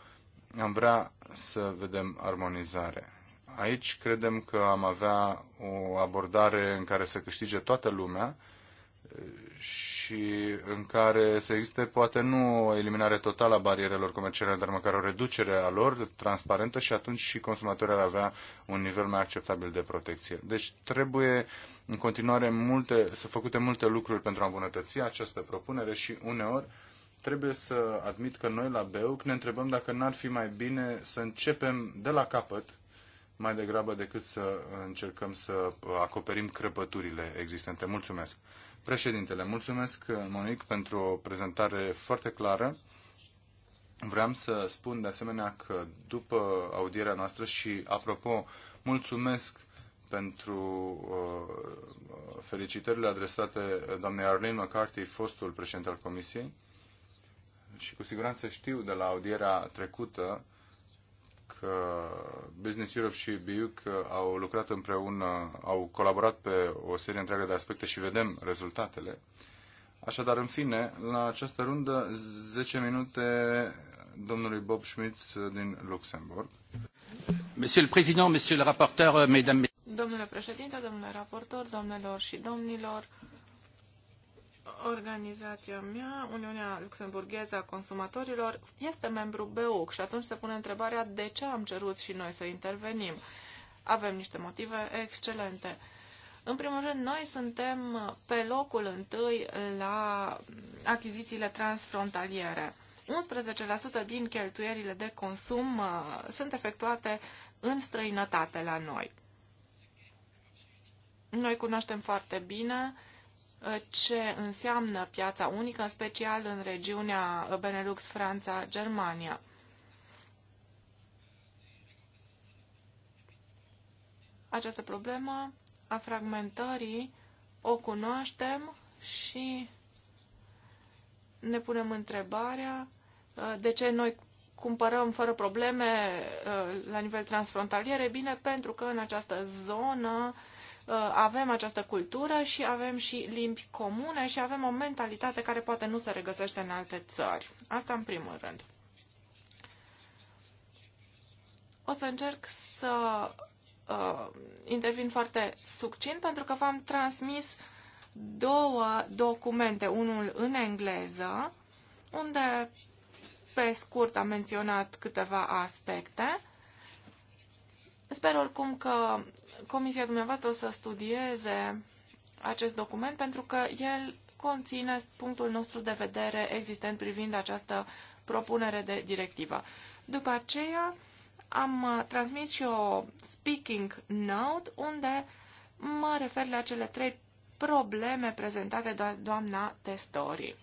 Speaker 2: am vrea să vedem armonizare. Aici credem că am avea o abordare în care să câștige toată lumea eh, și în care să existe poate nu o eliminare totală a barierelor comerciale, dar măcar o reducere a lor transparentă și atunci și consumatorii ar avea un nivel mai acceptabil de protecție. Deci trebuie în continuare multe, să făcute multe lucruri pentru a îmbunătăți această propunere și uneori trebuie să admit că noi la BEUC ne întrebăm dacă n-ar fi mai bine să începem de la capăt mai degrabă decât să încercăm să acoperim crăpăturile existente. Mulțumesc. Președintele, mulțumesc, Monic, pentru o prezentare foarte clară. Vreau să spun de asemenea că după audierea noastră și, apropo, mulțumesc pentru uh, felicitările adresate doamnei Arlene McCarthy, fostul președinte al Comisiei. Și cu siguranță știu de la audierea trecută Business Europe și BIUC uh, au lucrat împreună, au colaborat pe o serie întreagă de aspecte și vedem rezultatele. Așadar, în fine, la această rundă, 10 minute domnului Bob Schmitz uh, din Luxemburg. Monsieur le Président, Monsieur le Rapporteur, Mesdames...
Speaker 1: Domnule președinte, domnule raportor, domnilor și domnilor, organizația mea, Uniunea Luxemburgheză a Consumatorilor, este membru BEUC și atunci se pune întrebarea de ce am cerut și noi să intervenim. Avem niște motive excelente. În primul rând, noi suntem pe locul întâi la achizițiile transfrontaliere. 11% din cheltuierile de consum uh, sunt efectuate în străinătate la noi. Noi cunoaștem foarte bine ce înseamnă piața unică, în special în regiunea Benelux, Franța, Germania. Această problemă a fragmentării o cunoaștem și ne punem întrebarea uh, de ce noi cumpărăm fără probleme uh, la nivel transfrontalier. E bine, pentru că în această zonă Uh, avem această cultură și avem și limbi comune și avem o mentalitate care poate nu se regăsește în alte țări. Asta în primul rând. O să încerc să uh, intervin foarte succint pentru că v-am transmis două documente, unul în engleză, unde pe scurt am menționat câteva aspecte. Sper oricum că comisia dumneavoastră să studieze acest document pentru că el conține punctul nostru de vedere existent privind această propunere de directivă. După aceea am transmis și o speaking note unde mă refer la cele trei probleme prezentate de doamna Testori.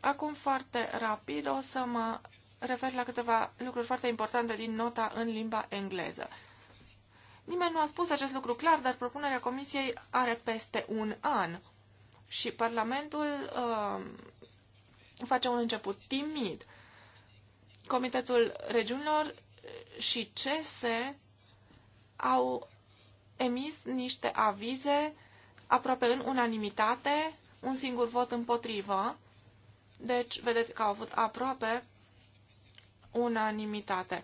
Speaker 1: Acum foarte rapid o să mă refer la câteva lucruri foarte importante din nota în limba engleză. Nimeni nu a spus acest lucru clar, dar propunerea Comisiei are peste un an și Parlamentul uh, face un început timid. Comitetul Regiunilor și CESE au emis niște avize aproape în unanimitate, un singur vot împotrivă. Deci, vedeți că au avut aproape unanimitate.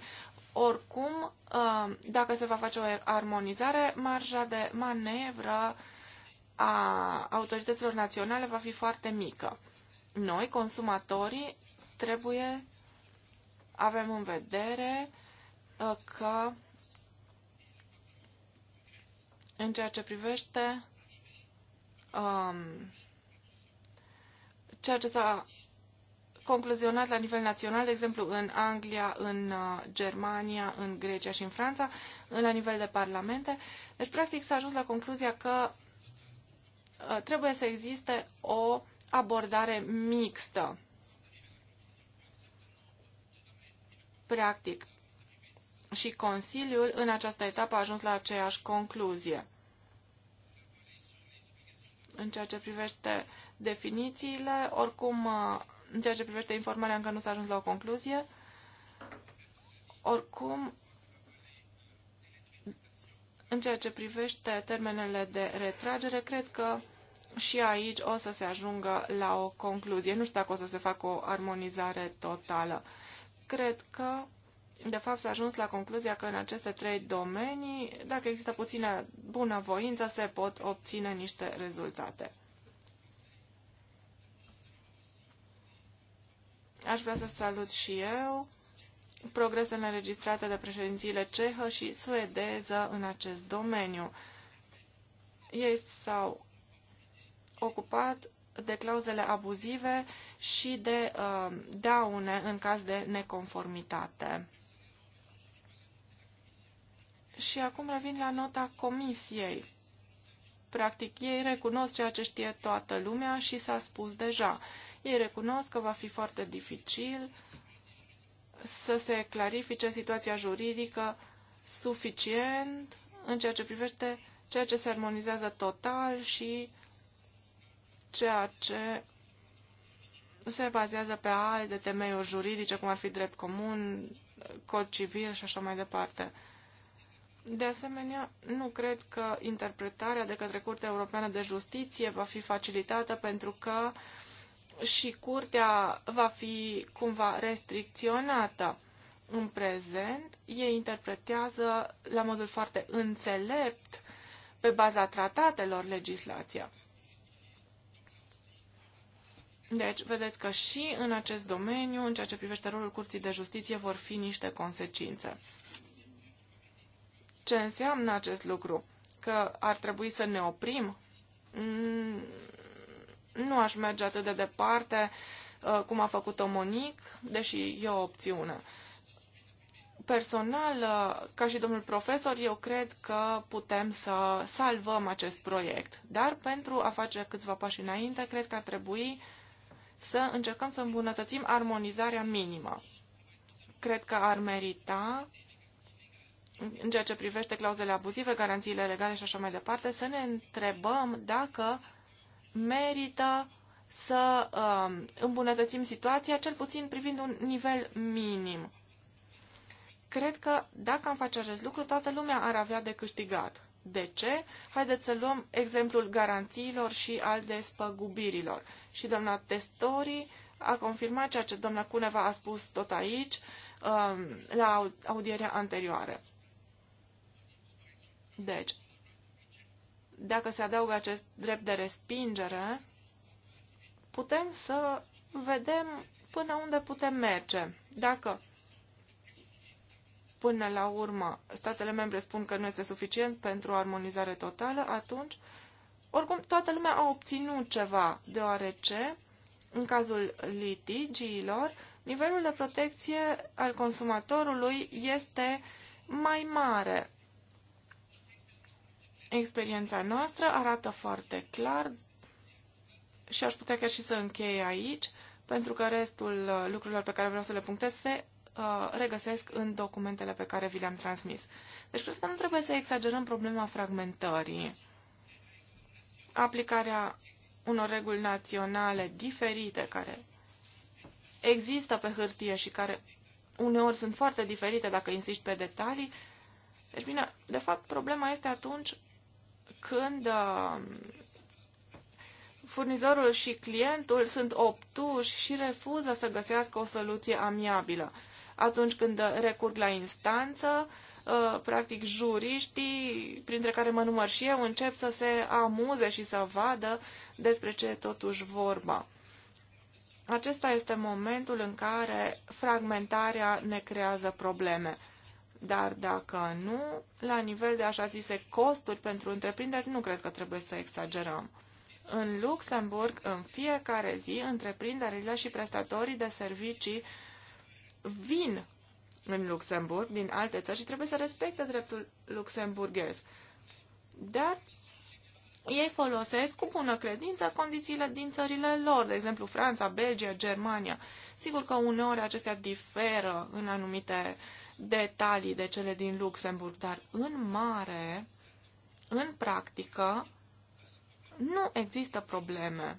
Speaker 1: Oricum, uh, dacă se va face o armonizare, marja de manevră a autorităților naționale va fi foarte mică. Noi, consumatorii, trebuie avem în vedere uh, că în ceea ce privește um, ceea ce s-a concluzionat la nivel național, de exemplu în Anglia, în uh, Germania, în Grecia și în Franța, la nivel de parlamente. Deci, practic, s-a ajuns la concluzia că uh, trebuie să existe o abordare mixtă. Practic. Și Consiliul, în această etapă, a ajuns la aceeași concluzie. În ceea ce privește definițiile, oricum uh, în ceea ce privește informarea, încă nu s-a ajuns la o concluzie. Oricum, în ceea ce privește termenele de retragere, cred că și aici o să se ajungă la o concluzie. Nu știu dacă o să se facă o armonizare totală. Cred că, de fapt, s-a ajuns la concluzia că în aceste trei domenii, dacă există puțină bunăvoință, se pot obține niște rezultate. Aș vrea să salut și eu progresele înregistrate de președințiile cehă și suedeză în acest domeniu. Ei s-au ocupat de clauzele abuzive și de uh, daune în caz de neconformitate. Și acum revin la nota comisiei. Practic, ei recunosc ceea ce știe toată lumea și s-a spus deja. Uh, ei recunosc că va fi foarte dificil să se clarifice situația juridică suficient în ceea ce privește ceea ce se armonizează total și ceea ce se bazează pe alte temeiuri juridice, cum ar fi drept comun, cod civil și așa mai departe. De asemenea, nu cred că interpretarea de către Curtea Europeană de Justiție va fi facilitată pentru că uh, și curtea va fi cumva restricționată. În prezent, ei interpretează la modul foarte înțelept, pe baza tratatelor, legislația. Deci, vedeți că și în acest domeniu, în ceea ce privește rolul Curții de Justiție, vor fi niște consecințe. Ce înseamnă acest lucru? Că ar trebui să ne oprim? Mm, nu aș merge atât de departe uh, cum a făcut-o Monique, deși e o opțiune. Personal, uh, ca și domnul profesor, eu cred că putem să salvăm acest proiect. Dar pentru a face câțiva pași înainte, cred că ar trebui să încercăm să îmbunătățim armonizarea minimă. Cred că ar merita, în ceea ce privește clauzele abuzive, garanțiile legale și așa mai departe, să ne întrebăm dacă merită să uh, îmbunătățim situația, cel puțin privind un nivel minim. Cred că dacă am face acest lucru, toată lumea ar avea de câștigat. De ce? Haideți să luăm exemplul garanțiilor și al despăgubirilor. Și doamna Testori a confirmat ceea ce doamna Cuneva a spus tot aici, um, la audierea anterioară. Deci, dacă se adaugă acest drept de respingere, putem să vedem până unde putem merge. Dacă până la urmă statele membre spun că nu este suficient pentru o armonizare totală, atunci, oricum, toată lumea a obținut ceva, deoarece, în cazul litigiilor, nivelul de protecție al consumatorului este mai mare Experiența noastră arată foarte clar și aș putea chiar și să închei aici, pentru că restul uh, lucrurilor pe care vreau să le punctez se uh, regăsesc în documentele pe care vi le-am transmis. Deci cred că nu trebuie să exagerăm problema fragmentării. Aplicarea unor reguli naționale diferite care există pe hârtie și care uneori sunt foarte diferite dacă insiști pe detalii. Deci bine, de fapt problema este atunci când uh, furnizorul și clientul sunt obtuși și refuză să găsească o soluție amiabilă. Atunci când recurg la instanță, uh, practic juriștii, printre care mă număr și eu, încep să se amuze și să vadă despre ce e totuși vorba. Acesta este momentul în care fragmentarea ne creează probleme. Dar dacă nu, la nivel de așa zise costuri pentru întreprinderi, nu cred că trebuie să exagerăm. În Luxemburg, în fiecare zi, întreprinderile și prestatorii de servicii vin în Luxemburg din alte țări și trebuie să respecte dreptul luxemburghez. Dar ei folosesc cu bună credință condițiile din țările lor, de exemplu Franța, Belgia, Germania. Sigur că uneori acestea diferă în anumite uh, detalii de cele din Luxemburg, dar în mare, în practică, nu există probleme.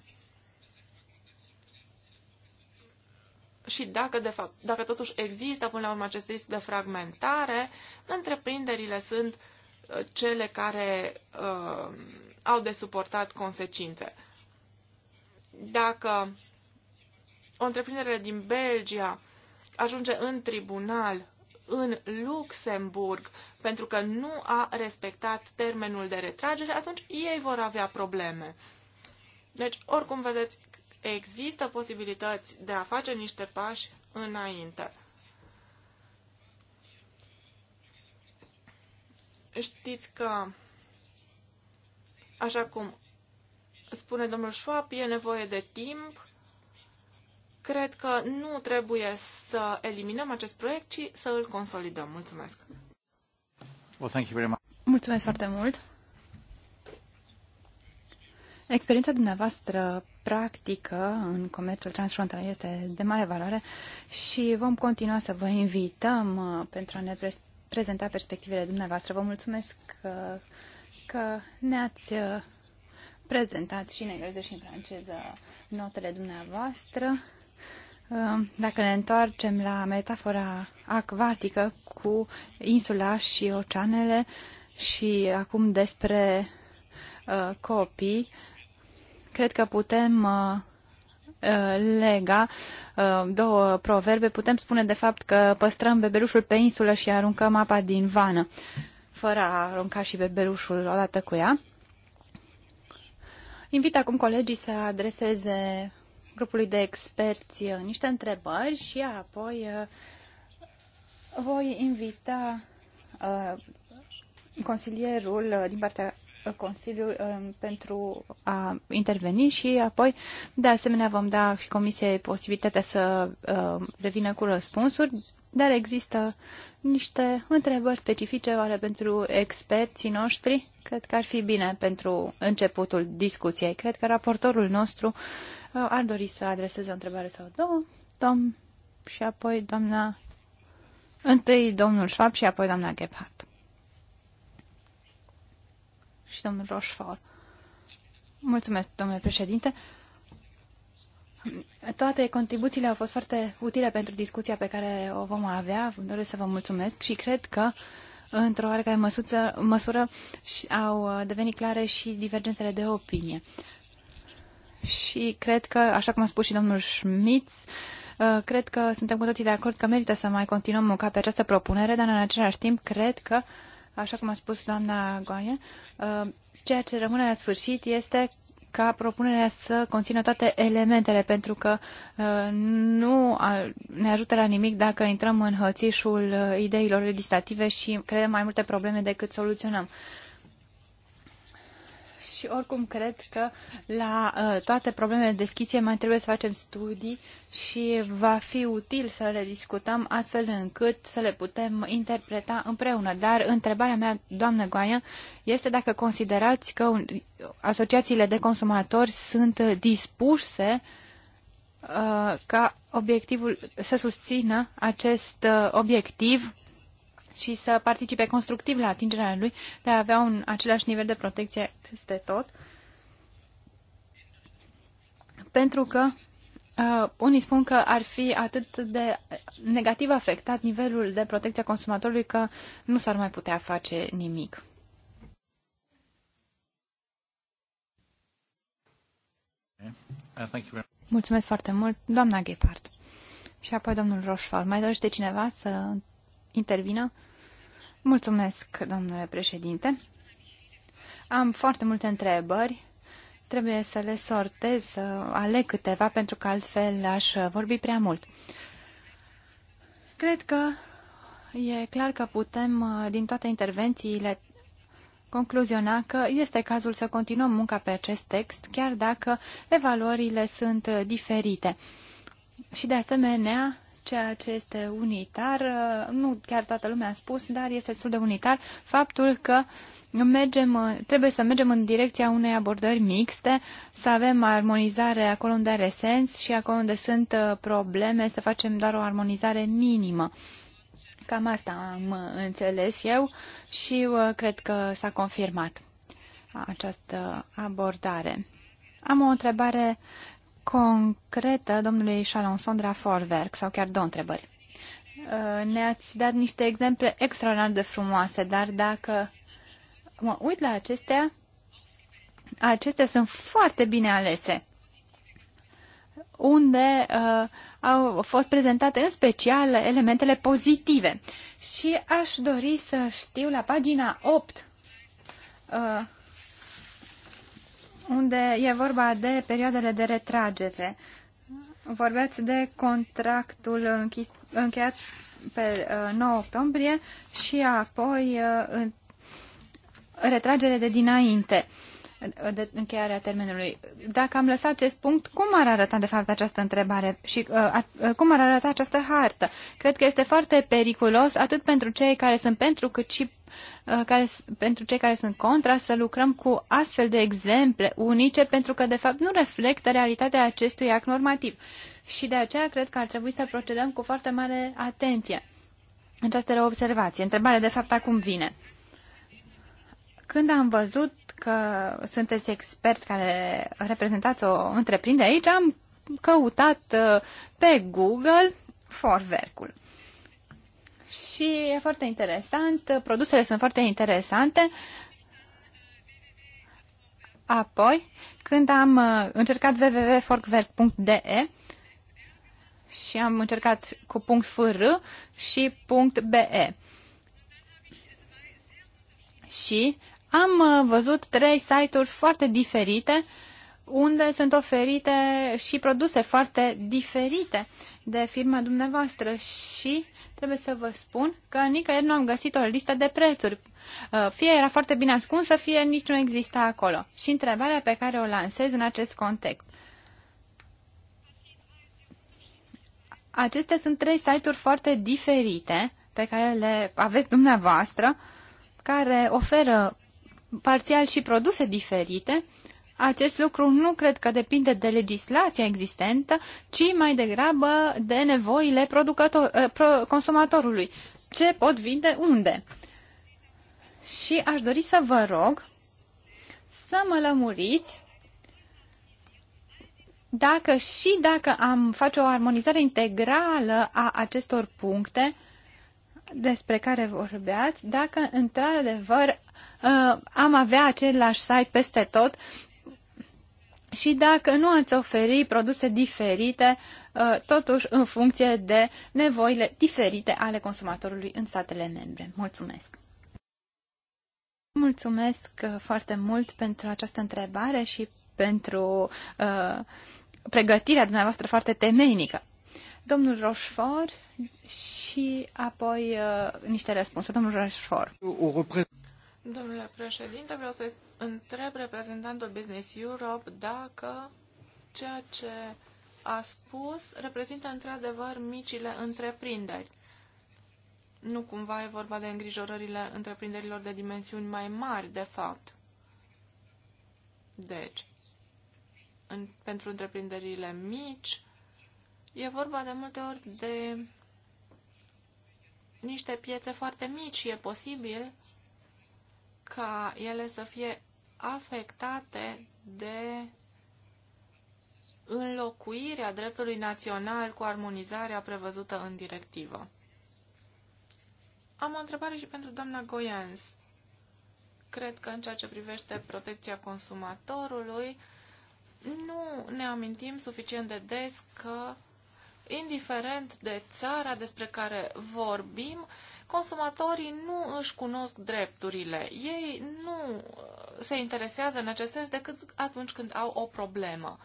Speaker 1: Și dacă, de fapt, dacă totuși există până la urmă acest risc de fragmentare, întreprinderile sunt uh, cele care uh, au de suportat consecințe. Dacă o întreprindere din Belgia ajunge în tribunal în Luxemburg pentru că nu a respectat termenul de retragere, atunci ei vor avea probleme. Deci, oricum vedeți, există posibilități de a face niște pași înainte. Știți că, așa cum spune domnul Schwab, e nevoie de timp Cred că nu trebuie să eliminăm acest proiect, ci să îl consolidăm. Mulțumesc!
Speaker 2: Well, thank you very much.
Speaker 3: Mulțumesc foarte mult! Experiența dumneavoastră practică în comerțul transfrontalier este de mare valoare și vom continua să vă invităm uh, pentru a ne prezenta perspectivele dumneavoastră. Vă mulțumesc că, uh, că ne-ați uh, prezentat și în engleză și în franceză notele dumneavoastră. Uh, dacă ne întoarcem la metafora acvatică cu insula și oceanele și acum despre uh, copii, cred că putem uh, uh, lega uh, două proverbe. Putem spune de fapt că păstrăm bebelușul pe insulă și aruncăm apa din vană, fără a arunca și bebelușul odată cu ea. Invit acum colegii să adreseze grupului de experți uh, niște întrebări și apoi uh, voi invita uh, consilierul din partea Consiliul pentru a interveni și apoi, de asemenea, vom da și Comisiei posibilitatea să revină cu răspunsuri, dar există niște întrebări specifice oare pentru experții noștri. Cred că ar fi bine pentru începutul discuției. Cred că raportorul nostru Uh, ar dori să adreseze o întrebare sau două. dom și apoi doamna... Întâi domnul Schwab și apoi doamna Gebhardt. Și domnul Rochefort. Mulțumesc, domnule președinte. Toate contribuțiile au fost foarte utile pentru discuția pe care o vom avea. Vă doresc să vă mulțumesc și cred că într-o oarecare măsuță, măsură au devenit clare și divergențele de opinie și cred că, așa cum a spus și domnul Schmitz, uh, cred că suntem cu toții de acord că merită să mai continuăm munca pe această propunere, dar în același timp cred că, așa cum a spus doamna Goaie, uh, ceea ce rămâne la sfârșit este ca propunerea să conțină toate elementele, pentru că uh, nu ne ajută la nimic dacă intrăm în hățișul ideilor legislative și creăm mai multe probleme decât soluționăm și oricum cred că la uh, toate problemele de schiție mai trebuie să facem studii și va fi util să le discutăm astfel încât să le putem interpreta împreună. Dar întrebarea mea, doamnă Goaia, este dacă considerați că asociațiile de consumatori sunt dispuse uh, ca obiectivul să susțină acest uh, obiectiv și să participe constructiv la atingerea lui de a avea un același nivel de protecție peste tot. Pentru că uh, unii spun că ar fi atât de negativ afectat nivelul de protecție a consumatorului că nu s-ar mai putea face nimic. Mulțumesc foarte mult, doamna Gepard. Și apoi domnul Roșfal. Mai dorește cineva să intervină? Mulțumesc, domnule președinte. Am foarte multe întrebări. Trebuie să le sortez, să aleg câteva, pentru că altfel aș vorbi prea mult. Cred că e clar că putem, din toate intervențiile, concluziona că este cazul să continuăm munca pe acest text, chiar dacă evaluările sunt diferite. Și de asemenea, ceea ce este unitar, uh, nu chiar toată lumea a spus, dar este destul de unitar faptul că mergem, uh, trebuie să mergem în direcția unei abordări mixte, să avem armonizare acolo unde are sens și acolo unde sunt uh, probleme, să facem doar o armonizare minimă. Cam asta am înțeles eu și cred că s-a confirmat această abordare. Am o întrebare concretă domnului Charanson de la Forwerk sau chiar două întrebări. Uh, ne-ați dat niște exemple extraordinar de frumoase, dar dacă mă uit la acestea, acestea sunt foarte bine alese unde uh, au fost prezentate în special elementele pozitive. Și aș dori să știu la pagina 8 uh, unde e vorba de perioadele de retragere. Vorbeați de contractul închis, încheiat pe 9 uh, octombrie și apoi uh, retragere de dinainte. Uh, de încheiarea termenului. Dacă am lăsat acest punct, cum ar arăta de fapt această întrebare și uh, uh, cum ar arăta această hartă? Cred că este foarte periculos atât pentru cei care sunt pentru cât și uh, care, pentru cei care sunt contra să lucrăm cu astfel de exemple unice pentru că de fapt nu reflectă realitatea acestui act normativ. Și de aceea cred că ar trebui să procedăm cu foarte mare atenție. Aceasta era o observație. Întrebarea de fapt acum vine. Când am văzut că sunteți expert care reprezentați o întreprindere aici, am căutat uh, pe Google forvercul. Și e foarte interesant, produsele sunt foarte interesante. Apoi, când am uh, încercat www.forkwerk.de și am încercat cu punct .fr și punct .be și am uh, văzut trei site-uri foarte diferite unde sunt oferite și produse foarte diferite de firma dumneavoastră și trebuie să vă spun că nicăieri nu am găsit o listă de prețuri. Uh, fie era foarte bine ascunsă, fie nici nu exista acolo. Și întrebarea pe care o lansez în acest context. Acestea sunt trei site-uri foarte diferite pe care le aveți dumneavoastră, care oferă parțial și produse diferite, acest lucru nu cred că depinde de legislația existentă, ci mai degrabă de nevoile producător, eh, consumatorului. Ce pot vinde unde? Și aș dori să vă rog să mă lămuriți dacă și dacă am face o armonizare integrală a acestor puncte despre care vorbeați, dacă într-adevăr uh, am avea același site peste tot și dacă nu ați oferi produse diferite, uh, totuși în funcție de nevoile diferite ale consumatorului în statele membre. Mulțumesc! Mulțumesc uh, foarte mult pentru această întrebare și pentru uh, pregătirea dumneavoastră foarte temeinică. Domnul Rochefort și apoi uh, niște răspunsuri. Domnul Rochefort.
Speaker 1: Domnule președinte, vreau să întreb reprezentantul Business Europe dacă ceea ce a spus reprezintă într-adevăr micile întreprinderi. Nu cumva e vorba de îngrijorările întreprinderilor de dimensiuni mai mari, de fapt. Deci, în, pentru întreprinderile mici, e vorba de multe ori de niște piețe foarte mici. E posibil ca ele să fie afectate de înlocuirea dreptului național cu armonizarea prevăzută în directivă. Am o întrebare și pentru doamna Goians. Cred că în ceea ce privește protecția consumatorului, nu ne amintim suficient de des că, indiferent de țara despre care vorbim, consumatorii nu își cunosc drepturile. Ei nu uh, se interesează în acest sens decât atunci când au o problemă.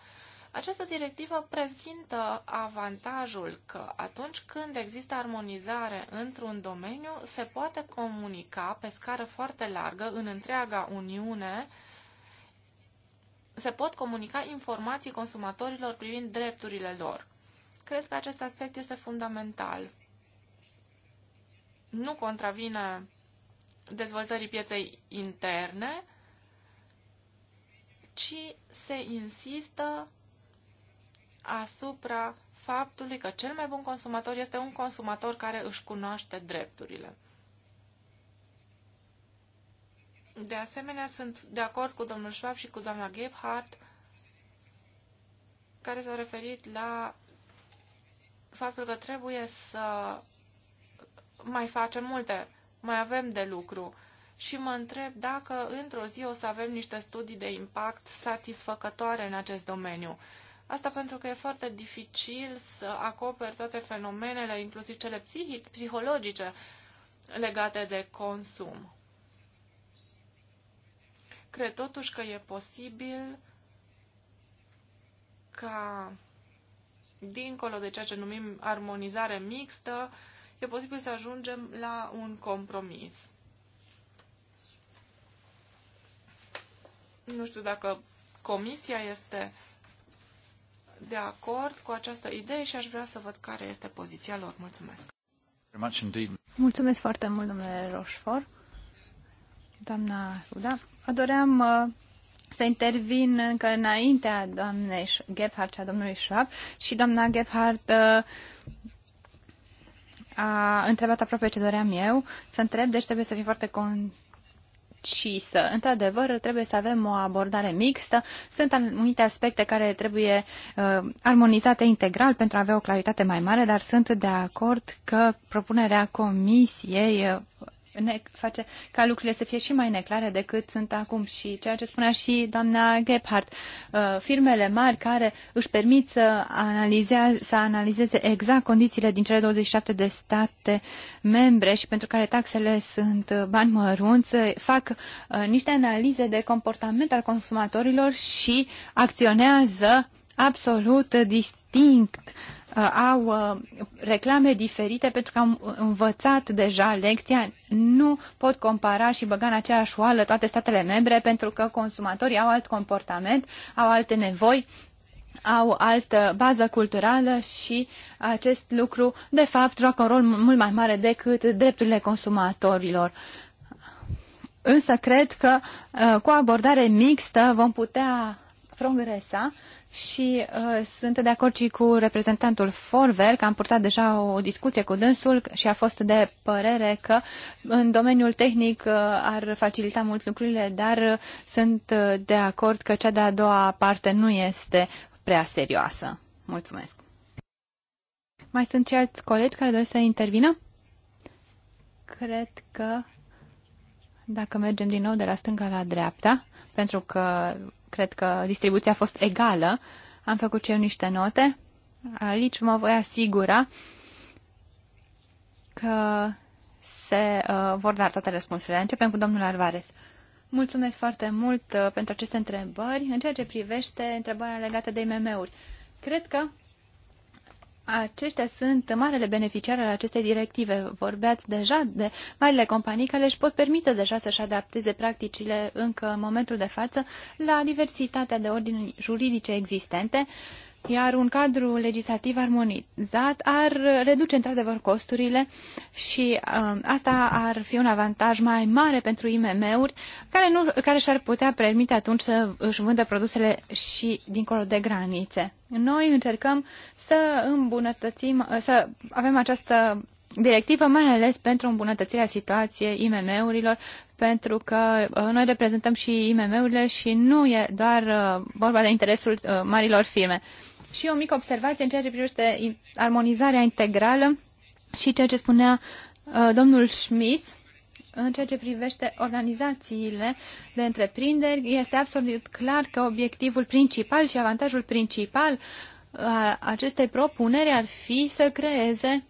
Speaker 1: Această directivă prezintă avantajul că atunci când există armonizare într-un domeniu, se poate comunica pe scară foarte largă în întreaga Uniune, se pot comunica informații consumatorilor privind drepturile lor. Cred că acest aspect este fundamental nu contravine dezvoltării pieței interne, ci se insistă asupra faptului că cel mai bun consumator este un consumator care își cunoaște drepturile. De asemenea, sunt de acord cu domnul Schwab și cu doamna Gebhardt, care s-au referit la faptul că trebuie să mai facem multe, mai avem de lucru și mă întreb dacă într-o zi o să avem niște studii de impact satisfăcătoare în acest domeniu. Asta pentru că e foarte dificil să acoperi toate fenomenele, inclusiv cele psihologice legate de consum. Cred totuși că e posibil ca, dincolo de ceea ce numim armonizare mixtă, uh, e posibil să ajungem la un compromis. Nu știu dacă comisia este de acord cu această idee și aș vrea să văd care este poziția lor. Mulțumesc!
Speaker 3: Mulțumesc foarte mult, domnule Roșfor. Doamna Ruda, doream uh, să intervin încă înaintea doamnei Gebhardt și a domnului Schwab și doamna Gebhardt uh, a întrebat aproape ce doream eu să întreb, deci trebuie să fim foarte concisă. Într-adevăr, trebuie să avem o abordare mixtă. Sunt anumite aspecte care trebuie uh, armonizate integral pentru a avea o claritate mai mare, dar sunt de acord că propunerea comisiei uh, ne face ca lucrurile să fie și mai neclare decât sunt acum și ceea ce spunea și doamna Gebhardt, uh, firmele mari care își permit să, analizea, să analizeze exact condițiile din cele 27 de state membre și pentru care taxele sunt uh, bani mărunți, uh, fac niște analize de comportament al consumatorilor și acționează absolut distinct Uh, au uh, reclame diferite pentru că am învățat deja lecția. Nu pot compara și băga în aceeași oală toate statele membre pentru că consumatorii au alt comportament, au alte nevoi au altă bază culturală și acest lucru, de fapt, joacă un rol mult mai mare decât drepturile consumatorilor. Însă cred că uh, cu abordare mixtă vom putea progresa și uh, sunt de acord și cu reprezentantul Forver, că am purtat deja o discuție cu dânsul și a fost de părere că în domeniul tehnic uh, ar facilita mult lucrurile, dar uh, sunt uh, de acord că cea de-a doua parte nu este prea serioasă. Mulțumesc. Mai sunt și alți colegi care doresc să intervină? Cred că dacă mergem din nou de la stânga la dreapta, pentru că cred că distribuția a fost egală. Am făcut și eu niște note. Aici mă voi asigura că se uh, vor da toate răspunsurile. Începem cu domnul Alvarez. Mulțumesc foarte mult uh, pentru aceste întrebări. În ceea ce privește întrebarea legată de IMM-uri, cred că aceștia sunt marele beneficiar al acestei directive. Vorbeați deja de marile companii care își pot permite deja să-și adapteze practicile încă în momentul de față la diversitatea de ordini juridice existente iar un cadru legislativ armonizat ar reduce într-adevăr costurile și uh, asta ar fi un avantaj mai mare pentru IMM-uri care, nu, care și-ar putea permite atunci să își vândă produsele și dincolo de granițe. Noi încercăm să îmbunătățim, să avem această directivă, mai ales pentru îmbunătățirea situației IMM-urilor, pentru că uh, noi reprezentăm și IMM-urile și nu e doar uh, vorba de interesul uh, marilor firme. Și o mică observație în ceea ce privește armonizarea integrală și ceea ce spunea domnul Schmitz în ceea ce privește organizațiile de întreprinderi, este absolut clar că obiectivul principal și avantajul principal a acestei propuneri ar fi să creeze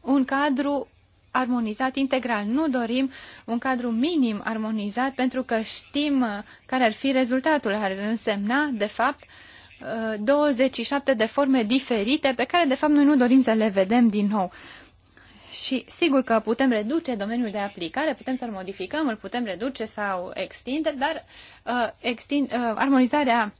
Speaker 3: un cadru armonizat integral. Nu dorim un cadru minim armonizat pentru că știm uh, care ar fi rezultatul. Ar însemna, de fapt, 27 uh, de forme diferite pe care, de fapt, noi nu dorim să le vedem din nou. Și sigur că putem reduce domeniul de aplicare, putem să-l modificăm, îl putem reduce sau extinde, dar uh, extin, uh, armonizarea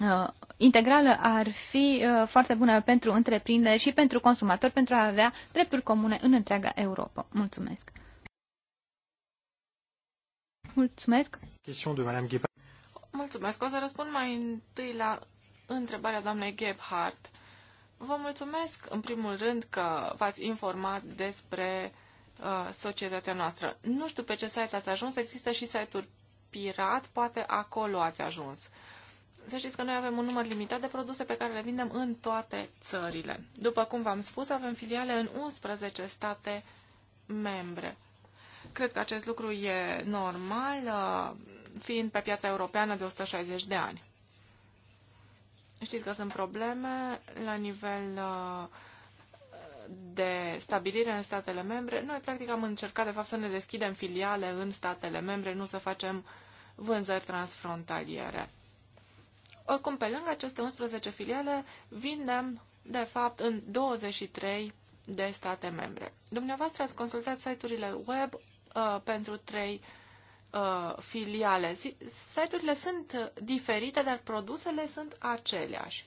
Speaker 3: Uh, integrală ar fi uh, foarte bună pentru întreprinderi și pentru consumatori pentru a avea drepturi comune în întreaga Europa. Mulțumesc! Mulțumesc!
Speaker 1: Mulțumesc! O să răspund mai întâi la întrebarea doamnei Gebhardt. Vă mulțumesc, în primul rând, că v-ați informat despre uh, societatea noastră. Nu știu pe ce site ați ajuns, există și site-uri pirat, poate acolo ați ajuns. Uh, să știți că noi avem un număr limitat de produse pe care le vindem în toate țările. După cum v-am spus, avem filiale în 11 state membre. Cred că acest lucru e normal, uh, fiind pe piața europeană de 160 de ani. Știți că sunt probleme la nivel uh, de stabilire în statele membre. Noi, practic, am încercat, de fapt, să ne deschidem filiale în statele membre, nu să facem vânzări transfrontaliere. Oricum, pe lângă aceste 11 filiale, vindem, de fapt, în 23 de state membre. Dumneavoastră ați consultat site-urile web uh, pentru trei uh, filiale. Site-urile sunt uh, diferite, dar produsele sunt aceleași.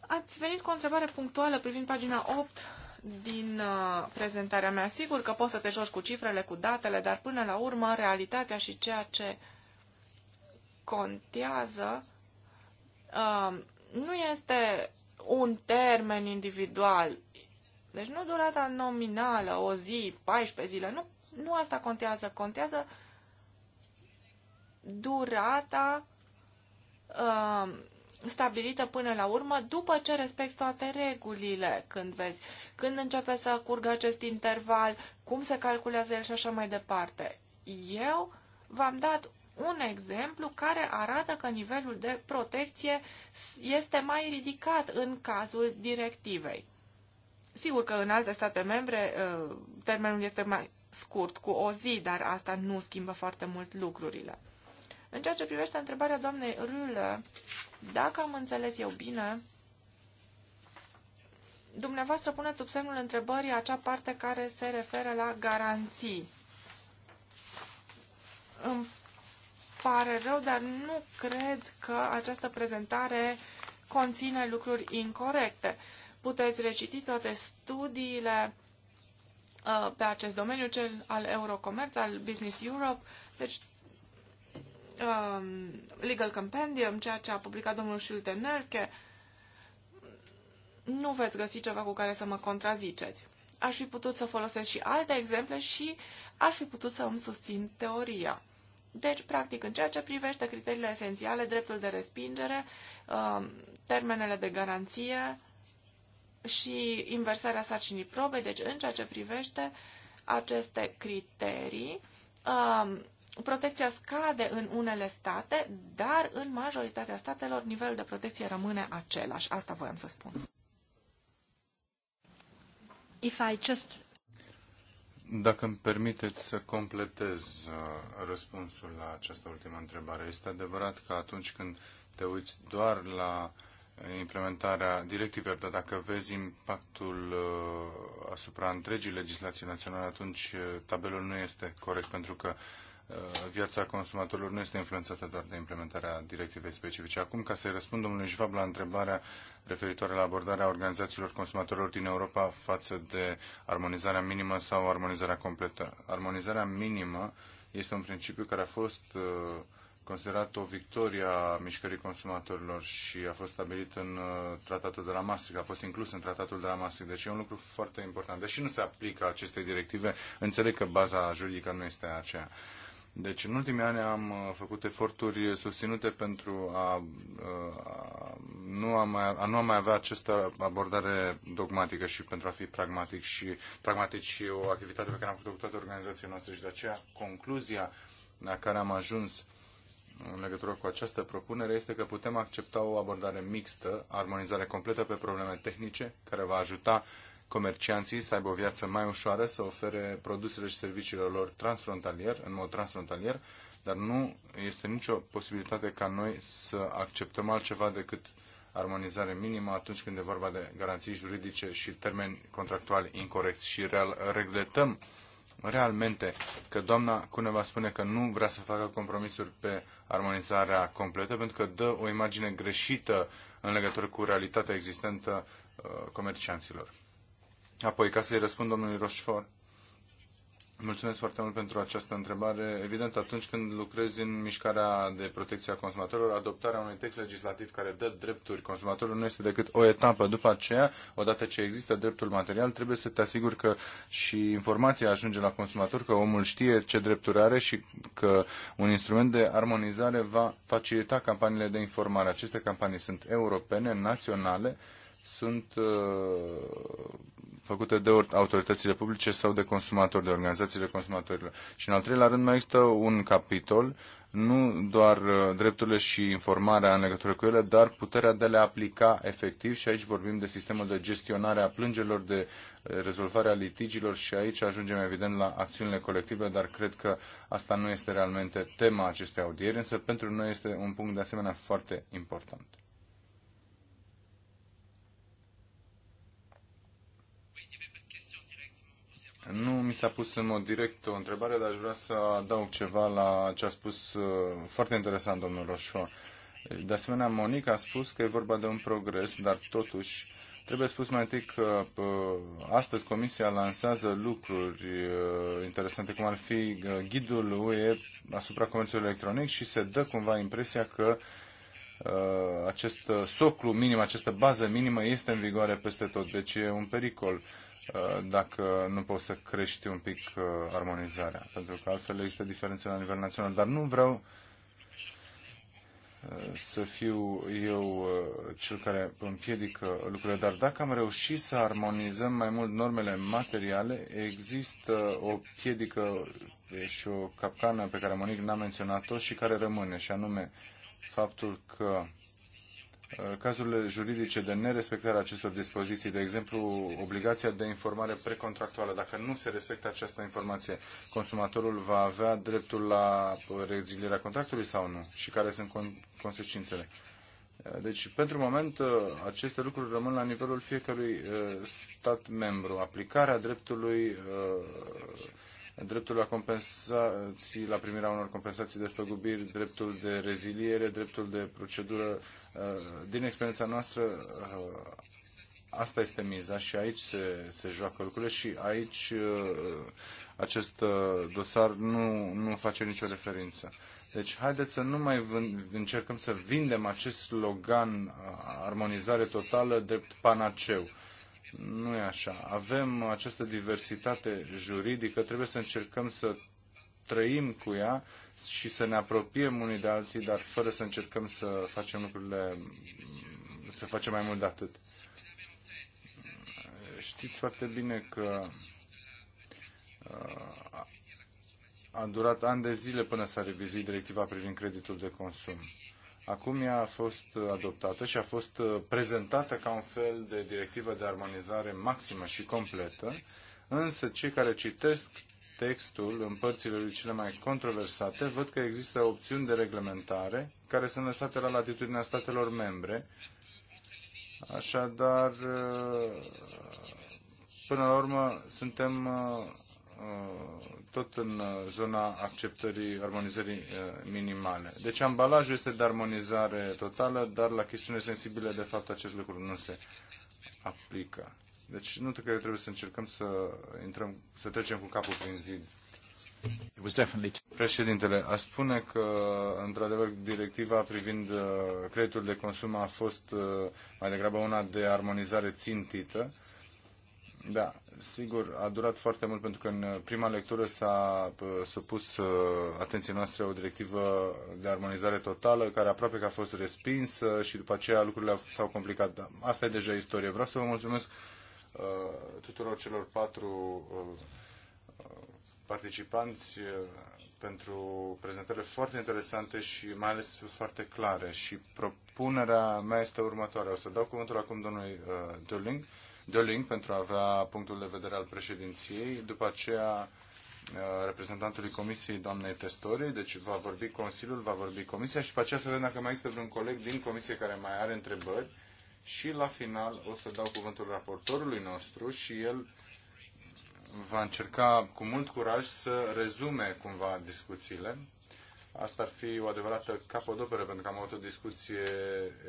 Speaker 1: Ați venit cu o întrebare punctuală privind pagina 8 din uh, prezentarea mea. Sigur că poți să te joci cu cifrele, cu datele, dar până la urmă realitatea și ceea ce uh, contează um, nu este un termen individual. Deci nu durata nominală, o zi, 14 zile, nu, nu asta contează. Contează durata um, stabilită până la urmă după ce respecti toate regulile când vezi, când începe să curgă acest interval, cum se calculează el și așa mai departe. Eu v-am dat un exemplu care arată că nivelul de protecție este mai ridicat în cazul directivei. Sigur că în alte state membre uh, termenul este mai scurt, cu o zi, dar asta nu schimbă foarte mult lucrurile. În ceea ce privește întrebarea doamnei Rulă, dacă am înțeles eu bine, dumneavoastră puneți sub semnul întrebării acea parte care se referă la garanții pare rău, dar nu cred că această prezentare conține lucruri incorrecte. Puteți reciti toate studiile uh, pe acest domeniu, cel al Eurocomerț, al Business Europe, deci um, Legal Compendium, ceea ce a publicat domnul Schulte-Nerke, nu veți găsi ceva cu care să mă contraziceți. Aș fi putut să folosesc și alte exemple și aș fi putut să îmi susțin teoria. Deci, practic, în ceea ce privește criteriile esențiale, dreptul de respingere, um, termenele de garanție și inversarea sarcinii probei, deci în ceea ce privește aceste criterii, um, protecția scade în unele state, dar în majoritatea statelor nivelul de protecție rămâne același. Asta voiam să
Speaker 3: spun. If I just
Speaker 2: dacă îmi permiteți să completez uh, răspunsul la această ultimă întrebare, este adevărat că atunci când te uiți doar la implementarea directivelor, dar dacă vezi impactul uh, asupra întregii legislații naționale, atunci uh, tabelul nu este corect, pentru că Uh, viața consumatorilor nu este influențată doar de implementarea directivei specifice. Acum, ca să-i răspund domnului Schwab la întrebarea referitoare la abordarea organizațiilor consumatorilor din Europa față de armonizarea minimă sau armonizarea completă. Armonizarea minimă este un principiu care a fost uh, considerat o victorie a mișcării consumatorilor și a fost stabilit în uh, tratatul de la Maastricht, a fost inclus în tratatul de la Maastricht. Deci e un lucru foarte important. Deși nu se aplică aceste directive, înțeleg că baza juridică nu este aceea. Deci în ultimii ani am uh, făcut eforturi susținute pentru a, uh, a, nu, a mai, a nu a mai avea această abordare dogmatică și pentru a fi pragmatic și pragmatic și o activitate pe care am făcut-o cu toate organizațiile noastre și de aceea concluzia la care am ajuns în legătură cu această propunere este că putem accepta o abordare mixtă, armonizare completă pe probleme tehnice, care va ajuta comercianții să aibă o viață mai ușoară, să ofere produsele și serviciile lor transfrontalier, în mod transfrontalier, dar nu este nicio posibilitate ca noi să acceptăm altceva decât armonizare minimă atunci când e vorba de garanții juridice și termeni contractuali incorrecți și real, regretăm realmente că doamna Cuneva spune că nu vrea să facă compromisuri pe armonizarea completă pentru că dă o imagine greșită în legătură cu realitatea existentă uh, comercianților. Apoi, ca să-i răspund domnului Roșfor, mulțumesc foarte mult pentru această întrebare. Evident, atunci când lucrezi în mișcarea de protecție a consumatorilor, adoptarea unui text legislativ care dă drepturi consumatorilor nu este decât o etapă. După aceea, odată ce există dreptul material, trebuie să te asiguri că și informația ajunge la consumator, că omul știe ce drepturi are și că un instrument de armonizare va facilita campaniile de informare. Aceste campanii sunt europene, naționale, sunt uh, făcute de autoritățile publice sau de consumatori, de organizațiile consumatorilor. Și în al treilea rând mai există un capitol, nu doar uh, drepturile și informarea în legătură cu ele, dar puterea de a le aplica efectiv și aici vorbim de sistemul de gestionare a plângerilor, de uh, rezolvare a litigilor și aici ajungem evident la acțiunile colective, dar cred că asta nu este realmente tema acestei audieri, însă pentru noi este un punct de asemenea foarte important. Nu mi s-a pus în mod direct o întrebare, dar aș vrea să adaug ceva la ce a spus uh, foarte interesant domnul Roșfort. De asemenea, Monica a spus că e vorba de un progres, dar totuși trebuie spus mai întâi că uh, astăzi Comisia lansează lucruri uh, interesante, cum ar fi ghidul UE asupra comerțului electronic și se dă cumva impresia că acest soclu minim, această bază minimă este în vigoare peste tot, deci e un pericol. Uh, dacă nu poți să crești un pic uh, armonizarea, pentru că altfel există diferențe la nivel național. Dar nu vreau uh, să fiu eu cel care împiedică lucrurile, dar dacă am reușit să armonizăm mai mult normele materiale, există o piedică și o capcană pe care Monic n-a menționat-o și care rămâne, și anume faptul că uh, Uh, cazurile juridice de nerespectare a acestor dispoziții, de exemplu, obligația de informare precontractuală. Dacă nu se respectă această informație, consumatorul va avea dreptul la rezilierea contractului sau nu? Și care sunt consecințele? Uh, deci, pentru moment, uh, aceste lucruri rămân la nivelul fiecărui stat membru. Aplicarea dreptului dreptul la compensații, la primirea unor compensații de despăgubiri, dreptul de reziliere, dreptul de procedură. Uh, din experiența noastră, uh, asta este miza și aici se, se joacă lucrurile și aici uh, acest dosar nu, nu face nicio referință. Deci haideți să nu mai încercăm să vindem acest slogan armonizare totală drept panaceu nu e așa. Avem această diversitate juridică, trebuie să încercăm să trăim cu ea și să ne apropiem unii de alții, dar fără să încercăm să facem lucrurile, să facem mai mult de atât. Știți foarte bine că uh, a durat ani de zile până s-a revizuit directiva privind creditul de consum. Acum ea a fost adoptată și a fost prezentată ca un fel de directivă de armonizare maximă și completă, însă cei care citesc textul în părțile lui cele mai controversate văd că există opțiuni de reglementare care sunt lăsate la latitudinea statelor membre. Așadar, până la urmă, suntem uh, uh, tot în uh, zona acceptării armonizării uh, minimale. Deci ambalajul este de armonizare totală, dar la chestiune sensibile, de fapt, acest lucru nu se aplică. Deci nu cred că trebuie să încercăm să intrăm, să trecem cu capul prin zid. It was definitely... Președintele, a spune că, într-adevăr, directiva privind uh, creditul de consum a fost mai degrabă una de armonizare țintită, da, sigur, a durat foarte mult pentru că în prima lectură s-a uh, supus uh, atenției noastre o directivă de armonizare totală care aproape că a fost respinsă și după aceea lucrurile s-au complicat. Da, asta e deja istorie. Vreau să vă mulțumesc uh, tuturor celor patru participanți pentru prezentările foarte interesante și mai ales foarte clare. Și propunerea mea este următoarea. O să dau cuvântul acum domnului uh, Dulling link pentru a avea punctul de vedere al președinției, după aceea uh, reprezentantului Comisiei, doamnei Testori, deci va vorbi Consiliul, va vorbi Comisia și după aceea să vedem dacă mai este vreun coleg din Comisie care mai are întrebări și la final o să dau cuvântul raportorului nostru și el va încerca cu mult curaj să rezume cumva discuțiile Asta ar fi o adevărată capodoperă, pentru că am avut o discuție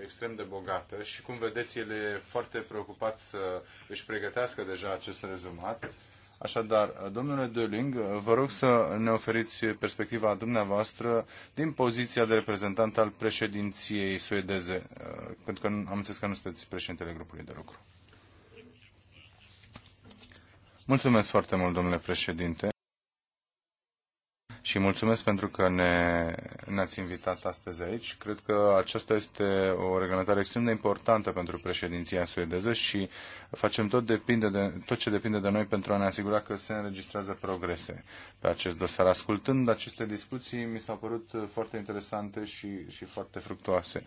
Speaker 2: extrem de bogată și, cum vedeți, el e foarte preocupat să își pregătească deja acest rezumat. Așadar, domnule Döling, vă rog să ne oferiți perspectiva dumneavoastră din poziția de reprezentant al președinției suedeze, uh, pentru că am înțeles că nu sunteți președintele grupului de lucru. Mulțumesc foarte mult, domnule președinte și mulțumesc pentru că ne, ne-ați invitat astăzi aici. Cred că aceasta este o reglementare extrem de importantă pentru președinția suedeză și facem tot, depinde de, tot ce depinde de noi pentru a ne asigura că se înregistrează progrese pe acest dosar. Ascultând aceste discuții, mi s-au părut foarte interesante și, și foarte fructoase.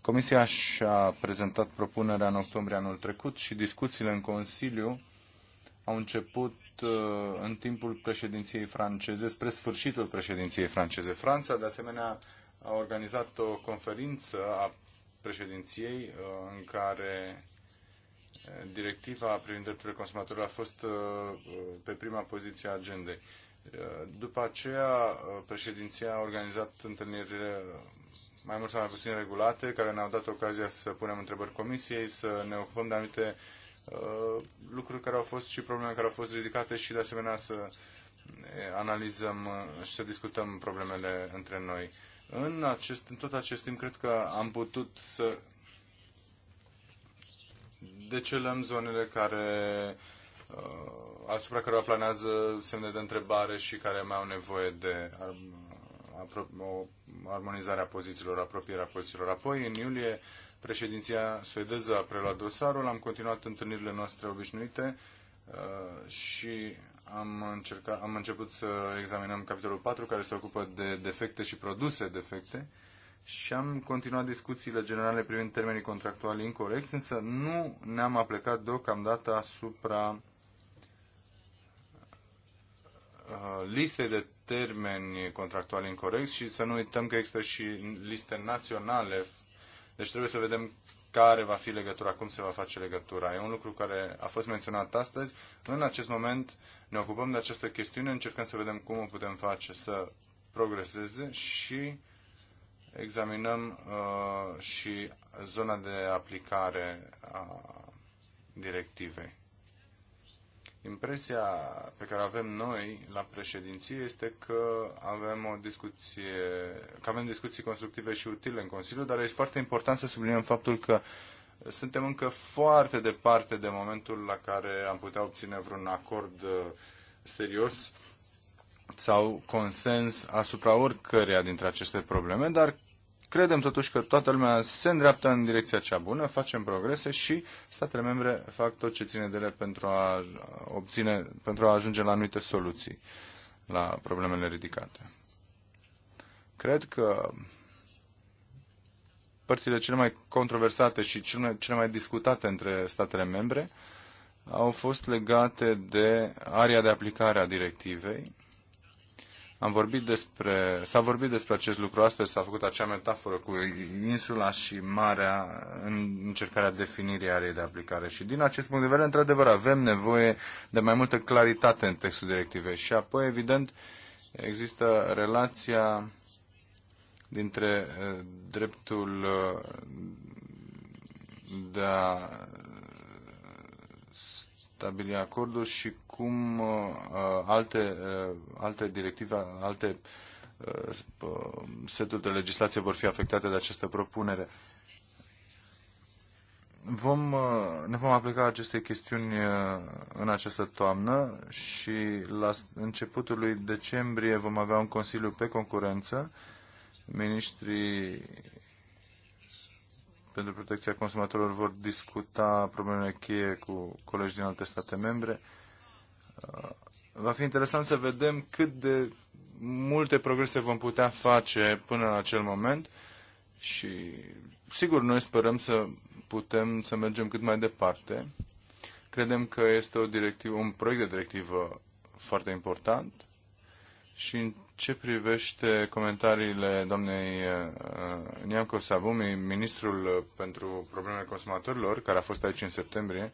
Speaker 2: Comisia și-a prezentat propunerea în octombrie anul trecut și discuțiile în Consiliu au început Uh, în timpul președinției franceze, spre sfârșitul președinției franceze. Franța, de asemenea, a organizat o conferință a președinției uh, în care uh, directiva privind drepturile consumatorilor a fost pe prima poziție a agendei. După aceea, președinția a organizat întâlniri mai mult sau mai puțin regulate, care ne-au dat ocazia să punem întrebări comisiei, să ne ocupăm de anumite Uh, lucruri care au fost și probleme care au fost ridicate și de asemenea să eh, analizăm uh, și să discutăm problemele între noi. În, acest, în tot acest timp, cred că am putut să decelăm zonele care uh, asupra cărora planează semne de întrebare și care mai au nevoie de o armonizare a pozițiilor, apropierea pozițiilor. Apoi, în iulie, Președinția suedeză a preluat dosarul, am continuat întâlnirile noastre obișnuite uh, și am, încercat, am început să examinăm capitolul 4 care se ocupă de defecte și produse defecte și am continuat discuțiile generale privind termenii contractuali incorrecți, însă nu ne-am aplecat deocamdată asupra uh, listei de termeni contractuali incorrecți și să nu uităm că există și liste naționale deci trebuie să vedem care va fi legătura, cum se va face legătura. E un lucru care a fost menționat astăzi. În acest moment ne ocupăm de această chestiune, încercăm să vedem cum o putem face să progreseze și examinăm uh, și zona de aplicare a directivei. Impresia pe care avem noi la președinție este că avem o discuție, că avem discuții constructive și utile în Consiliu, dar este foarte important să subliniem faptul că suntem încă foarte departe de momentul la care am putea obține vreun acord uh, serios sau consens asupra oricăreia dintre aceste probleme, dar Credem totuși că toată lumea se îndreaptă în direcția cea bună, facem progrese și statele membre fac tot ce ține de ele pentru a, obține, pentru a ajunge la anumite soluții la problemele ridicate. Cred că părțile cele mai controversate și cele mai discutate între statele membre au fost legate de area de aplicare a directivei am vorbit despre, s-a vorbit despre acest lucru astăzi, s-a făcut acea metaforă cu insula și marea în încercarea definirii arei de aplicare. Și din acest punct de vedere, într-adevăr, avem nevoie de mai multă claritate în textul directivei. Și apoi, evident, există relația dintre uh, dreptul uh, de a stabili acorduri și cum uh, uh, alte, uh, alte directive, alte seturi de legislație vor fi afectate de această propunere. Vom, ne vom aplica aceste chestiuni în această toamnă și la începutul lui decembrie vom avea un Consiliu pe concurență. Ministrii pentru protecția consumatorilor vor discuta problemele cheie cu colegi din alte state membre Uh, va fi interesant să vedem cât de multe progrese vom putea face până în acel moment și sigur noi sperăm să putem să mergem cât mai departe. Credem că este o directivă, un proiect de directivă foarte important și în ce privește comentariile doamnei uh, Niamco Savumi, ministrul pentru problemele consumatorilor, care a fost aici în septembrie,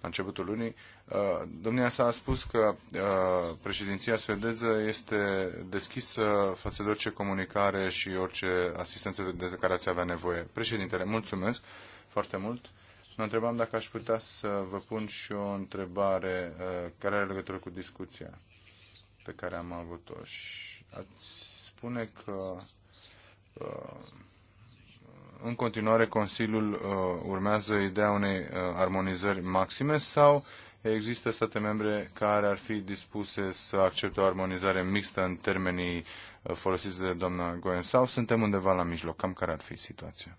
Speaker 2: la începutul lunii, uh, domnia sa a spus că uh, președinția suedeză este deschisă față de orice comunicare și orice asistență de care ați avea nevoie. Președintele, mulțumesc foarte mult. Mă întrebam dacă aș putea să vă pun și o întrebare uh, care are legătură cu discuția pe care am avut-o și ați spune că în continuare Consiliul uh, urmează ideea unei uh, armonizări maxime sau există state membre care ar fi dispuse să accepte o armonizare mixtă în termenii uh, folosiți de doamna Goen sau suntem undeva la mijloc? Cam care ar fi situația?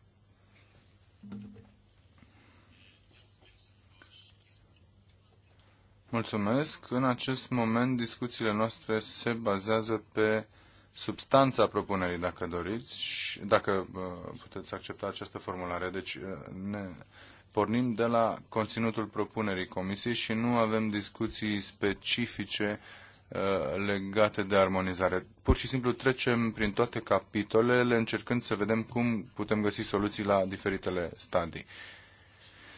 Speaker 2: Mulțumesc. În acest moment discuțiile noastre se bazează pe substanța propunerii, dacă doriți, și dacă uh, puteți accepta această formulare. Deci uh, ne pornim de la conținutul propunerii comisiei și nu avem discuții specifice uh, legate de armonizare. Pur și simplu trecem prin toate capitolele încercând să vedem cum putem găsi soluții la diferitele stadii.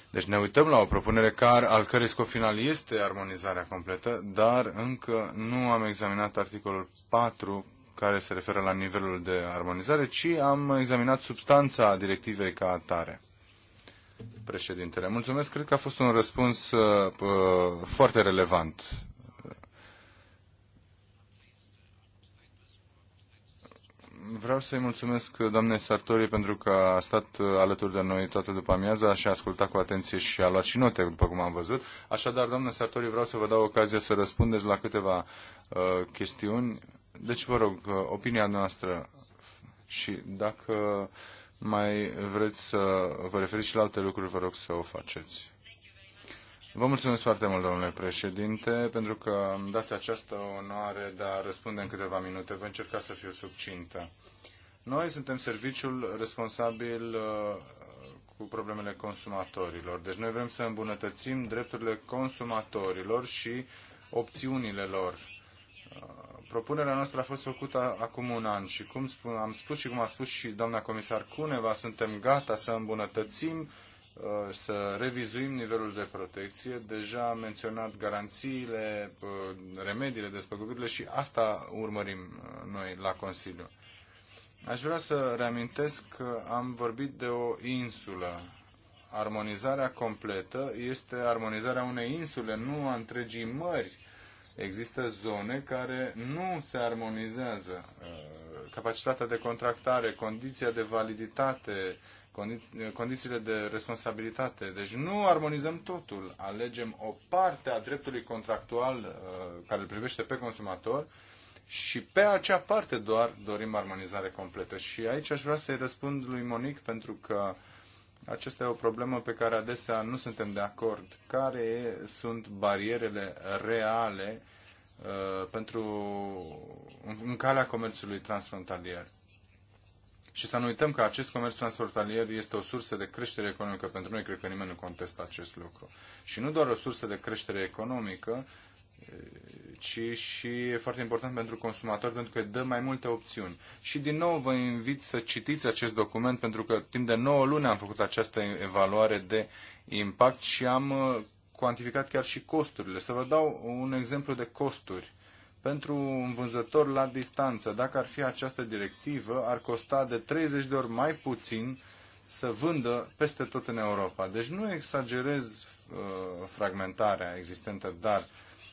Speaker 2: Deci ne uităm la o propunere care, al cărei scop final este armonizarea completă, dar încă nu am examinat articolul 4 care se referă la nivelul de armonizare, ci am examinat substanța directivei ca atare. Președintele, mulțumesc. Cred că a fost un răspuns uh, foarte relevant. Vreau să-i mulțumesc doamnei Sartori pentru că a stat uh, alături de noi toată după amiaza și a ascultat cu atenție și a luat și note, după cum am văzut. Așadar, doamne Sartori, vreau să vă dau ocazia să răspundeți la câteva uh, chestiuni deci, vă rog, opinia noastră și dacă mai vreți să vă referiți și la alte lucruri, vă rog să o faceți. Vă mulțumesc foarte mult, domnule președinte, pentru că îmi dați această onoare de a răspunde în câteva minute. Voi încerca să fiu subcintă. Noi suntem serviciul responsabil uh, cu problemele consumatorilor. Deci noi vrem să îmbunătățim drepturile consumatorilor și opțiunile lor Propunerea noastră a fost făcută acum un an și cum spun, am spus și cum a spus și doamna comisar Cuneva, suntem gata să îmbunătățim, uh, să revizuim nivelul de protecție. Deja am menționat garanțiile, uh, remediile, despăgubirile și asta urmărim uh, noi la Consiliu. Aș vrea să reamintesc că am vorbit de o insulă. Armonizarea completă este armonizarea unei insule, nu a întregii mări există zone care nu se armonizează. Uh, capacitatea de contractare, condiția de validitate, condi condițiile de responsabilitate. Deci nu armonizăm totul. Alegem o parte a dreptului contractual uh, care îl privește pe consumator și pe acea parte doar dorim armonizare completă. Și aici aș vrea să-i răspund lui Monic pentru că uh, aceasta e o problemă pe care adesea nu suntem de acord. Care sunt barierele reale uh, pentru, în, în calea comerțului transfrontalier? Și să nu uităm că acest comerț transfrontalier este o sursă de creștere economică pentru noi, cred că nimeni nu contestă acest lucru. Și nu doar o sursă de creștere economică, ci și e foarte important pentru consumator pentru că dă mai multe opțiuni. Și din nou vă invit să citiți acest document pentru că timp de 9 luni am făcut această evaluare de impact și am uh, cuantificat chiar și costurile. Să vă dau un exemplu de costuri. Pentru un vânzător la distanță, dacă ar fi această directivă, ar costa de 30 de ori mai puțin să vândă peste tot în Europa. Deci nu exagerez uh, fragmentarea existentă, dar uh,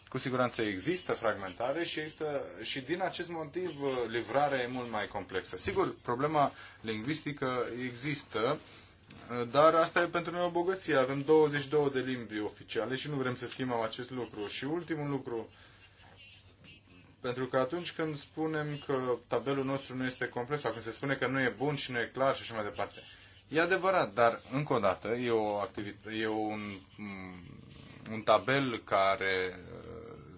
Speaker 2: cu siguranță există fragmentare și, există, și din acest motiv uh, livrarea e mult mai complexă. Sigur, problema lingvistică există, uh, dar asta e pentru noi o bogăție. Avem 22 de limbi oficiale și nu vrem să schimbăm acest lucru. Și ultimul lucru, pentru că atunci când spunem că tabelul nostru nu este complet sau când se spune că nu e bun și nu e clar și așa mai departe, e adevărat, dar încă o dată e, o activit- e un, mm, un tabel care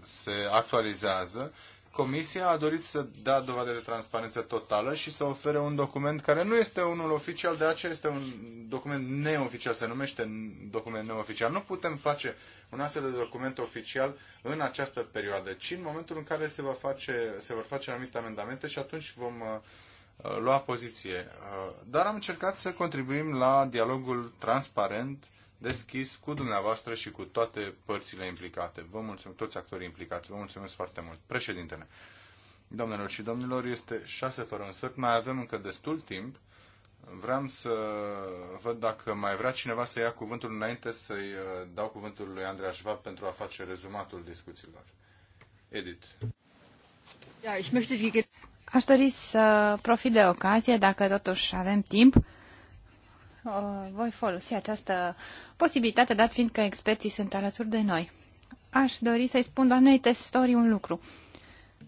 Speaker 2: se actualizează, Comisia a dorit să dea dovadă de transparență totală și să ofere un document care nu este unul oficial, de aceea este un document neoficial, se numește document neoficial. Nu putem face un astfel de document oficial în această perioadă, ci în momentul în care se, va face, se vor face anumite amendamente și atunci vom uh, uh, lua poziție. Uh, dar am încercat să contribuim la dialogul transparent deschis cu dumneavoastră și cu toate părțile implicate. Vă mulțumesc, toți actorii implicați, vă mulțumesc foarte mult. Președintele, domnilor și domnilor, este șase fără un sfert, mai avem încă destul timp. Vreau să văd dacă mai vrea cineva să ia cuvântul înainte să-i uh, dau cuvântul lui Andreea Șvab pentru a face rezumatul discuțiilor. Edit.
Speaker 3: Aș dori să profit de ocazie, dacă totuși avem timp, Uh, voi folosi această posibilitate, dat fiind că experții sunt alături de noi. Aș dori să-i spun doamnei testorii un lucru.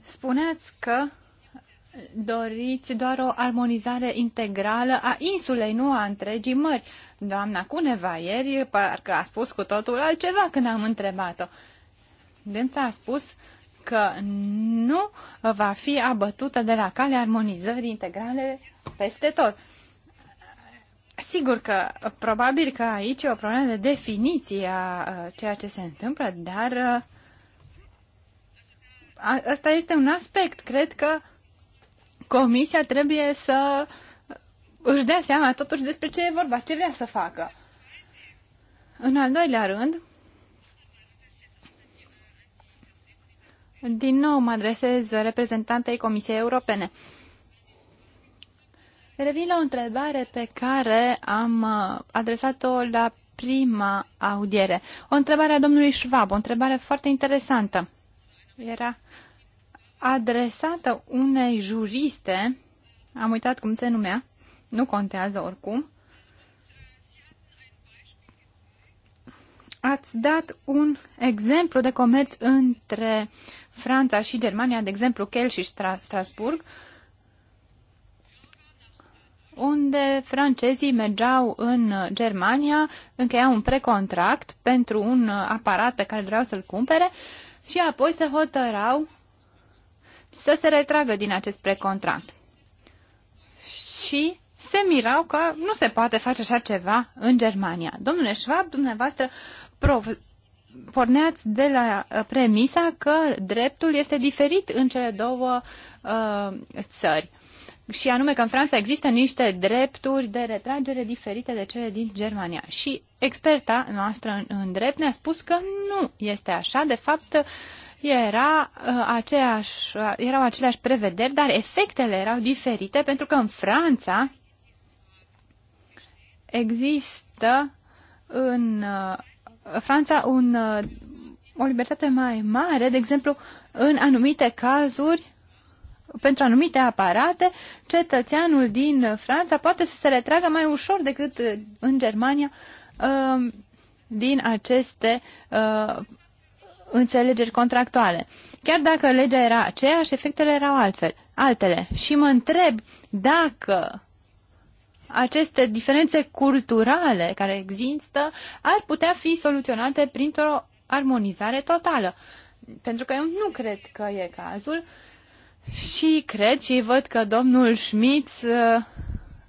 Speaker 3: Spuneați că doriți doar o armonizare integrală a insulei, nu a întregii mări. Doamna Cuneva ieri parcă a spus cu totul altceva când am întrebat-o. Dânsa a spus că nu va fi abătută de la cale armonizării integrale peste tot. Sigur că probabil că aici e o problemă de definiție a ceea ce se întâmplă, dar asta este un aspect. Cred că comisia trebuie să își dea seama totuși despre ce e vorba, ce vrea să facă. În al doilea rând, din nou mă adresez reprezentantei Comisiei Europene. Uh, Revin la o întrebare pe care am uh, adresat-o la prima audiere. O întrebare a domnului Schwab, o întrebare foarte interesantă. Era adresată unei juriste, am uitat cum se numea, nu contează oricum. Ați dat un exemplu de comerț între Franța și Germania, de exemplu Kiel și Stra- Strasburg, uh, unde francezii mergeau în Germania, încheiau un precontract pentru un aparat pe care vreau să-l cumpere și apoi se hotărau să se retragă din acest precontract. Și se mirau că nu se poate face așa ceva în Germania. Domnule Schwab, dumneavoastră prov- porneați de la uh, premisa că dreptul este diferit în cele două uh, țări și anume că în Franța există niște drepturi de retragere diferite de cele din Germania. Și experta noastră în, în drept ne-a spus că nu este așa. De fapt, era, uh, aceeași, uh, erau aceleași prevederi, dar efectele erau diferite pentru că în Franța există în uh, Franța un, uh, o libertate mai mare, de exemplu, în anumite cazuri pentru anumite aparate, cetățeanul din Franța poate să se retragă mai ușor decât uh, în Germania uh, din aceste uh, înțelegeri contractuale. Chiar dacă legea era aceeași, efectele erau altfel, altele. Și mă întreb dacă aceste diferențe culturale care există ar putea fi soluționate printr-o armonizare totală. Pentru că eu nu cred că e cazul și cred și văd că domnul Schmidt uh,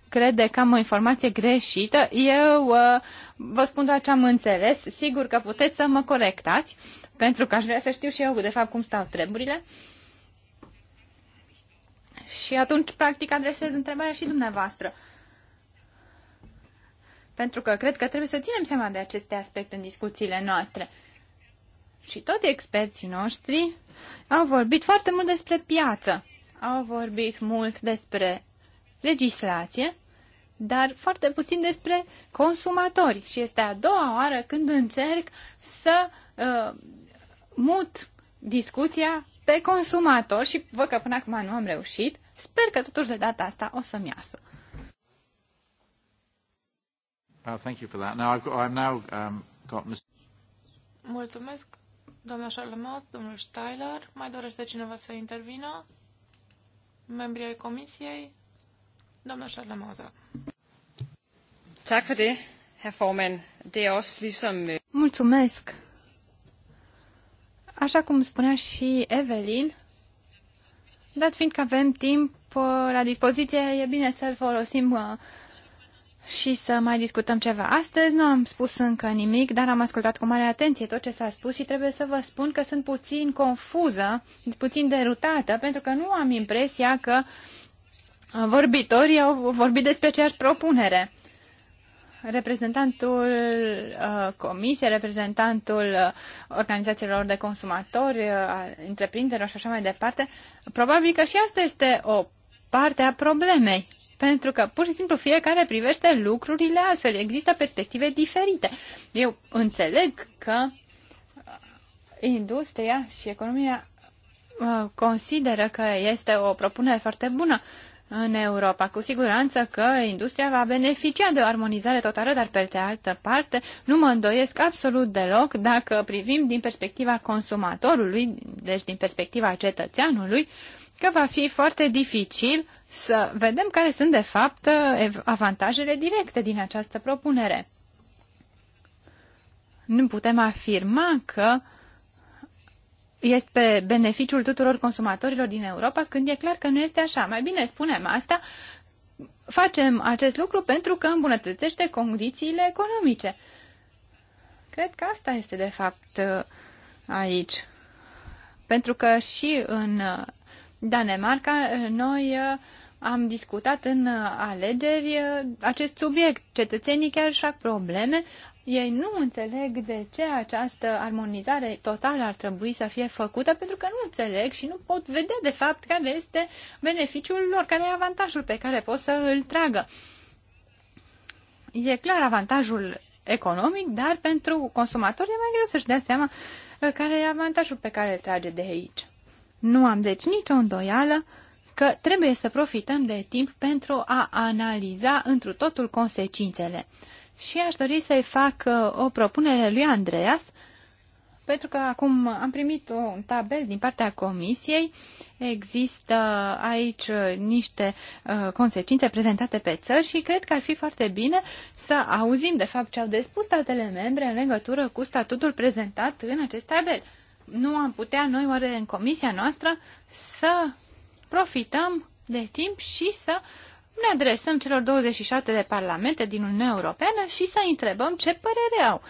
Speaker 3: crede că am o informație greșită. Eu uh, vă spun doar ce am înțeles. Sigur că puteți să mă corectați, pentru că aș vrea să știu și eu, de fapt, cum stau treburile. Și atunci, practic, adresez întrebarea și dumneavoastră. Pentru că cred că trebuie să ținem seama de aceste aspecte în discuțiile noastre și toți experții noștri au vorbit foarte mult despre piață, au vorbit mult despre legislație, dar foarte puțin despre consumatori. Și este a doua oară când încerc să uh, mut discuția pe consumator și văd că până acum nu am reușit. Sper că totuși de data asta o să-mi iasă.
Speaker 2: Um,
Speaker 1: Mulțumesc. Doamna Charlemas, domnul Steiler, mai dorește cineva să intervină? Membrii ai comisiei? Doamna Charlemas.
Speaker 3: Tak herr er øh, Mulțumesc. Așa cum spunea și Evelyn, dat fiind că avem timp uh, la dispoziție, e bine să-l folosim uh, și să mai discutăm ceva. Astăzi nu am spus încă nimic, dar am ascultat cu mare atenție tot ce s-a spus și trebuie să vă spun că sunt puțin confuză, puțin derutată, pentru că nu am impresia că vorbitorii au vorbit despre aceeași propunere. Reprezentantul uh, comisiei, reprezentantul uh, organizațiilor de consumatori, uh, întreprinderilor și așa mai departe, probabil că și asta este o parte a problemei pentru că pur și simplu fiecare privește lucrurile altfel. Există perspective diferite. Eu înțeleg că uh, industria și economia uh, consideră că este o propunere foarte bună în Europa. Cu siguranță că industria va beneficia de o armonizare totală, dar pe de altă parte nu mă îndoiesc absolut deloc dacă privim din perspectiva consumatorului, deci din perspectiva cetățeanului, uh, că va fi foarte dificil să vedem care sunt, de fapt, avantajele directe din această propunere. Nu putem afirma că este pe beneficiul tuturor consumatorilor din Europa, când e clar că nu este așa. Mai bine spunem asta, facem acest lucru pentru că îmbunătățește condițiile economice. Cred că asta este, de fapt, aici. Pentru că și în Danemarca, noi uh, am discutat în uh, alegeri uh, acest subiect. Cetățenii chiar și fac probleme. Ei nu înțeleg de ce această armonizare totală ar trebui să fie făcută, pentru că nu înțeleg și nu pot vedea, de fapt, care este beneficiul lor, care e avantajul pe care pot să îl tragă. E clar avantajul economic, dar pentru consumatori e mai greu să-și dea seama care e avantajul pe care îl trage de aici. Nu am deci nicio îndoială că trebuie să profităm de timp pentru a analiza întru totul consecințele. Și aș dori să-i fac uh, o propunere lui Andreas, pentru că acum am primit un tabel din partea comisiei. Există aici uh, niște uh, consecințe prezentate pe țări și cred că ar fi foarte bine să auzim de fapt ce au despus statele membre în legătură cu statutul prezentat în acest tabel nu am putea noi oare în comisia noastră să profităm de timp și să ne adresăm celor 27 de parlamente din Uniunea Europeană și să întrebăm ce părere au.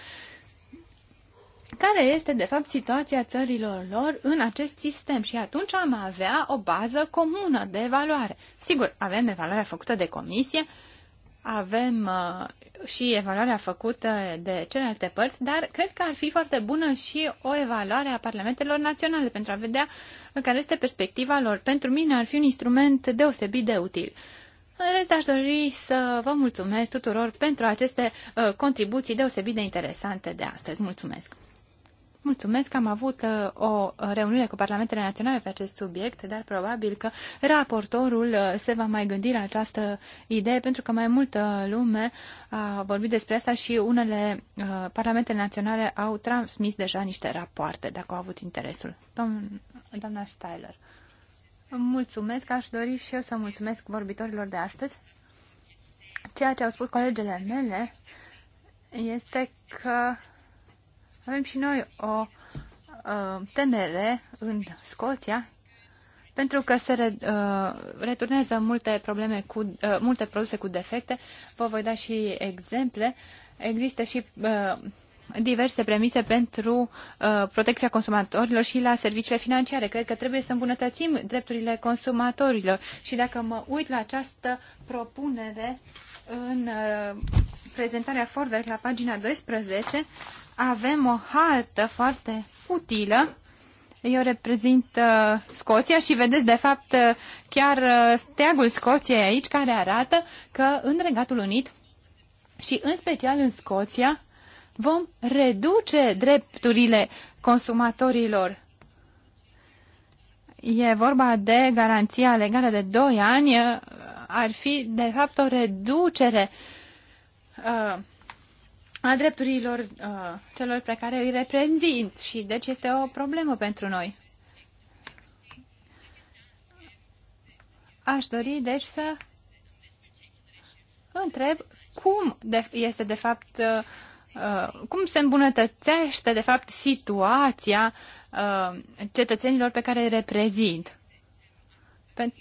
Speaker 3: Care este, de fapt, situația țărilor lor în acest sistem și atunci am avea o bază comună de evaluare. Sigur, avem evaluarea făcută de comisie, uh, avem uh, și evaluarea făcută de celelalte părți, dar cred că ar fi foarte bună și o evaluare a parlamentelor naționale pentru a vedea care este perspectiva lor. Pentru mine ar fi un instrument deosebit de util. În rest, aș dori să vă mulțumesc tuturor pentru aceste uh, contribuții deosebit de interesante de astăzi. Mulțumesc! Mulțumesc, am avut uh, o reuniune cu Parlamentele Naționale pe acest subiect, dar probabil că raportorul uh, se va mai gândi la această idee, pentru că mai multă lume a vorbit despre asta și unele uh, Parlamentele Naționale au transmis deja niște rapoarte, dacă au avut interesul. doamna Steiler. mulțumesc, aș dori și eu să mulțumesc vorbitorilor de astăzi. Ceea ce au spus colegele mele este că avem și noi o uh, temere în Scoția pentru că se re, uh, returnează multe probleme cu uh, multe produse cu defecte. Vă voi da și exemple. Există și uh, diverse premise pentru uh, protecția consumatorilor și la serviciile financiare. Cred că trebuie să îmbunătățim drepturile consumatorilor și dacă mă uit la această propunere în uh, prezentarea Forder la pagina 12, avem o hartă foarte utilă. Eu reprezint uh, Scoția și vedeți, de fapt, uh, chiar uh, steagul Scoției aici, care arată că în Regatul Unit și în special în Scoția vom reduce drepturile consumatorilor. E vorba de garanția legală de 2 ani, uh, ar fi de fapt o reducere uh, a drepturilor uh, celor pe care îi reprezint și deci este o problemă pentru noi. Aș dori deci să întreb cum de, este de fapt uh, uh cum se îmbunătățește de fapt situația uh, cetățenilor pe care îi reprezint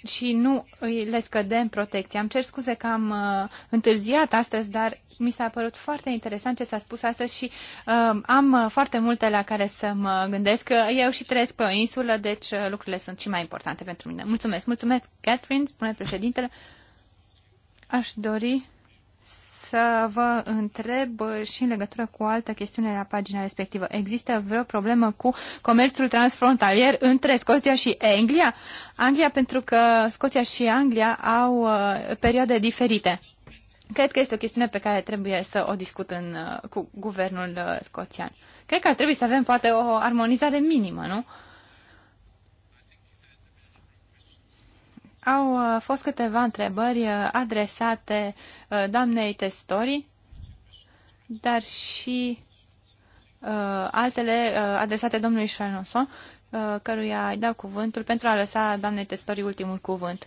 Speaker 3: și nu îi le scădem protecția. Am cer scuze că am uh, întârziat astăzi, dar mi s-a părut foarte interesant ce s-a spus astăzi și uh, am uh, foarte multe la care să mă gândesc. Uh, eu și trăiesc pe o insulă, deci uh, lucrurile sunt și mai importante pentru mine. Mulțumesc, mulțumesc, Catherine, spune președintele. Aș dori să vă întreb și în legătură cu o altă chestiune la pagina respectivă. Există vreo problemă cu comerțul transfrontalier între Scoția și Anglia? Anglia pentru că Scoția și Anglia au uh, perioade diferite. Cred că este o chestiune pe care trebuie să o discut în, uh, cu guvernul uh, scoțian. Cred că ar trebui să avem poate o armonizare minimă, nu? Uh, Au uh, fost câteva întrebări uh, adresate uh, doamnei testorii, dar și altele adresate domnului uh, căruia îi dau cuvântul pentru a lăsa doamnei testorii ultimul cuvânt.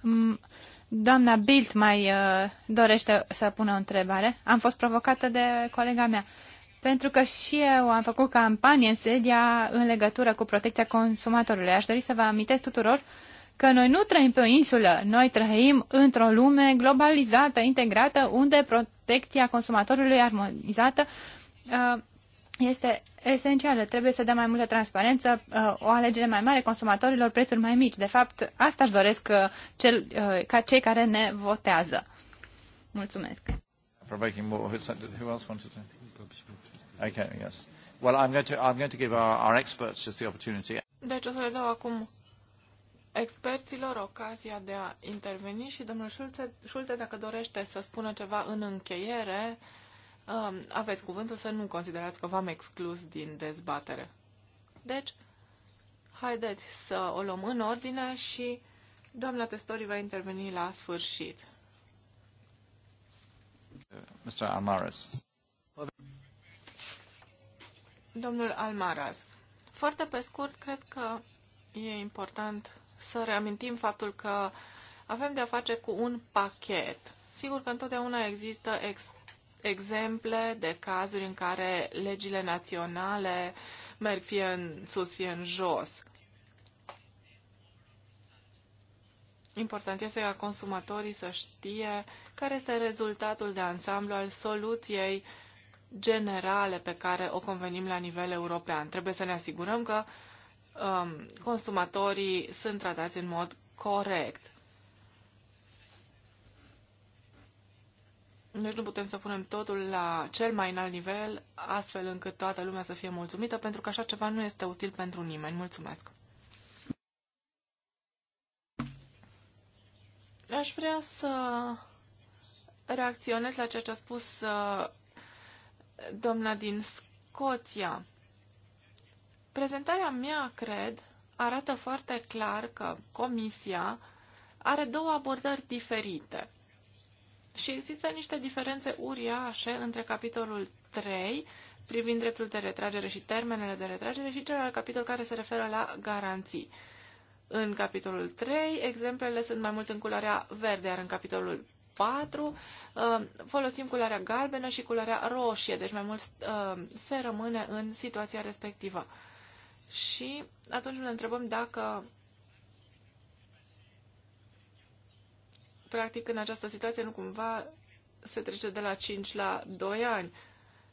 Speaker 3: Mm, doamna Bilt mai dorește să pună o întrebare. Am fost provocată de colega mea pentru că și eu am făcut campanie în Suedia în legătură cu protecția consumatorului. Aș dori să vă amintesc tuturor uh, că noi nu trăim pe o insulă, noi trăim într-o lume globalizată, integrată, unde protecția consumatorului armonizată uh, este esențială. Trebuie să dăm mai multă transparență, uh, o alegere mai mare consumatorilor, prețuri mai mici. De fapt, asta își doresc uh, cel, ca cei care ne votează. Mulțumesc.
Speaker 1: Deci o să le dau acum experților ocazia de a interveni și domnul Șulțe, Șulțe dacă dorește să spună ceva în încheiere, um, aveți cuvântul să nu considerați că v-am exclus din dezbatere. Deci, haideți să o luăm în ordine și doamna Testori va interveni la sfârșit. Mr. Almaraz. Domnul Almaraz, foarte pe scurt, cred că e important să reamintim faptul că avem de a face cu un pachet. Sigur că întotdeauna există ex exemple de cazuri în care legile naționale merg fie în sus, fie în jos. Important este ca consumatorii să știe care este rezultatul de ansamblu al soluției generale pe care o convenim la nivel european. Trebuie să ne asigurăm că um, consumatorii sunt tratați în mod corect. Deci nu putem să punem totul la cel mai înalt nivel, astfel încât toată lumea să fie mulțumită, pentru că așa ceva nu este util pentru nimeni. Mulțumesc! Aș vrea să reacționez la ceea ce a spus uh, doamna din Scoția. Prezentarea mea, cred, arată foarte clar că Comisia are două abordări diferite. Și există niște diferențe uriașe între capitolul 3, privind dreptul de retragere și termenele de retragere, și celălalt capitol care se referă la garanții. În capitolul 3, exemplele sunt mai mult în culoarea verde, iar în capitolul 4 uh, folosim culoarea galbenă și culoarea roșie, deci mai mult uh, se rămâne în situația respectivă și atunci ne întrebăm dacă practic în această situație nu cumva se trece de la 5 la 2 ani.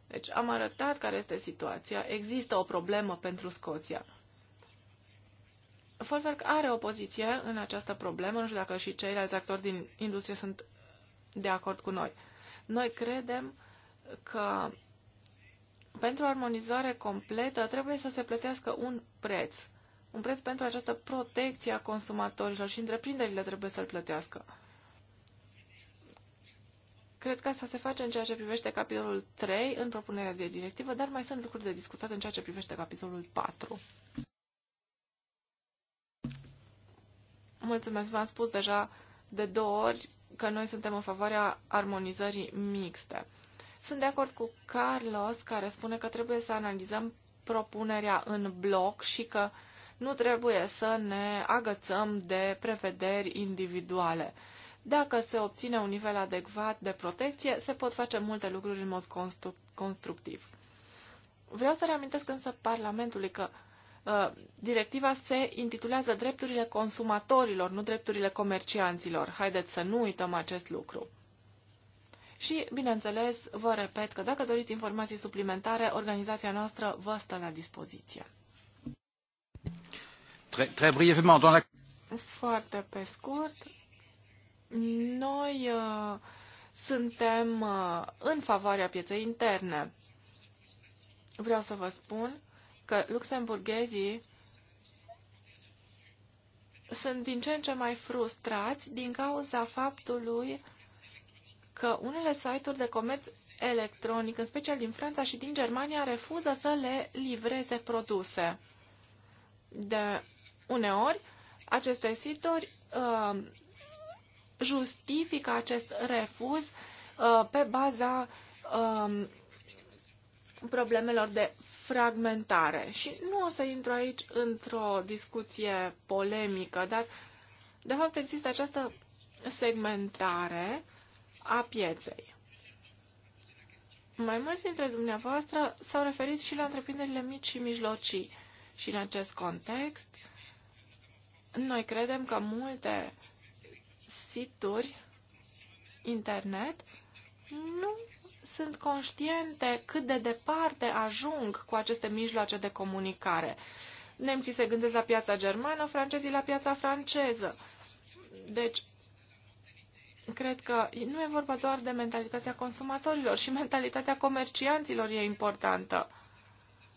Speaker 1: Deci am arătat care este situația. Există o problemă pentru Scoția. Volberg are o poziție în această problemă. Nu știu dacă și ceilalți actori din industrie sunt de acord cu noi. Noi credem că pentru armonizare completă trebuie să se plătească un preț. Un preț pentru această protecție a consumatorilor și întreprinderile trebuie să-l plătească. Cred că asta se face în ceea ce privește capitolul 3 în propunerea de directivă, dar mai sunt lucruri de discutat în ceea ce privește capitolul 4. Mulțumesc, v-am spus deja de două ori că noi suntem în favoarea armonizării mixte. Sunt de acord cu Carlos, care spune că trebuie să analizăm propunerea în bloc și că nu trebuie să ne agățăm de prevederi individuale. Dacă se obține un nivel adecvat de protecție, se pot face multe lucruri în mod constructiv. Vreau să reamintesc însă Parlamentului că uh, directiva se intitulează Drepturile consumatorilor, nu drepturile comercianților. Haideți să nu uităm acest lucru. Și, bineînțeles, vă repet că dacă doriți informații suplimentare, organizația noastră vă stă la dispoziție. Foarte pe scurt, noi uh, suntem uh, în favoarea pieței interne. Vreau să vă spun că luxemburghezii sunt din ce în ce mai frustrați din cauza faptului că unele site-uri de comerț electronic, în special din Franța și din Germania, refuză să le livreze produse. De uneori, aceste situri uh, justifică acest refuz uh, pe baza uh, problemelor de fragmentare. Și nu o să intru aici într-o discuție polemică, dar de fapt există această segmentare a pieței. Mai mulți dintre dumneavoastră s-au referit și la întreprinderile mici și mijlocii. Și în acest context, noi credem că multe situri internet nu sunt conștiente cât de departe ajung cu aceste mijloace de comunicare. Nemții se gândesc la piața germană, francezii la piața franceză. Deci, Cred că nu e vorba doar de mentalitatea consumatorilor, și mentalitatea comercianților e importantă.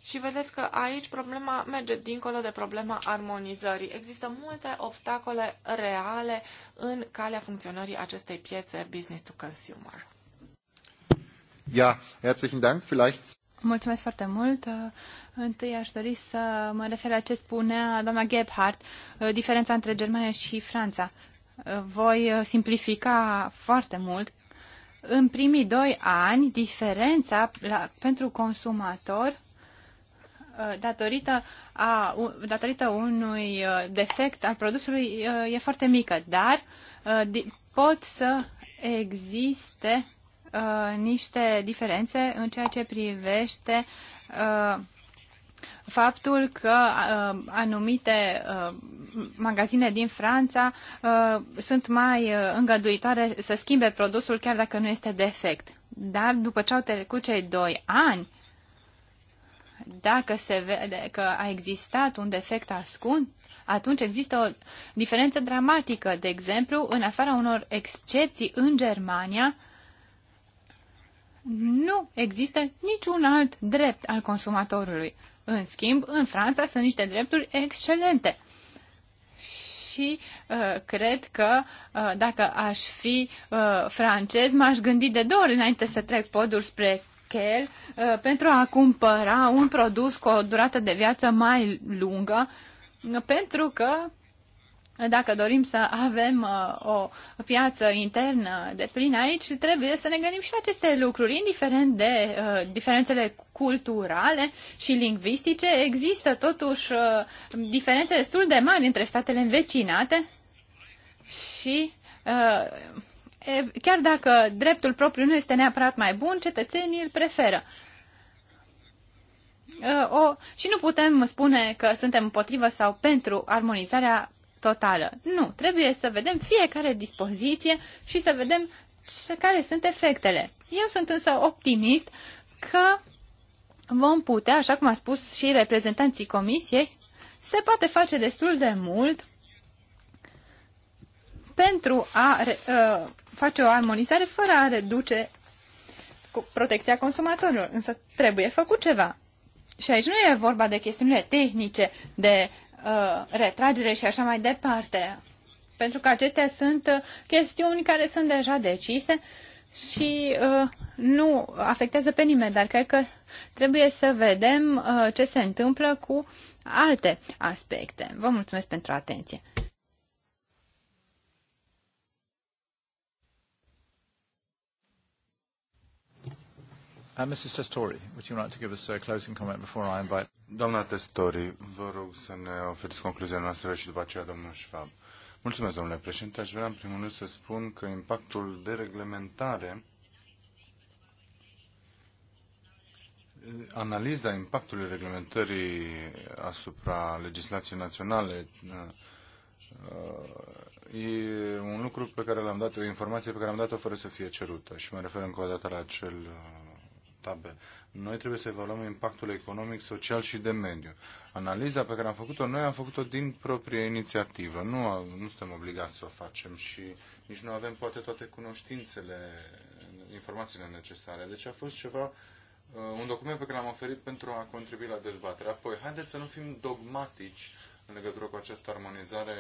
Speaker 1: Și vedeți că aici problema merge dincolo de problema armonizării. Există multe obstacole reale în calea funcționării acestei piețe business to
Speaker 2: consumer. Ja, herzlichen Dank. Vielleicht
Speaker 3: Mulțumesc foarte mult. Întâi aș dori să mă refer la ce spunea doamna Gebhardt, diferența între Germania și Franța voi uh, simplifica foarte mult. În primii doi ani, diferența la, pentru consumator uh, datorită, a, datorită unui uh, defect al produsului e foarte mică, dar pot să existe niște diferențe în ceea ce privește faptul că uh, anumite uh, magazine din Franța uh, sunt mai uh, îngăduitoare să schimbe produsul chiar dacă nu este defect. Dar după ce au trecut cei doi ani, dacă se vede că a existat un defect ascuns, atunci există o diferență dramatică. De exemplu, în afara unor excepții în Germania, nu există niciun alt drept al consumatorului. În schimb, în Franța sunt niște drepturi excelente și uh, cred că uh, dacă aș fi uh, francez, m-aș gândi de două ori înainte să trec podul spre Kel uh, pentru a cumpăra un produs cu o durată de viață mai lungă, pentru că dacă dorim să avem uh, o piață internă de plin aici, trebuie să ne gândim și la aceste lucruri. Indiferent de uh, diferențele culturale și lingvistice, există totuși uh, diferențe destul de mari între statele învecinate și chiar dacă dreptul propriu nu este neapărat mai bun, cetățenii îl preferă. O, și nu putem spune că suntem împotrivă sau pentru armonizarea totală. Nu, trebuie să vedem fiecare dispoziție și să vedem ce, care sunt efectele. Eu sunt însă optimist că vom putea, așa cum a spus și reprezentanții comisiei, se poate face destul de mult pentru a uh, face o armonizare fără a reduce cu protecția consumatorilor. Însă trebuie făcut ceva. Și aici nu e vorba de chestiunile tehnice, de Uh, retragere și așa mai departe. Pentru că acestea sunt uh, chestiuni care sunt deja decise și uh, nu afectează pe nimeni, dar cred că trebuie să vedem uh, ce se întâmplă cu alte aspecte. Vă mulțumesc pentru atenție.
Speaker 2: Uh, Testori, would you like to give us a closing comment before I invite... Doamna Testori, vă rog să ne oferiți concluzia noastră și după aceea domnul Schwab. Mulțumesc, domnule președinte. Aș vrea în primul rând să spun că impactul de reglementare analiza impactului reglementării asupra legislației naționale uh, e un lucru pe care l-am dat, o informație pe care am dat-o fără să fie cerută. Și mă refer încă o dată la acel uh, acceptabil. Noi trebuie să evaluăm impactul economic, social și de mediu. Analiza pe care am făcut-o noi am făcut-o din proprie inițiativă. Nu, nu suntem obligați să o facem și nici nu avem poate toate cunoștințele, informațiile necesare. Deci a fost ceva uh, un document pe care l-am oferit pentru a contribui la dezbatere. Apoi, haideți să nu fim dogmatici în legătură cu această armonizare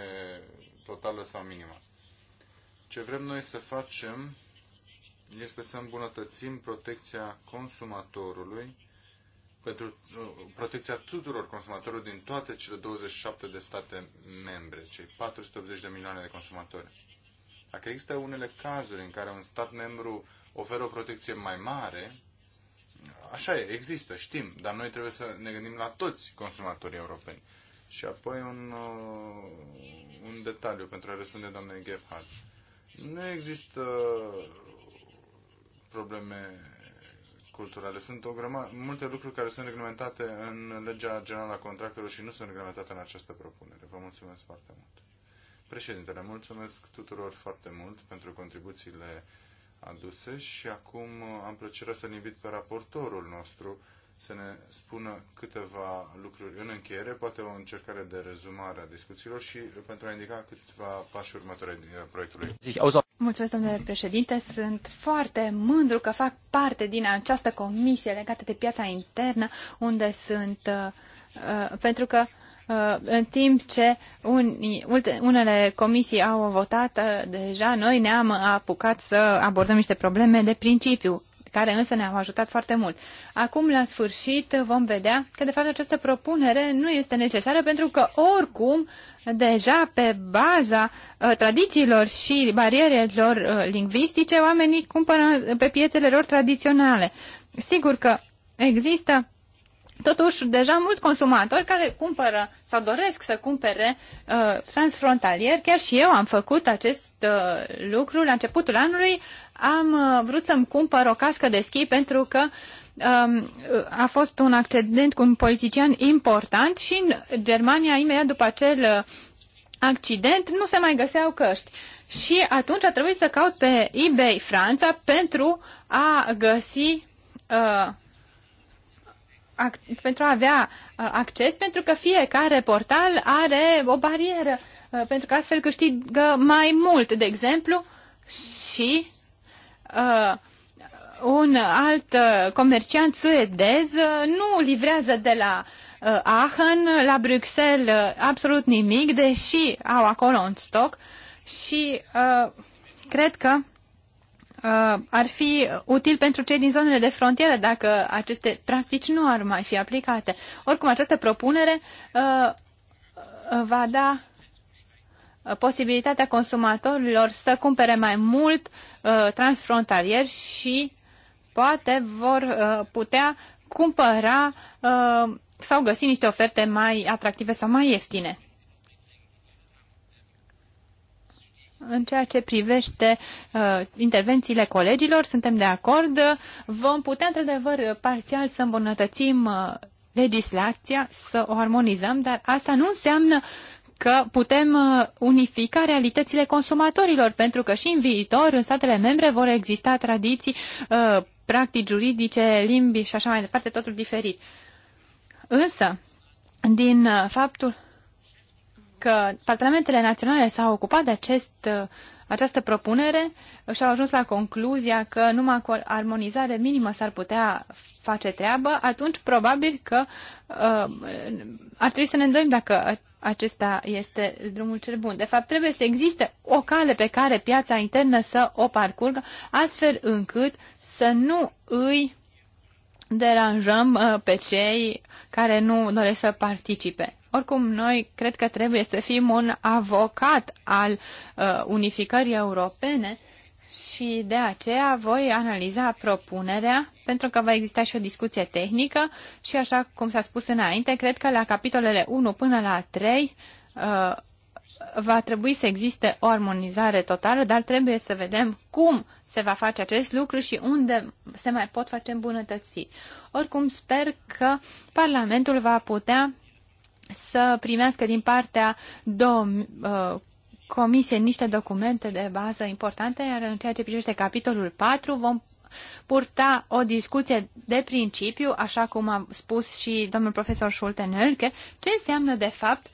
Speaker 2: totală sau minimă. Ce vrem noi să facem este să îmbunătățim protecția consumatorului pentru uh, protecția tuturor consumatorilor din toate cele 27 de state membre, cei 480 de milioane de consumatori. Dacă există unele cazuri în care un stat membru oferă o protecție mai mare, așa e, există, știm, dar noi trebuie să ne gândim la toți consumatorii europeni. Și apoi un, uh, un detaliu pentru a răspunde doamnei Gebhardt. Nu există probleme culturale. Sunt o grăma- multe lucruri care sunt reglementate în legea generală a contractelor și nu sunt reglementate în această propunere. Vă mulțumesc foarte mult. Președintele, mulțumesc tuturor foarte mult pentru contribuțiile aduse și acum am plăcerea să-l invit pe raportorul nostru, să ne spună câteva lucruri în încheiere, poate o încercare de rezumare a discuțiilor și pentru a indica câteva pași următori din proiectului.
Speaker 3: Mulțumesc, domnule președinte. Sunt foarte mândru că fac parte din această comisie legată de piața internă, unde sunt, uh, uh pentru că uh, în timp ce unele comisii au votat uh, deja, noi ne-am apucat să abordăm niște probleme de principiu care însă ne-au ajutat foarte mult. Acum, la sfârșit, vom vedea că, de fapt, această propunere nu este necesară pentru că, oricum, deja pe baza uh, tradițiilor și barierelor uh, lingvistice, oamenii cumpără pe piețele lor tradiționale. Sigur că există Totuși, deja mulți consumatori care cumpără sau doresc să cumpere uh, transfrontalier, chiar și eu am făcut acest uh, lucru la începutul anului, am uh, vrut să-mi cumpăr o cască de schi pentru că um, uh, a fost un accident cu un politician important și în Germania, imediat după acel uh, accident, nu se mai găseau căști. Și atunci a trebuit să caut pe eBay Franța pentru a găsi... Uh, ac- pentru a avea uh, acces, pentru că fiecare portal are o barieră, uh, pentru că astfel câștigă mai mult, de exemplu, și uh, un alt uh, comerciant suedez nu livrează de la uh, Aachen la Bruxelles absolut nimic, deși au acolo un stoc și uh, cred că Uh, ar fi util pentru cei din zonele de frontieră dacă aceste practici nu ar mai fi aplicate. Oricum, această propunere uh, uh, va da posibilitatea consumatorilor să cumpere mai mult transfrontalier și poate vor putea cumpăra sau găsi niște oferte mai atractive sau mai ieftine. În ceea ce privește uh, intervențiile colegilor, suntem de acord. Vom putea, într-adevăr, parțial să îmbunătățim uh, legislația, să o armonizăm, dar asta nu înseamnă că putem uh, unifica realitățile consumatorilor, pentru că și în viitor în statele membre vor exista tradiții, uh, practici juridice, limbi și așa mai departe, totul diferit. Însă, din uh, faptul că parlamentele naționale s-au ocupat de acest, această propunere și au ajuns la concluzia că numai cu armonizare minimă s-ar putea face treabă, atunci probabil că uh, ar trebui să ne îndoim dacă acesta este drumul cel bun. De fapt, trebuie să existe o cale pe care piața internă să o parcurgă, astfel încât să nu îi deranjăm uh, pe cei care nu doresc să participe. Oricum, noi cred că trebuie să fim un avocat al uh, unificării europene și de aceea voi analiza propunerea, pentru că va exista și o discuție tehnică și așa cum s-a spus înainte, cred că la capitolele 1 până la 3 uh, va trebui să existe o armonizare totală, dar trebuie să vedem cum se va face acest lucru și unde se mai pot face îmbunătățiri. Oricum, sper că Parlamentul va putea să primească din partea două uh, comisie niște documente de bază importante, iar în ceea ce privește capitolul 4 vom purta o discuție de principiu, așa cum a spus și domnul profesor Schultenelke, ce înseamnă de fapt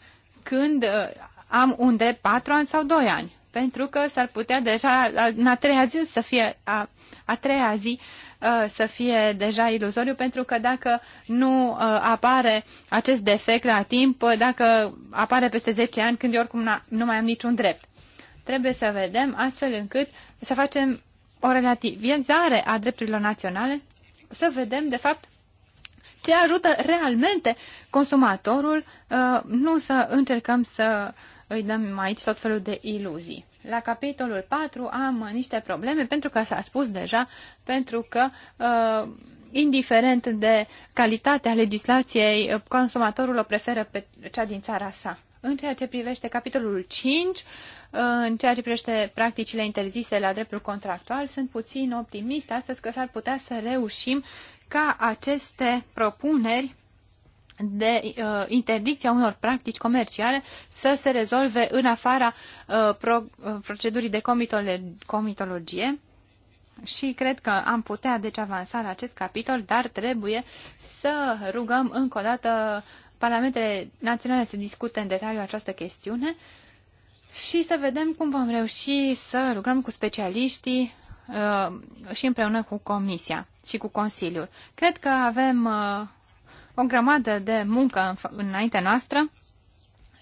Speaker 3: când uh, am un drept 4 ani sau 2 ani pentru că s-ar putea deja în a treia zi să fie a, a treia zi uh, să fie deja iluzoriu, pentru că dacă nu uh, apare acest defect la timp, uh, dacă apare peste 10 ani, când eu oricum nu mai am niciun drept. Trebuie să vedem astfel încât să facem o relativizare a drepturilor naționale, să vedem, de fapt, ce ajută realmente consumatorul, nu să încercăm să îi dăm aici tot felul de iluzii. La capitolul 4 am niște probleme pentru că s-a spus deja, pentru că uh, indiferent de calitatea legislației, consumatorul o preferă pe cea din țara sa. În ceea ce privește capitolul 5, uh, în ceea ce privește practicile interzise la dreptul contractual, sunt puțin optimist astăzi că s-ar putea să reușim ca aceste propuneri de uh, interdicția unor practici comerciale să se rezolve în afara uh, pro, uh, procedurii de comitologie și cred că am putea deci avansa la acest capitol, dar trebuie să rugăm încă o dată Parlamentele Naționale să discute în detaliu această chestiune și să vedem cum vom reuși să lucrăm cu specialiștii uh, și împreună cu Comisia și cu Consiliul. Cred că avem uh, o grămadă de muncă înaintea noastră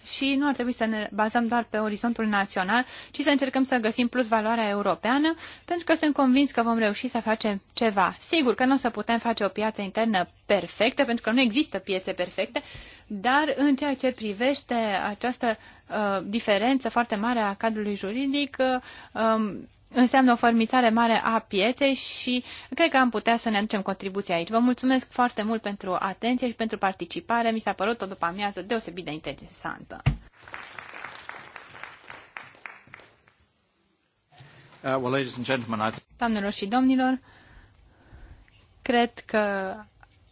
Speaker 3: și nu ar trebui să ne bazăm doar pe orizontul național, ci să încercăm să găsim plus valoarea europeană, pentru că sunt convins că vom reuși să facem ceva. Sigur că nu o să putem face o piață internă perfectă, pentru că nu există piețe perfecte, dar în ceea ce privește această uh, diferență foarte mare a cadrului juridic, uh, um, înseamnă o formizare mare a pieței și cred că am putea să ne aducem contribuția aici. Vă mulțumesc foarte mult pentru atenție și pentru participare. Mi s-a părut o după amiază deosebit de interesantă. Uh, well, Doamnelor și domnilor, cred că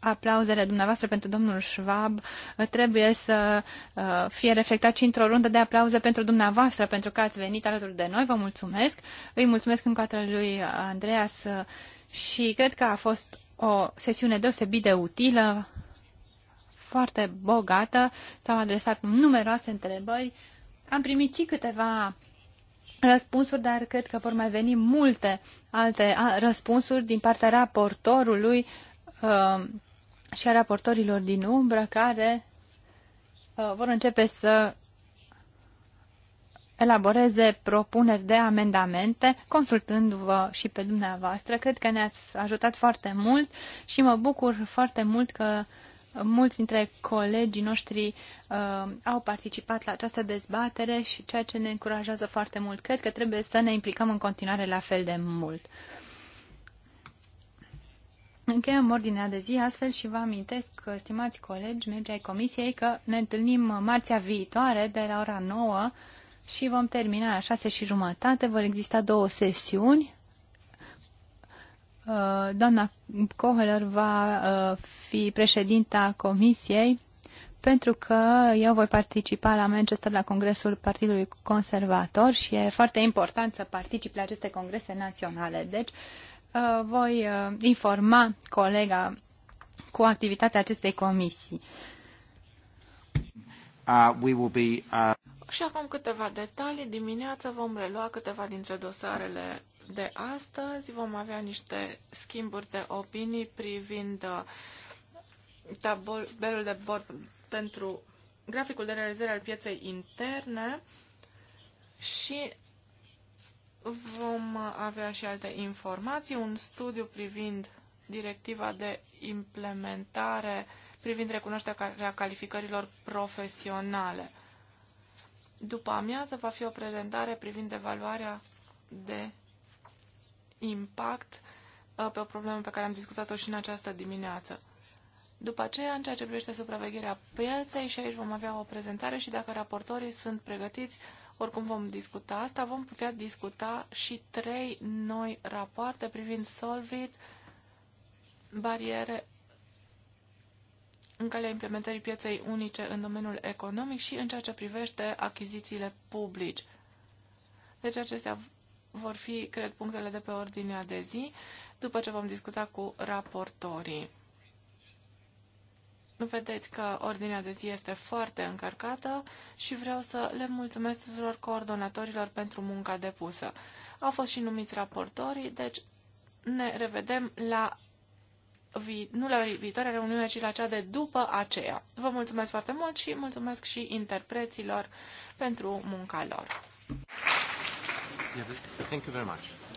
Speaker 3: aplauzele dumneavoastră pentru domnul Schwab uh, trebuie să uh, fie reflectat și într-o rundă de aplauze pentru dumneavoastră, pentru că ați venit alături de noi. Vă mulțumesc. Îi mulțumesc încă o dată lui Andreas uh, și cred că a fost o sesiune deosebit de utilă, foarte bogată. S-au adresat numeroase întrebări. Am primit și câteva răspunsuri, dar cred că vor mai veni multe alte răspunsuri din partea raportorului și a raportorilor din umbră care uh, vor începe să elaboreze propuneri de amendamente, consultându-vă și pe dumneavoastră. Cred că ne-ați ajutat foarte mult și mă bucur foarte mult că mulți dintre colegii noștri uh, au participat la această dezbatere și ceea ce ne încurajează foarte mult. Cred că trebuie să ne implicăm în continuare la fel de mult. Uh, Încheiem ordinea de zi astfel și vă amintesc, stimați colegi, membri ai comisiei, că ne întâlnim marțea viitoare de la ora 9 și vom termina la 6 și jumătate. Vor exista două sesiuni. Uh, doamna Coheler va uh, fi președinta comisiei pentru că eu voi participa la Manchester la Congresul Partidului Conservator și e foarte important să particip la aceste congrese naționale. Deci Uh, voi uh, informa colega cu activitatea acestei comisii.
Speaker 2: Uh, we will be, uh...
Speaker 1: Și acum câteva detalii. Dimineața vom relua câteva dintre dosarele de astăzi. Vom avea niște schimburi de opinii privind uh, tabelul de bord pentru graficul de realizare al pieței interne și Vom avea și alte informații, un studiu privind directiva de implementare privind recunoașterea calificărilor profesionale. După amiază va fi o prezentare privind evaluarea de impact uh, pe o problemă pe care am discutat-o și în această dimineață. După aceea, în ceea ce privește supravegherea pieței, și aici vom avea o prezentare și dacă raportorii sunt pregătiți, oricum vom discuta asta, vom putea discuta și trei noi rapoarte privind Solvit, bariere în calea implementării pieței unice în domeniul economic și în ceea ce privește achizițiile publici. Deci acestea vor fi, cred, punctele de pe ordinea de zi, după ce vom discuta cu raportorii. Vedeți că ordinea de zi este foarte încărcată și vreau să le mulțumesc tuturor coordonatorilor pentru munca depusă. Au fost și numiți raportorii, deci ne revedem la vi- nu la viitoarea reuniune, ci la cea de după aceea. Vă mulțumesc foarte mult și mulțumesc și interpreților pentru munca lor.
Speaker 2: Yeah, thank you very much.